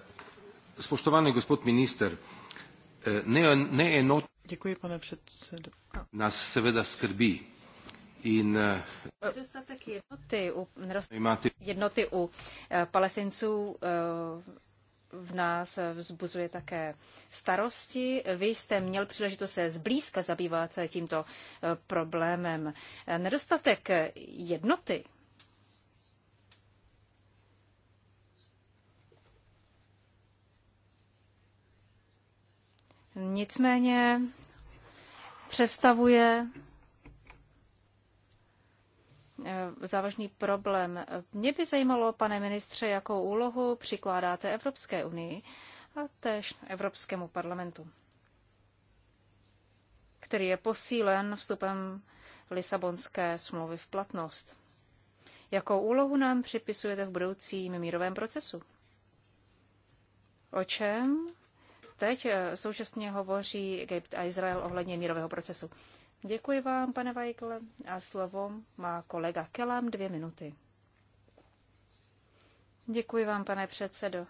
spoštovaný gospod minister, eh, neenot... Děkuji, pane předsedo. Nás seveda skrbí. Eh, nedostatek jednoty u, nedostatek jednoty u eh, palestinců eh, v nás vzbuzuje také starosti. Vy jste měl příležitost se zblízka zabývat tímto problémem. Nedostatek jednoty Nicméně představuje Eh, závažný problém. Mě by zajímalo, pane ministře, jakou úlohu přikládáte Evropské unii a též Evropskému parlamentu, který je posílen vstupem Lisabonské smlouvy v platnost. Jakou úlohu nám připisujete v budoucím mírovém procesu? O čem teď eh, současně hovoří Egypt a Izrael ohledně mírového procesu? Děkuji vám, pane Weigl, a slovo má kolega Kelam dvě minuty. Děkuji vám, pane předsedo.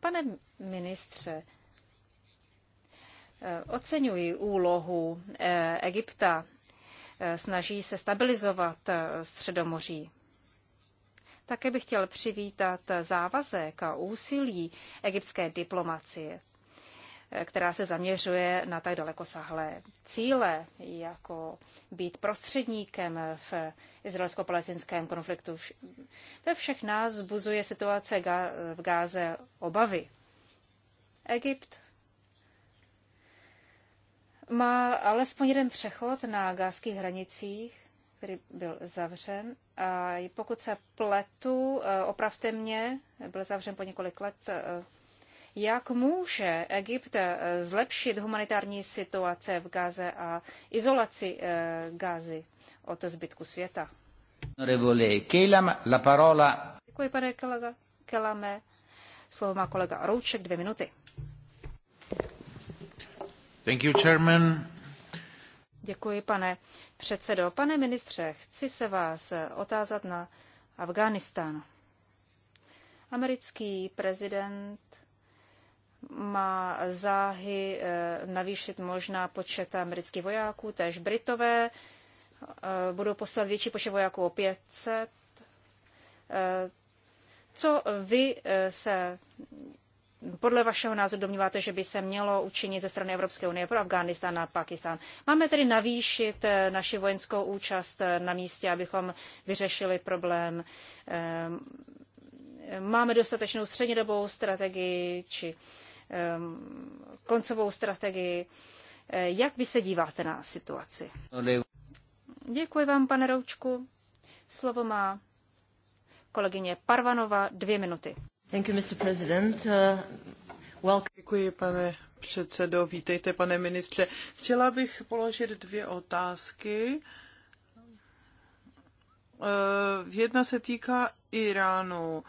Pane ministře, eh, oceňuji úlohu eh, Egypta. Eh, snaží se stabilizovat Středomoří. Také bych chtěl přivítat závazek a úsilí egyptské diplomacie která se zaměřuje na tak dalekosáhlé cíle, jako být prostředníkem v izraelsko-palestinském konfliktu. Ve všech nás zbuzuje situace v Gáze obavy. Egypt má alespoň jeden přechod na gázských hranicích, který byl zavřen. A pokud se pletu, eh, opravte mě, byl zavřen po několik let eh, jak může Egypt eh, zlepšit humanitární situace v Gaze a izolaci eh, Gazy od zbytku světa? Děkuji, pane kolega Kelame. Slovo má kolega Rouček, dvě minuty. Thank you, chairman. Děkuji, pane předsedo. Pane ministře, chci se vás eh, otázat na Afghánistán. Americký prezident má záhy eh, navýšit možná počet amerických vojáků, též Britové eh, budou poslat větší počet vojáků o 500. Eh, co vy se podle vašeho názoru domníváte, že by se mělo učinit ze strany Evropské unie pro Afghánistán a Pakistán? Máme tedy navýšit naši vojenskou účast na místě, abychom vyřešili problém. Máme dostatečnou střednědobou strategii či Ehm, koncovou strategii. Eh, jak vy se díváte na situaci? Děkuji vám, pane Roučku. Slovo má kolegyně Parvanova, dvě minuty. Thank you, Mr. President. Uh, Děkuji, pane předsedo. Vítejte, pane ministře. Chtěla bych položit dvě otázky. Eh, jedna se týká Iránu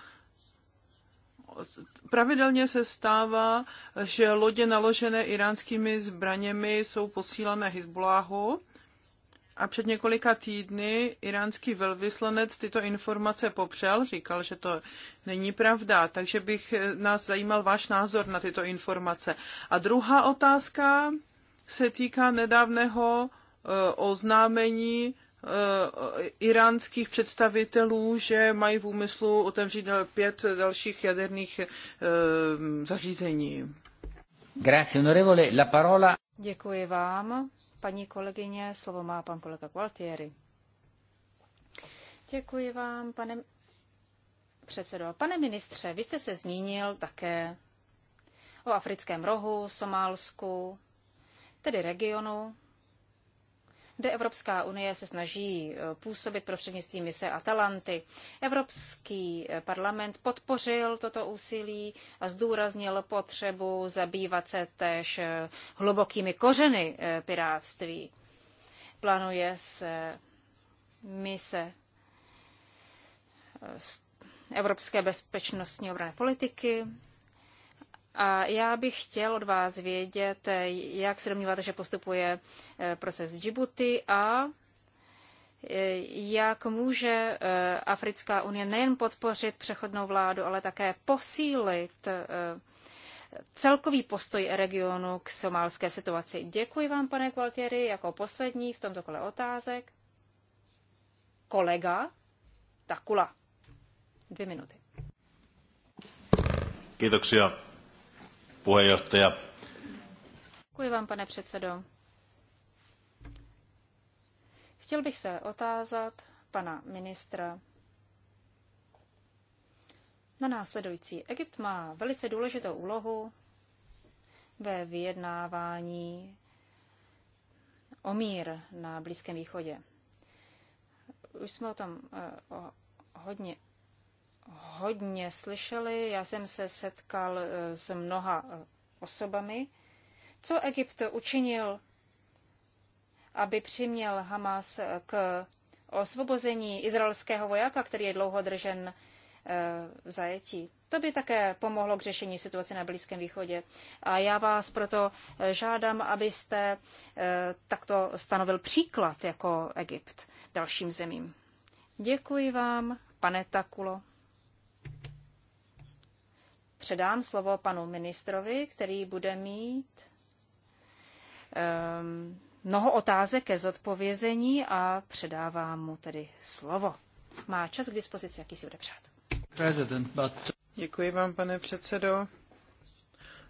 pravidelně se stává, že lodě naložené iránskými zbraněmi jsou posílané Hezbollahu. A před několika týdny iránský velvyslanec tyto informace popřel, říkal, že to není pravda, takže bych eh, nás zajímal váš názor na tyto informace. A druhá otázka se týká nedávného eh, oznámení Eh, iránských představitelů, že mají v úmyslu otevřít pět dalších jaderných eh, zařízení. Grazie, onorevole. La parola... Děkuji vám. Paní kolegyně, slovo má pan kolega Gualtieri. Děkuji vám, pane předsedo. Pane ministře, vy jste se zmínil také o africkém rohu, Somálsku, tedy regionu, kde Evropská unie se snaží eh, působit prostřednictvím mise Atalanty. Evropský eh, parlament podpořil toto úsilí a zdůraznil potřebu zabývat se též eh, hlubokými kořeny pirátství. Plánuje se mise Evropské bezpečnostní obrany politiky, a já bych chtěl od vás vědět, eh, jak se domníváte, že postupuje eh, proces Djibouti a eh, jak může Africká unie nejen podpořit přechodnou vládu, ale také posílit celkový postoj regionu k somálské situaci. Děkuji vám, pane Gualtieri, jako poslední v tomto kole otázek. Kolega Takula. Dvě minuty. Kiitoksia puheenjohtaja. Děkuji vám, pane předsedo. Chtěl bych se otázat pana ministra na následující. Egypt má velice důležitou úlohu ve vyjednávání o mír na Blízkém východě. Už jsme o tom eh, hodně hodně slyšeli. Já jsem se setkal eh, s mnoha eh, osobami. Co Egypt učinil, aby přiměl Hamas eh, k osvobození izraelského vojáka, který je dlouho držen v zajetí? To by také pomohlo k řešení situace na Blízkém východě. A já vás proto žádám, abyste takto stanovil příklad jako Egypt dalším zemím. Děkuji vám, pane Takulo předám slovo panu ministrovi, který bude mít um, mnoho otázek ke zodpovězení a předávám mu tedy slovo. Má čas k dispozici, jaký si bude přát. Děkuji vám, pane předsedo.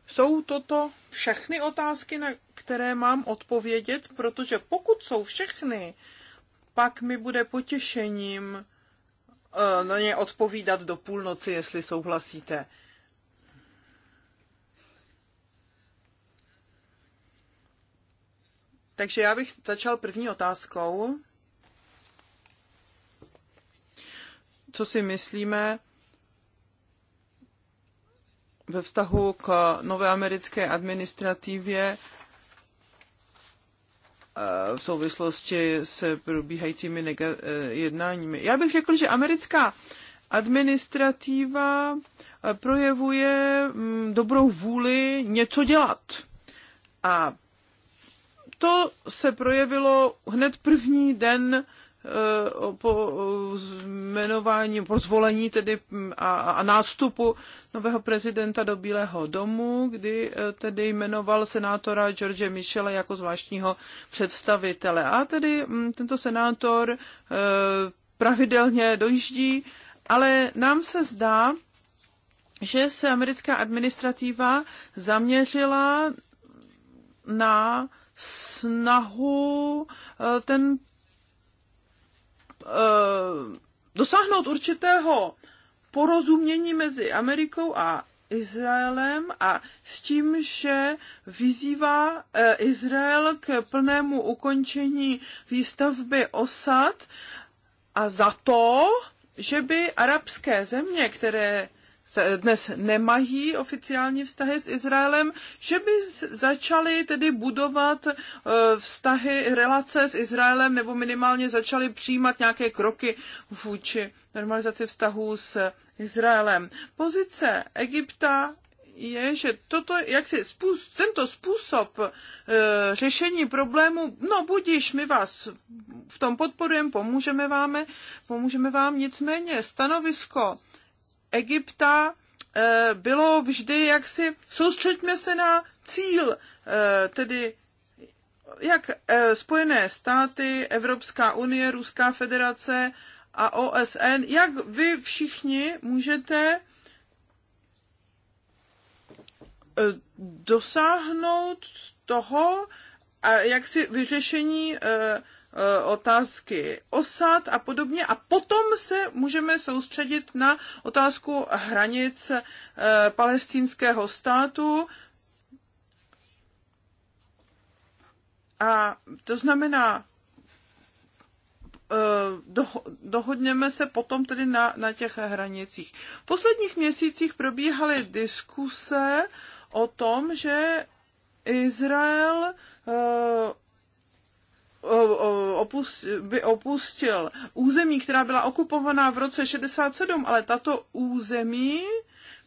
Jsou toto všechny otázky, na které mám odpovědět, protože pokud jsou všechny, pak mi bude potěšením eh, na ně odpovídat do půlnoci, jestli souhlasíte. Takže já bych začal první otázkou. Co si myslíme ve vztahu k nové americké administrativě eh, v souvislosti s probíhajícími eh, jednáními. Já bych řekl, že americká administrativa eh, projevuje mm, dobrou vůli něco dělat. A to se projevilo hned první den eh, po eh, jmenování, po zvolení tedy mm, a, a nástupu nového prezidenta do Bílého domu, kdy eh, tedy jmenoval senátora George Michele jako zvláštního představitele. A tedy mm, tento senátor pravidelně dojíždí, ale nám se zdá, že se americká administrativa zaměřila na snahu eh, ten eh, dosáhnout určitého porozumění mezi Amerikou a Izraelem a s tím, že vyzývá eh, Izrael k plnému ukončení výstavby osad a za to, že by arabské země, které dnes nemají oficiální vztahy s Izraelem, že by začali tedy budovat eh, vztahy, relace s Izraelem nebo minimálně začali přijímat nějaké kroky vůči normalizaci vztahů s Izraelem. Pozice Egypta je, že toto, jak si způsob, tento způsob e, řešení problému, no budíš, my vás v tom podporujeme, pomůžeme vám, pomůžeme vám, nicméně stanovisko Egypta eh, bylo vždy jaksi soustřeďme se na cíl, eh, tedy jak eh, Spojené státy, Evropská unie, Ruská federace a OSN, jak vy všichni můžete dosáhnout toho, jak si vyřešení Eh, otázky osad a podobně. A potom se můžeme soustředit na otázku hranic eh, palestinského státu. A to znamená, eh, dohodněme se potom tedy na, na těch hranicích. V posledních měsících probíhaly diskuse o tom, že Izrael by opustil území, která byla okupovaná v roce 67, ale tato území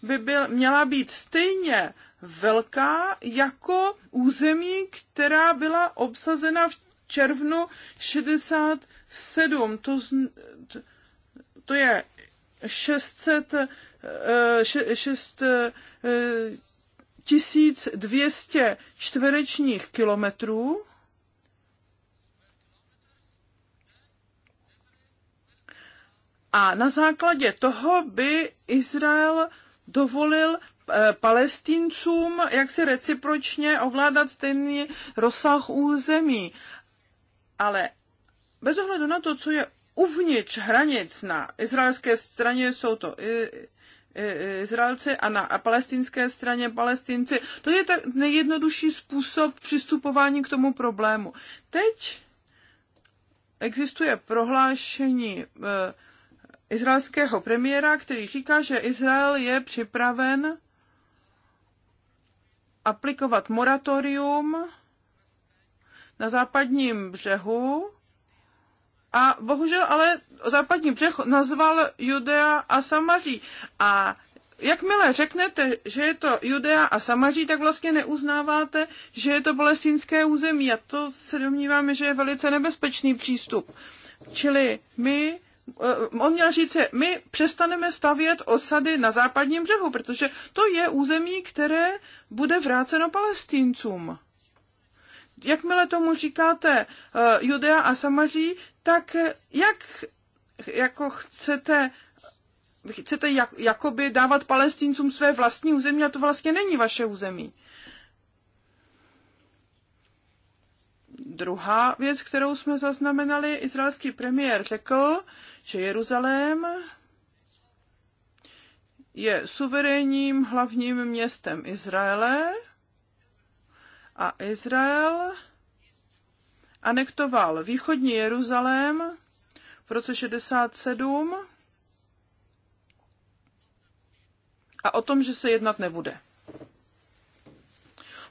by byl, měla být stejně velká jako území, která byla obsazena v červnu 67. To, to je 600, 6 1200 čtverečních kilometrů A na základě toho by Izrael dovolil eh, palestincům jak si recipročně ovládat stejný rozsah území. Ale bez ohledu na to, co je uvnitř hranic na izraelské straně, jsou to i, Izraelci a na a palestinské straně Palestinci. To je tak nejjednodušší způsob přistupování k tomu problému. Teď existuje prohlášení eh, izraelského premiéra, který říká, že Izrael je připraven aplikovat moratorium na západním břehu. A bohužel ale západní břeh nazval Judea a Samaří. A jakmile řeknete, že je to Judea a Samaří, tak vlastně neuznáváte, že je to palestinské území. A to se domníváme, že je velice nebezpečný přístup. Čili my Eh, on měl říct, my přestaneme stavět osady na západním břehu, protože to je území, které bude vráceno palestincům. Jakmile tomu říkáte uh, Judea a Samaří, tak jak jako chcete chcete jak, jakoby dávat palestincům své vlastní území a to vlastně není vaše území. Druhá věc, kterou jsme zaznamenali, izraelský premiér řekl, že Jeruzalém je suverénním hlavním městem Izraele a Izrael anektoval východní Jeruzalém v roce 67 a o tom, že se jednat nebude.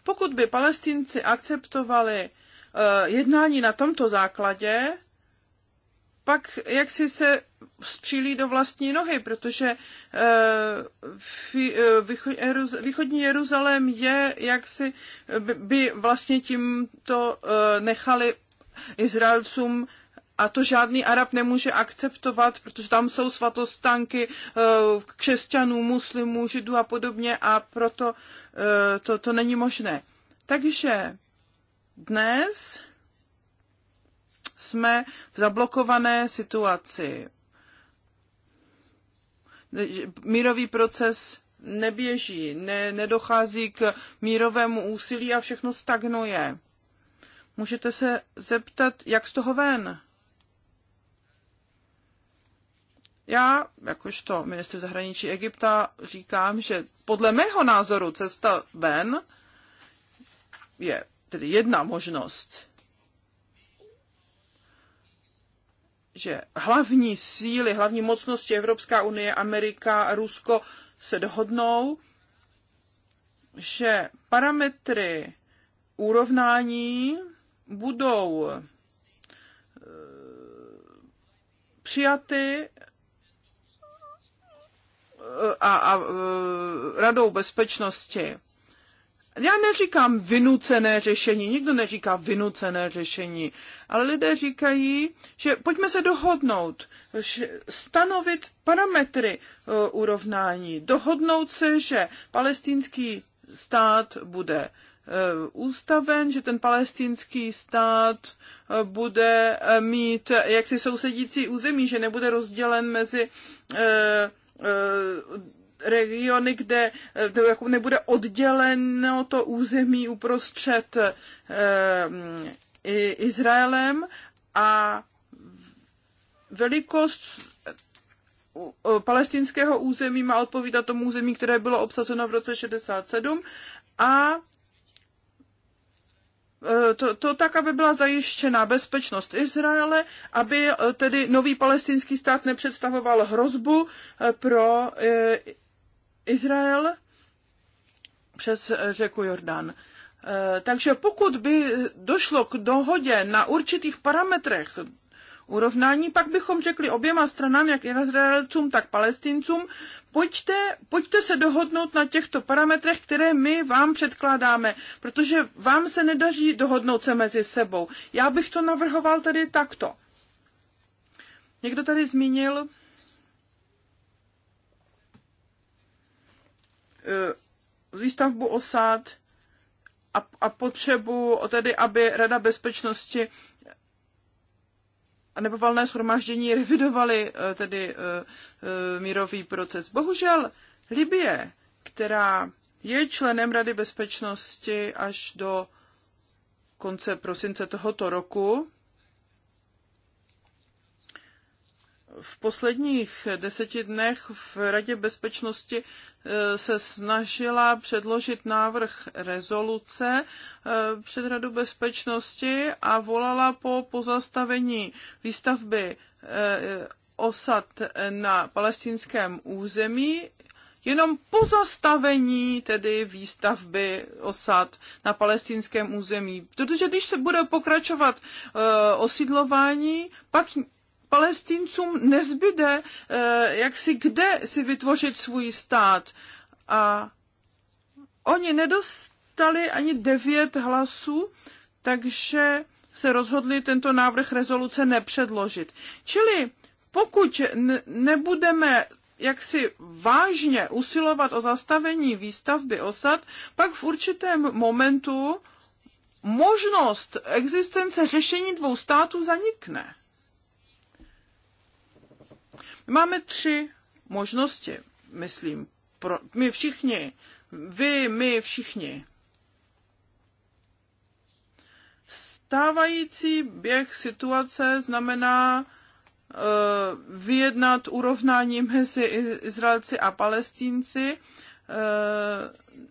Pokud by palestinci akceptovali Eh, jednání na tomto základě pak jak si se střílí do vlastní nohy, protože eh, eh, východní Jeruzalém je, jak si by vlastně tímto nechali Izraelcům a to žádný Arab nemůže akceptovat, protože tam jsou svatostanky křesťanů, muslimů, židů a podobně a proto to, to není možné. Takže dnes jsme v zablokované situaci. Mírový proces neběží, ne, nedochází k mírovému úsilí a všechno stagnuje. Můžete se zeptat, jak z toho ven? Já, jakožto minister zahraničí Egypta, říkám, že podle mého názoru cesta ven je tedy jedna možnost, že hlavní síly, hlavní mocnosti Evropská unie, Amerika a Rusko se dohodnou, že parametry úrovnání budou eh, přijaty eh, a, a eh, radou bezpečnosti já neříkám vynucené řešení, nikdo neříká vynucené řešení, ale lidé říkají, že pojďme se dohodnout, stanovit parametry e, urovnání, dohodnout se, že palestinský stát bude e, ústaven, že ten palestinský stát e, bude mít jaksi sousedící území, že nebude rozdělen mezi regiony, kde eh, jako nebude odděleno to území uprostřed eh, Izraelem a velikost palestinského území má odpovídat tomu území, které bylo obsazeno v roce 67 a eh, to, to tak, aby byla zajištěna bezpečnost Izraele, aby tedy nový palestinský stát nepředstavoval hrozbu pro Izrael přes eh, řeku Jordán. Eh, takže pokud by došlo k dohodě na určitých parametrech urovnání, pak bychom řekli oběma stranám, jak Izraelcům, tak Palestincům, pojďte, pojďte se dohodnout na těchto parametrech, které my vám předkládáme, protože vám se nedaří dohodnout se mezi sebou. Já bych to navrhoval tady takto. Někdo tady zmínil Eh, výstavbu osad a, a potřebu tedy, aby Rada bezpečnosti a nebo valné shromáždění revidovali eh, tedy eh, mírový proces. Bohužel Libie, která je členem Rady bezpečnosti až do konce prosince tohoto roku, v posledních deseti dnech v Radě bezpečnosti e, se snažila předložit návrh rezoluce e, před Radu bezpečnosti a volala po pozastavení výstavby e, osad na palestinském území, jenom pozastavení tedy výstavby osad na palestinském území. Protože když se bude pokračovat osidlování, pak palestincům nezbyde, eh, jak si kde si vytvořit svůj stát. A oni nedostali ani devět hlasů, takže se rozhodli tento návrh rezoluce nepředložit. Čili pokud nebudeme jak si vážně usilovat o zastavení výstavby osad, pak v určitém momentu možnost existence řešení dvou států zanikne. Máme tři možnosti, myslím. Pro, my všichni, vy, my všichni. Stávající běh situace znamená eh, vyjednat urovnání mezi Izraelci a Palestínci eh,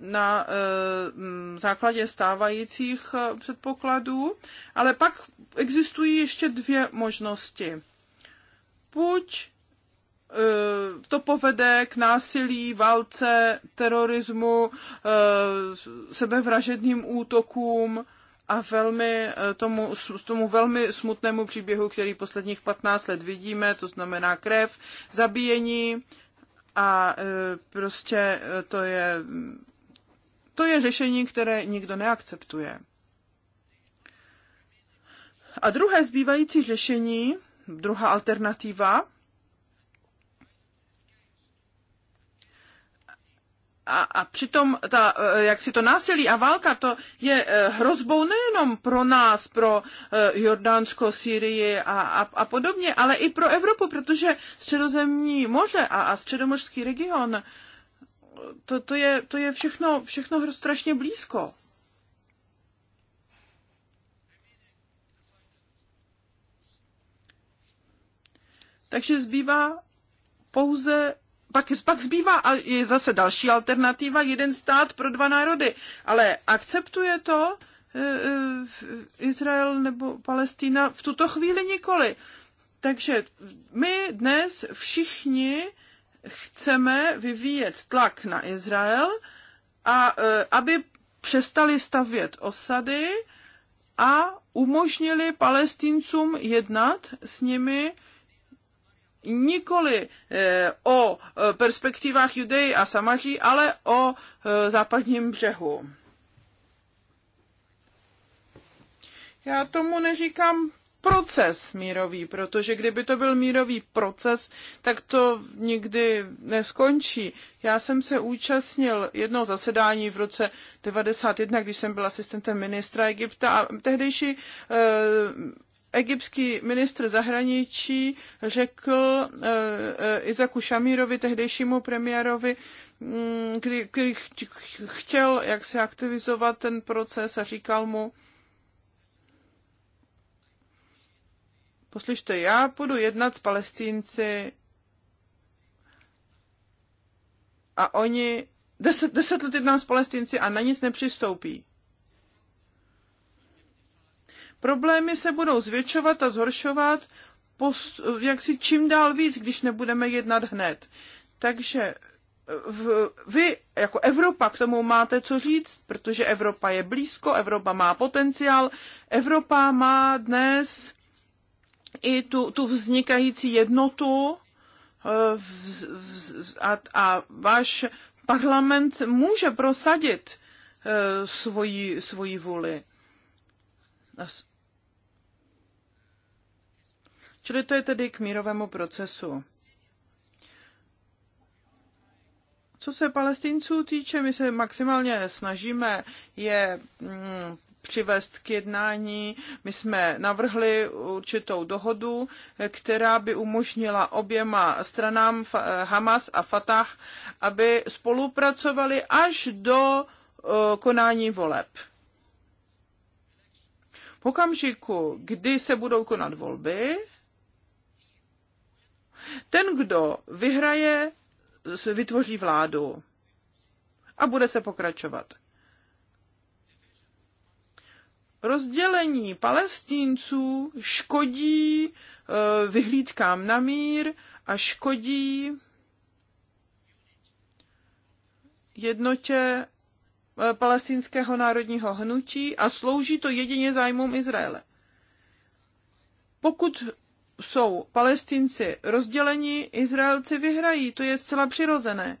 na eh, základě stávajících předpokladů, ale pak existují ještě dvě možnosti buď e, to povede k násilí, válce, terorismu, e, sebevražedným útokům a velmi e, tomu, tomu velmi smutnému příběhu, který posledních 15 let vidíme, to znamená krev, zabíjení a prostě to je, to je řešení, které nikdo neakceptuje. A druhé zbývající řešení druhá alternativa. A, a přitom ta, eh, jak si to násilí a válka, to je eh, hrozbou nejenom pro nás, pro eh, Jordánsko, Syrii a, a, a podobně, ale i pro Evropu, protože středozemní moře a, a středomořský region, to, to, je, to je všechno, všechno strašně blízko. Takže zbývá pouze pak, pak zbývá a je zase další alternativa, jeden stát pro dva národy. Ale akceptuje to e, e, Izrael nebo Palestina v tuto chvíli nikoli. Takže my dnes všichni chceme vyvíjet tlak na Izrael, a, e, aby přestali stavět osady a umožnili palestincům jednat s nimi nikoli eh, o eh, perspektivách Judei a Samaří, ale o eh, západním břehu. Já tomu neříkám proces mírový, protože kdyby to byl mírový proces, tak to nikdy neskončí. Já jsem se účastnil jednoho zasedání v roce 1991, když jsem byl asistentem ministra Egypta a tehdejší egyptský ministr zahraničí řekl eh, eh, Izaku Šamírovi, tehdejšímu premiérovi, mm, kdy, kdy chtěl jak se aktivizovat ten proces a říkal mu, poslyšte, já půjdu jednat s palestínci a oni deset, deset let jednám s palestínci a na nic nepřistoupí. Problémy se budou zvětšovat a zhoršovat jak si čím dál víc, když nebudeme jednat hned. Takže eh, v, vy jako Evropa k tomu máte co říct, protože Evropa je blízko, Evropa má potenciál, Evropa má dnes i tu, tu vznikající jednotu v, eh, v, a, a váš parlament může prosadit eh, svoji, svoji vůli Čili to je tedy k mírovému procesu. Co se palestinců týče, my se maximálně snažíme je mm, přivést k jednání. My jsme navrhli určitou dohodu, která by umožnila oběma stranám Hamas a Fatah, aby spolupracovali až do e, konání voleb. V okamžiku, kdy se budou konat volby, ten, kdo vyhraje, vytvoří vládu. A bude se pokračovat. Rozdělení palestínců škodí eh, vyhlídkám na mír a škodí jednotě eh, palestinského národního hnutí a slouží to jedině zájmům Izraele. Pokud jsou palestinci rozděleni, Izraelci vyhrají. To je zcela přirozené.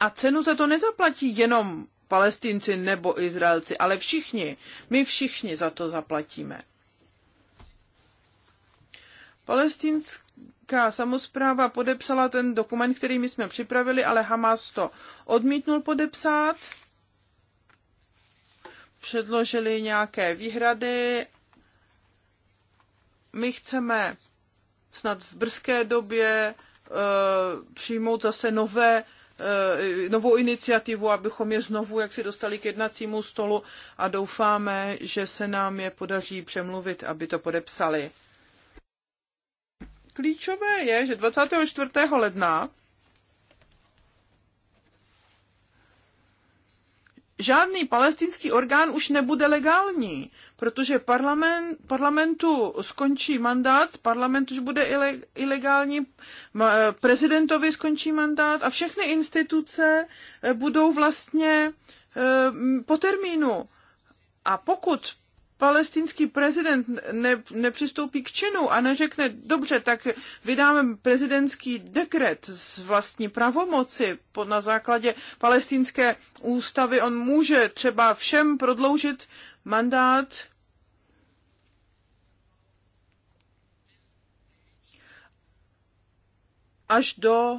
A cenu za to nezaplatí jenom palestinci nebo Izraelci, ale všichni. My všichni za to zaplatíme. Palestinská samozpráva podepsala ten dokument, který my jsme připravili, ale Hamas to odmítnul podepsat předložili nějaké výhrady. My chceme snad v brzké době eh, přijmout zase nové eh, novou iniciativu, abychom je znovu jaksi dostali k jednacímu stolu a doufáme, že se nám je podaří přemluvit, aby to podepsali. Klíčové je, že 24. ledna žádný palestinský orgán už nebude legální, protože parlament, parlamentu skončí mandát, parlament už bude ilegální, eh, prezidentovi skončí mandát a všechny instituce eh, budou vlastně eh, po termínu. A pokud palestinský prezident ne, nepřistoupí k činu a neřekne, dobře, tak vydáme prezidentský dekret z vlastní pravomoci pod, na základě palestinské ústavy, on může třeba všem prodloužit mandát až do uh,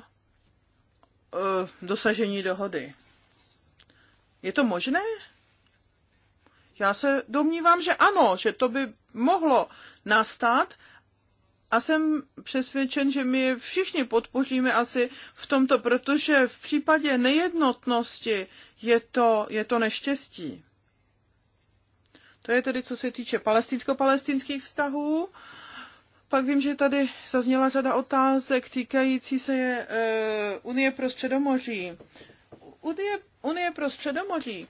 dosažení dohody. Je to možné? Já se domnívám, že ano, že to by mohlo nastat a jsem přesvědčen, že my všichni podpoříme asi v tomto, protože v případě nejednotnosti je to, je to neštěstí. To je tedy, co se týče palestinsko-palestinských vztahů. Pak vím, že tady zazněla řada otázek týkající se je, uh, Unie pro Středomoří. Unie, Unie pro Středomoří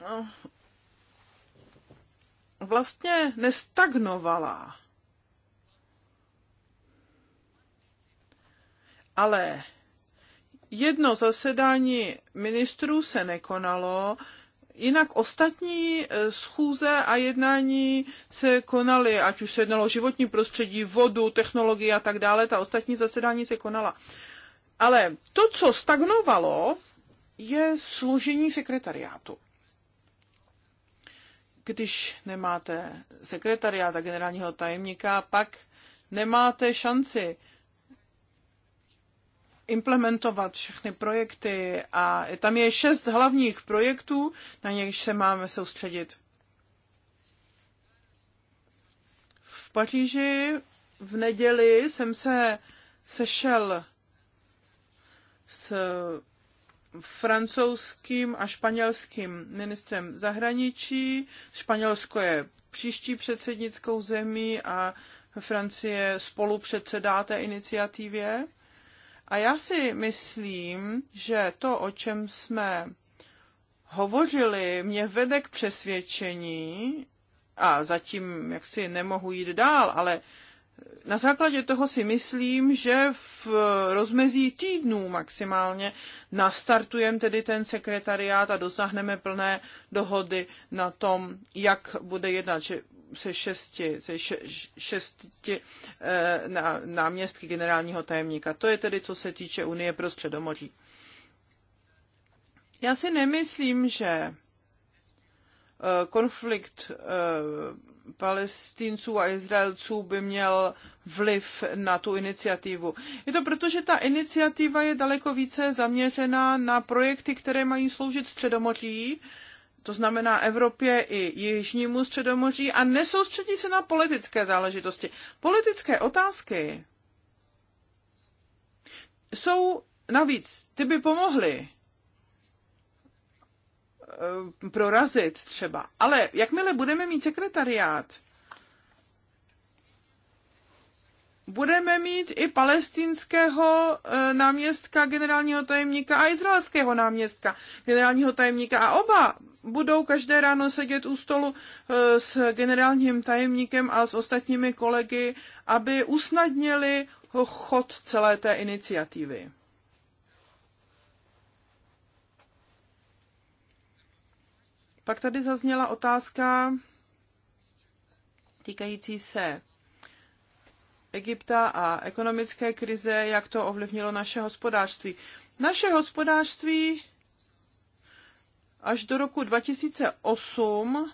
No, vlastně nestagnovala, ale jedno zasedání ministrů se nekonalo, jinak ostatní eh, schůze a jednání se konaly, ať už se jednalo o životní prostředí, vodu, technologii a tak dále, ta ostatní zasedání se konala. Ale to, co stagnovalo, je složení sekretariátu. Když nemáte sekretariáta generálního tajemníka, pak nemáte šanci implementovat všechny projekty a tam je šest hlavních projektů, na něž se máme soustředit. V Paříži v neděli jsem se sešel s francouzským a španělským ministrem zahraničí. Španělsko je příští předsednickou zemí a Francie spolu předsedá té iniciativě. A já si myslím, že to, o čem jsme hovořili, mě vede k přesvědčení, a zatím jaksi nemohu jít dál, ale na základě toho si myslím, že v rozmezí týdnů maximálně nastartujeme tedy ten sekretariát a dosáhneme plné dohody na tom, jak bude jednat, že se šesti, se šesti eh, na, náměstky generálního tajemníka. To je tedy, co se týče Unie pro středomoří. Já si nemyslím, že eh, konflikt eh, palestinců a Izraelců by měl vliv na tu iniciativu. Je to proto, že ta iniciativa je daleko více zaměřená na projekty, které mají sloužit Středomoří, to znamená Evropě i Jižnímu Středomoří a nesoustředí se na politické záležitosti. Politické otázky jsou navíc, ty by pomohly Eh, prorazit třeba. Ale jakmile budeme mít sekretariát, budeme mít i palestinského eh, náměstka generálního tajemníka a izraelského náměstka generálního tajemníka. A oba budou každé ráno sedět u stolu eh, s generálním tajemníkem a s ostatními kolegy, aby usnadnili chod celé té iniciativy. Pak tady zazněla otázka týkající se Egypta a ekonomické krize, jak to ovlivnilo naše hospodářství. Naše hospodářství až do roku 2008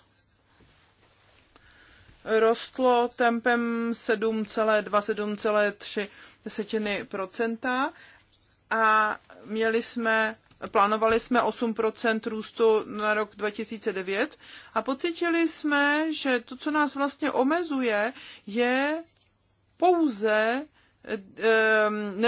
rostlo tempem 7,2-7,3 desetiny procenta a měli jsme plánovali jsme 8% růstu na rok 2009 a pocitili jsme, že to, co nás vlastně omezuje, je pouze ehm,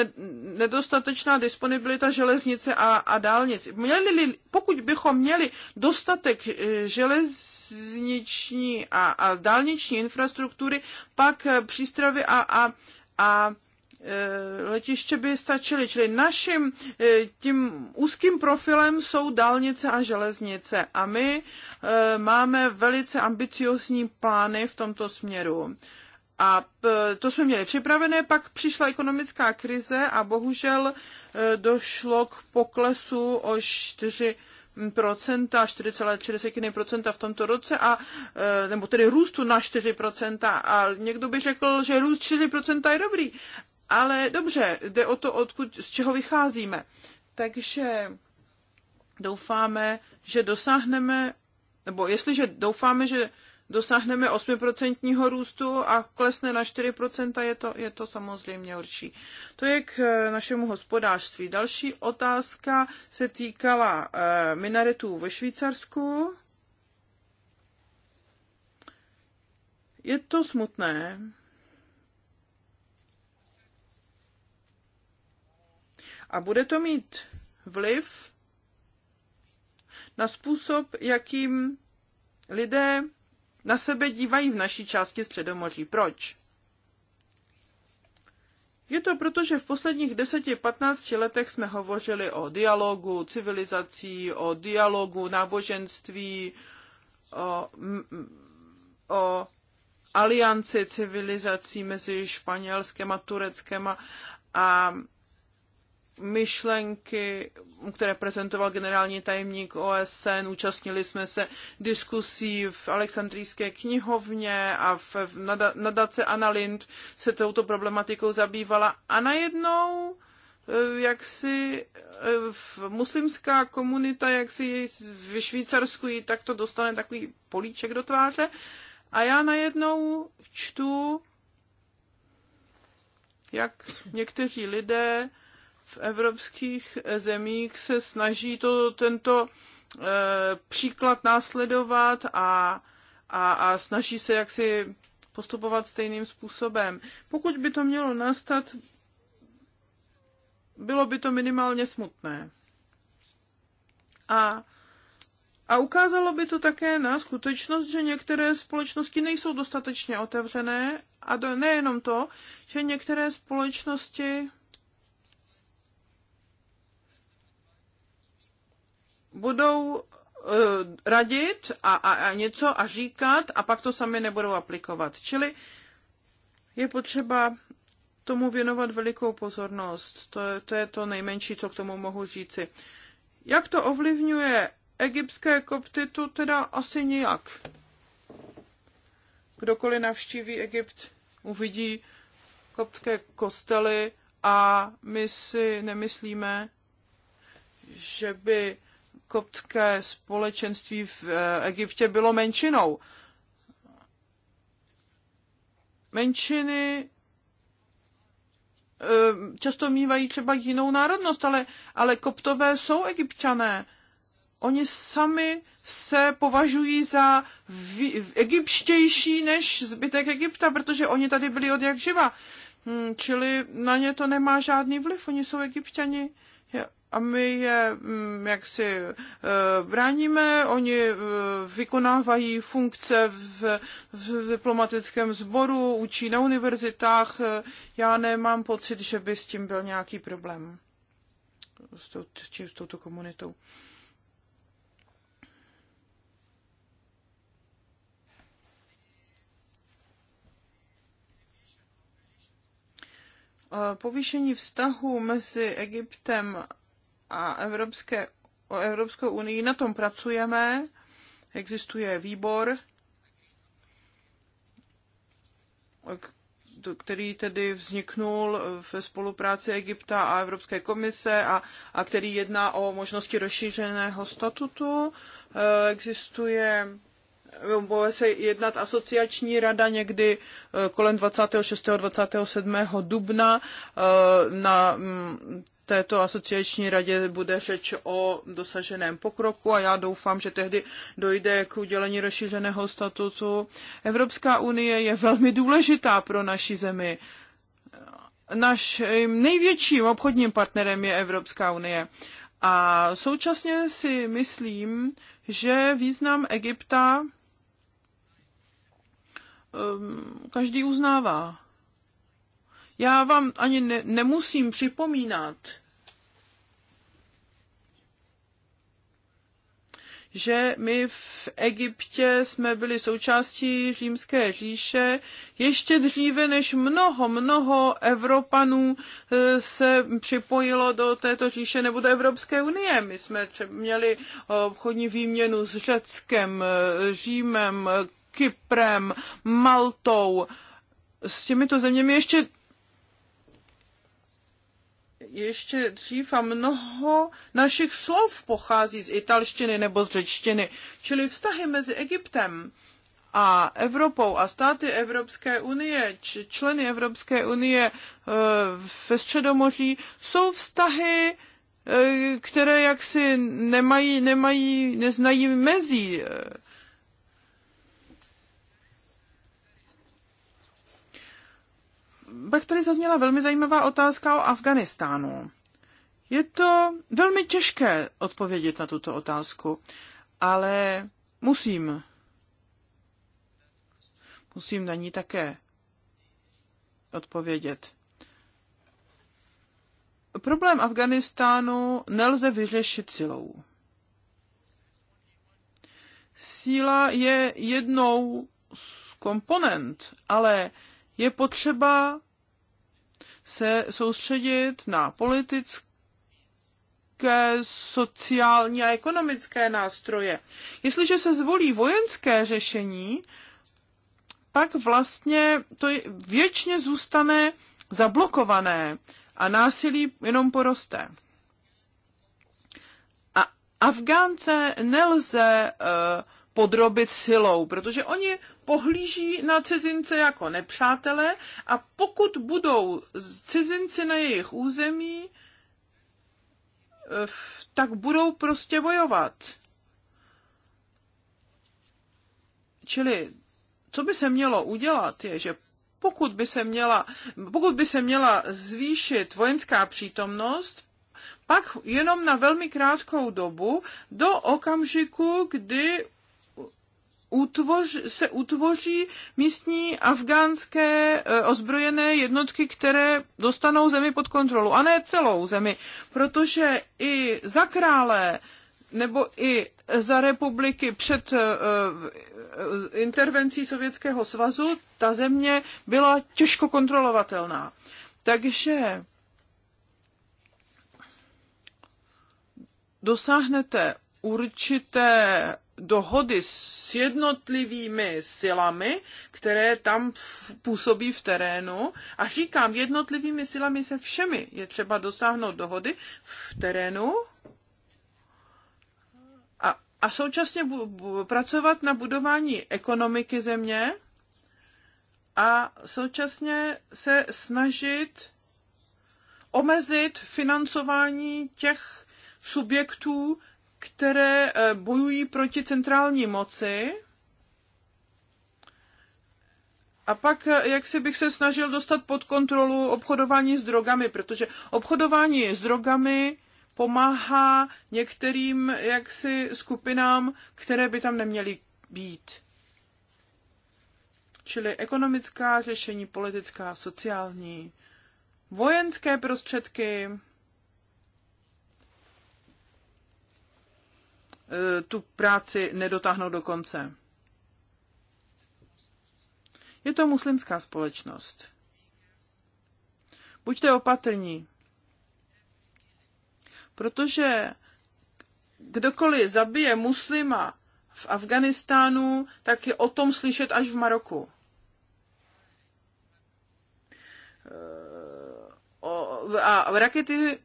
nedostatečná disponibilita železnice a, a dálnic. Měli, pokud bychom měli dostatek e, železniční a, a dálniční infrastruktury, pak e, přístravy a, a, a Eh, letiště by stačily. Čili naším eh, tím úzkým profilem jsou dálnice a železnice a my eh, máme velice ambiciozní plány v tomto směru. A to jsme měli připravené, pak přišla ekonomická krize a bohužel došlo k poklesu o 4 procenta, 4,4% v tomto roce, a, nebo tedy růstu na 4%. A někdo by řekl, že růst 4% je dobrý, ale dobře, jde o to, odkud, z čeho vycházíme. Takže doufáme, že dosáhneme, nebo jestliže doufáme, že dosáhneme 8% růstu a klesne na 4%, je to, je to samozřejmě horší. To je k eh, našemu hospodářství. Další otázka se týkala eh, minaretů ve Švýcarsku. Je to smutné, A bude to mít vliv na způsob, jakým lidé na sebe dívají v naší části Středomoří. Proč? Je to proto, že v posledních 10-15 letech jsme hovořili o dialogu civilizací, o dialogu náboženství, o, o alianci civilizací mezi Španělskem a Tureckem a, a myšlenky, které prezentoval generální tajemník OSN. Účastnili jsme se diskusí v Alexandrijské knihovně a v nadace Analind se touto problematikou zabývala. A najednou eh, jak si eh, muslimská komunita, jak si ve Švýcarsku ji takto dostane takový políček do tváře. A já najednou čtu, jak někteří lidé v evropských eh, zemích se snaží to, tento e, příklad následovat a, a, a snaží se jaksi postupovat stejným způsobem. Pokud by to mělo nastat, bylo by to minimálně smutné. A, a ukázalo by to také na skutečnost, že některé společnosti nejsou dostatečně otevřené a do, nejenom to, že některé společnosti budou eh, radit a, a, a něco a říkat a pak to sami nebudou aplikovat. Čili je potřeba tomu věnovat velikou pozornost. To, to je to nejmenší, co k tomu mohu říci. Jak to ovlivňuje egyptské kopty, to teda asi nijak. Kdokoliv navštíví Egypt, uvidí koptské kostely a my si nemyslíme, že by koptské společenství v eh, Egyptě bylo menšinou. Menšiny eh, často mývají třeba jinou národnost, ale, ale koptové jsou egyptiané. Oni sami se považují za egyptštější než zbytek Egypta, protože oni tady byli od jak živa. Hmm, čili na ně to nemá žádný vliv, oni jsou egyptiani a my je mm, jak si eh, bráníme, oni eh, vykonávají funkce v, v diplomatickém sboru, učí na univerzitách. Eh, já nemám pocit, že by s tím byl nějaký problém s, tou, s touto komunitou. Povýšení vztahu mezi Egyptem a Evropské, o Evropskou unii. Na tom pracujeme, existuje výbor, který tedy vzniknul ve spolupráci Egypta a Evropské komise a, a který jedná o možnosti rozšířeného statutu. Eh, existuje bude se jednat asociační rada někdy eh, kolem 26. 27. dubna eh, na mm, této asociační radě bude řeč o dosaženém pokroku a já doufám, že tehdy dojde k udělení rozšířeného statusu. Evropská unie je velmi důležitá pro naši zemi. Naším největším obchodním partnerem je Evropská unie. A současně si myslím, že význam Egypta um, každý uznává. Já vám ani ne, nemusím připomínat, že my v Egyptě jsme byli součástí římské říše ještě dříve, než mnoho, mnoho Evropanů eh, se připojilo do této říše nebo do Evropské unie. My jsme měli obchodní výměnu s Řeckem, eh, Římem, eh, Kyprem, Maltou. S těmito zeměmi ještě ještě dřív a mnoho našich slov pochází z italštiny nebo z řečtiny. Čili vztahy mezi Egyptem a Evropou a státy Evropské unie, č, členy Evropské unie e, ve Středomoří jsou vztahy, e, které jaksi nemají, nemají, neznají mezí. E, Pak tady zazněla velmi zajímavá otázka o Afganistánu. Je to velmi těžké odpovědět na tuto otázku, ale musím. Musím na ní také odpovědět. Problém Afganistánu nelze vyřešit silou. Síla je jednou z komponent, ale je potřeba se soustředit na politické sociální a ekonomické nástroje. Jestliže se zvolí vojenské řešení, pak vlastně to věčně zůstane zablokované a násilí jenom poroste. A Afgánce nelze uh, podrobit silou, protože oni pohlíží na cizince jako nepřátelé a pokud budou cizinci na jejich území, eh, tak budou prostě bojovat. Čili co by se mělo udělat, je, že pokud by se měla, pokud by se měla zvýšit vojenská přítomnost, pak jenom na velmi krátkou dobu do okamžiku, kdy utvoř, se utvoří místní afgánské eh, ozbrojené jednotky, které dostanou zemi pod kontrolu. A ne celou zemi, protože i za krále nebo i za republiky před eh, eh, intervencí Sovětského svazu ta země byla těžko kontrolovatelná. Takže dosáhnete určité dohody s jednotlivými silami, které tam působí v terénu. A říkám, jednotlivými silami se všemi je třeba dosáhnout dohody v terénu a, a současně pracovat na budování ekonomiky země a současně se snažit omezit financování těch subjektů, které eh, bojují proti centrální moci. A pak, eh, jak si bych se snažil dostat pod kontrolu obchodování s drogami, protože obchodování s drogami pomáhá některým jaksi skupinám, které by tam neměly být. Čili ekonomická řešení, politická, sociální, vojenské prostředky, Eh, tu práci nedotáhnout do konce. Je to muslimská společnost. Buďte opatrní, protože kdokoliv zabije muslima v Afganistánu, tak je o tom slyšet až v Maroku. Eh, a rakety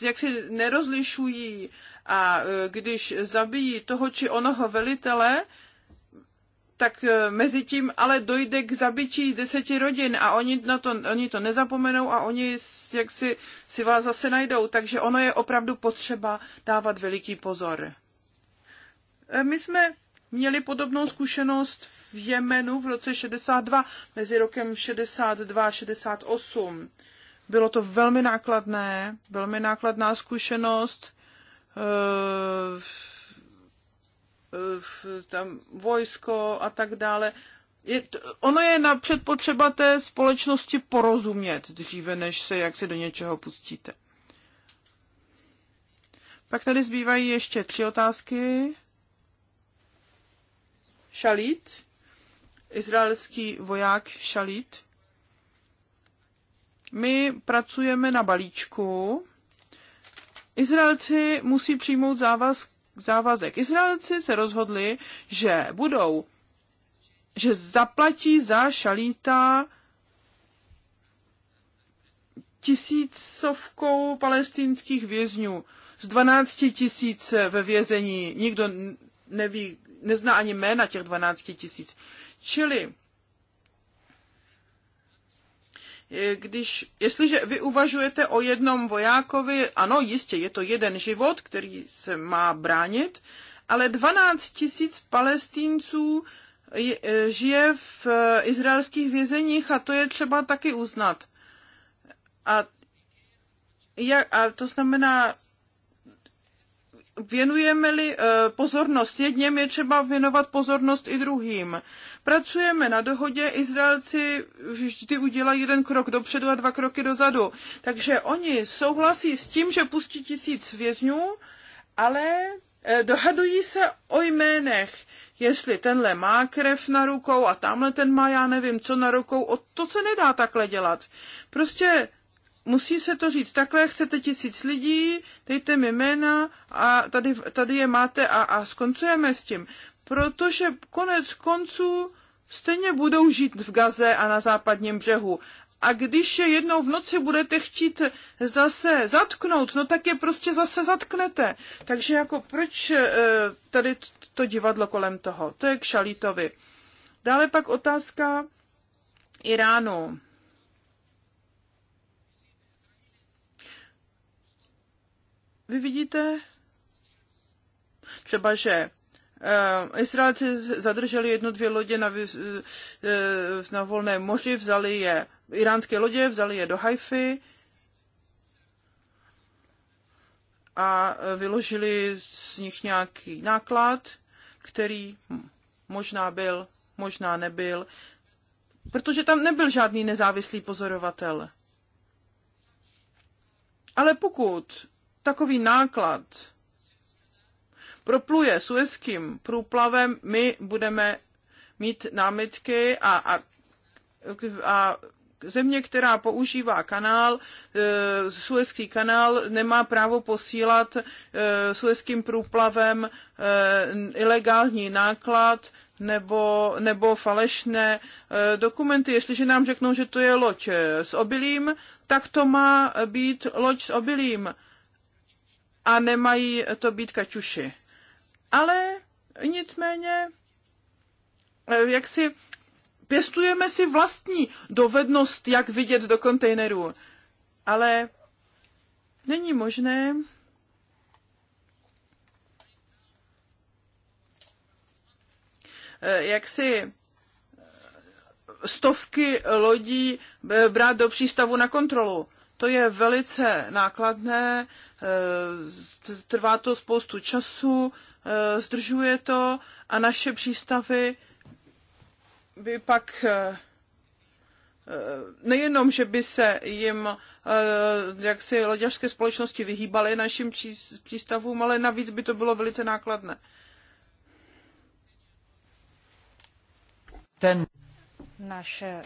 jak si nerozlišují a e, když zabijí toho či onoho velitele, tak e, mezi tím ale dojde k zabití deseti rodin a oni, na to, oni to nezapomenou a oni jak si, si vás zase najdou. Takže ono je opravdu potřeba dávat veliký pozor. E, my jsme měli podobnou zkušenost v Jemenu v roce 62, mezi rokem 62 a 68. Bylo to velmi nákladné, velmi nákladná zkušenost. Eh, eh, tam vojsko a tak dále. Je, ono je napřed potřeba té společnosti porozumět dříve, než se jak se do něčeho pustíte. Pak tady zbývají ještě tři otázky. Šalit, izraelský voják Šalit. My pracujeme na balíčku. Izraelci musí přijmout závaz, závazek. Izraelci se rozhodli, že budou, že zaplatí za šalíta tisícovkou palestinských vězňů. Z 12 tisíc ve vězení. Nikdo neví, nezná ani jména těch 12 tisíc. Čili když, jestliže vy uvažujete o jednom vojákovi, ano, jistě, je to jeden život, který se má bránit, ale 12 tisíc palestinců e, žije v e, izraelských vězeních a to je třeba taky uznat. A, jak, a to znamená, věnujeme-li eh, pozornost jedním, je třeba věnovat pozornost i druhým. Pracujeme na dohodě, Izraelci vždy udělají jeden krok dopředu a dva kroky dozadu. Takže oni souhlasí s tím, že pustí tisíc vězňů, ale eh, dohadují se o jménech. Jestli tenhle má krev na rukou a tamhle ten má já nevím co na rukou, o to se nedá takhle dělat. Prostě musí se to říct takhle, chcete tisíc lidí, dejte mi jména a tady, tady je máte a, a skoncujeme s tím. Protože konec konců stejně budou žít v Gaze a na západním břehu. A když je jednou v noci budete chtít zase zatknout, no tak je prostě zase zatknete. Takže jako proč eh, tady to divadlo kolem toho? To je k Šalítovi. Dále pak otázka Iránu. Vy vidíte třeba, že eh, Izraelci zadrželi jednu, dvě lodě na, eh, na volné moři, vzali je iránské lodě, vzali je do Haify a vyložili z nich nějaký náklad, který možná byl, možná nebyl, protože tam nebyl žádný nezávislý pozorovatel. Ale pokud takový náklad propluje suezkým průplavem, my budeme mít námitky a, a, a země, která používá kanál, e, Suezký kanál, nemá právo posílat e, Suezkým průplavem e, ilegální náklad nebo, nebo falešné e, dokumenty. Jestliže nám řeknou, že to je loď e, s obilím, tak to má být loď s obilím. E, a nemají to být kaťuši. Ale nicméně, eh, jak si pěstujeme si vlastní dovednost, jak vidět do kontejnerů. Ale není možné, eh, jak si eh, stovky lodí brát do přístavu na kontrolu. To je velice nákladné, Eh, trvá to spoustu času, eh, zdržuje to a naše přístavy by pak eh, nejenom, že by se jim jak si loďařské společnosti vyhýbaly našim přístavům, ale navíc by to bylo velice nákladné. Ten. Naše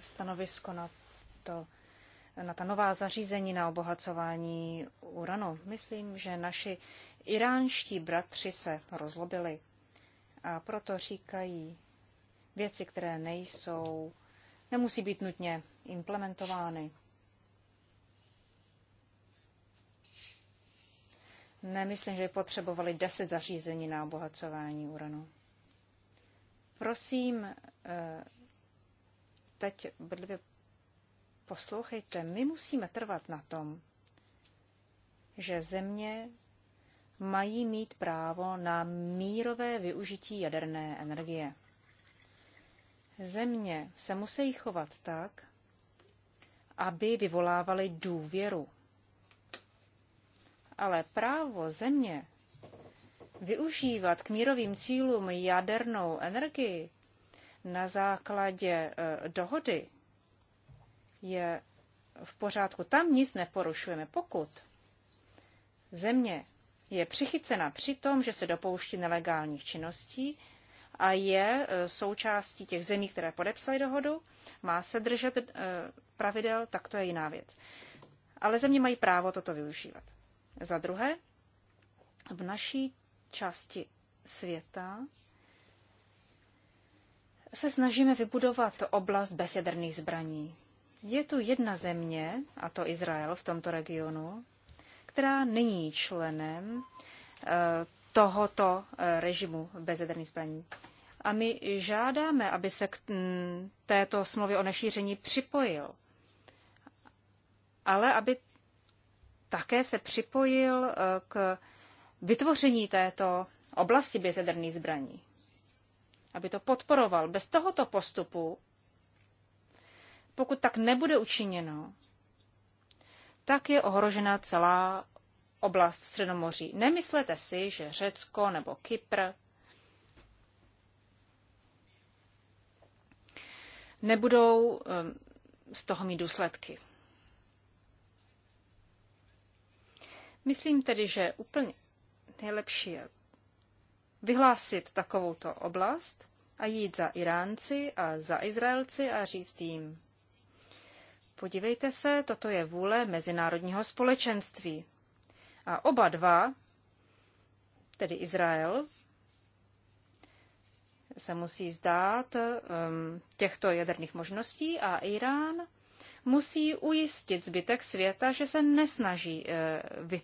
stanovisko na to na ta nová zařízení na obohacování uranu. Myslím, že naši iránští bratři se rozlobili a proto říkají věci, které nejsou, nemusí být nutně implementovány. Nemyslím, že potřebovali deset zařízení na obohacování uranu. Prosím, eh, teď bedlivě Poslouchejte, my musíme trvat na tom, že země mají mít právo na mírové využití jaderné energie. Země se musí chovat tak, aby vyvolávaly důvěru. Ale právo země využívat k mírovým cílům jadernou energii na základě eh, dohody je v pořádku. Tam nic neporušujeme. Pokud země je přichycena při tom, že se dopouští nelegálních činností a je e, součástí těch zemí, které podepsaly dohodu, má se držet e, pravidel, tak to je jiná věc. Ale země mají právo toto využívat. Za druhé, v naší části světa se snažíme vybudovat oblast bez jaderných zbraní. Je tu jedna země, a to Izrael v tomto regionu, která není členem eh, tohoto eh, režimu bezjaderných zbraní. A my žádáme, aby se k mm, této smlouvě o nešíření připojil. Ale aby také se připojil eh, k vytvoření této oblasti bezjaderných zbraní. Aby to podporoval. Bez tohoto postupu pokud tak nebude učiněno, tak je ohrožena celá oblast Středomoří. Nemyslete si, že Řecko nebo Kypr nebudou z toho mít důsledky. Myslím tedy, že úplně nejlepší je vyhlásit takovouto oblast a jít za Iránci a za Izraelci a říct jim, Podívejte se, toto je vůle mezinárodního společenství. A oba dva, tedy Izrael, se musí vzdát um, těchto jaderných možností a Irán musí ujistit zbytek světa, že se nesnaží uh,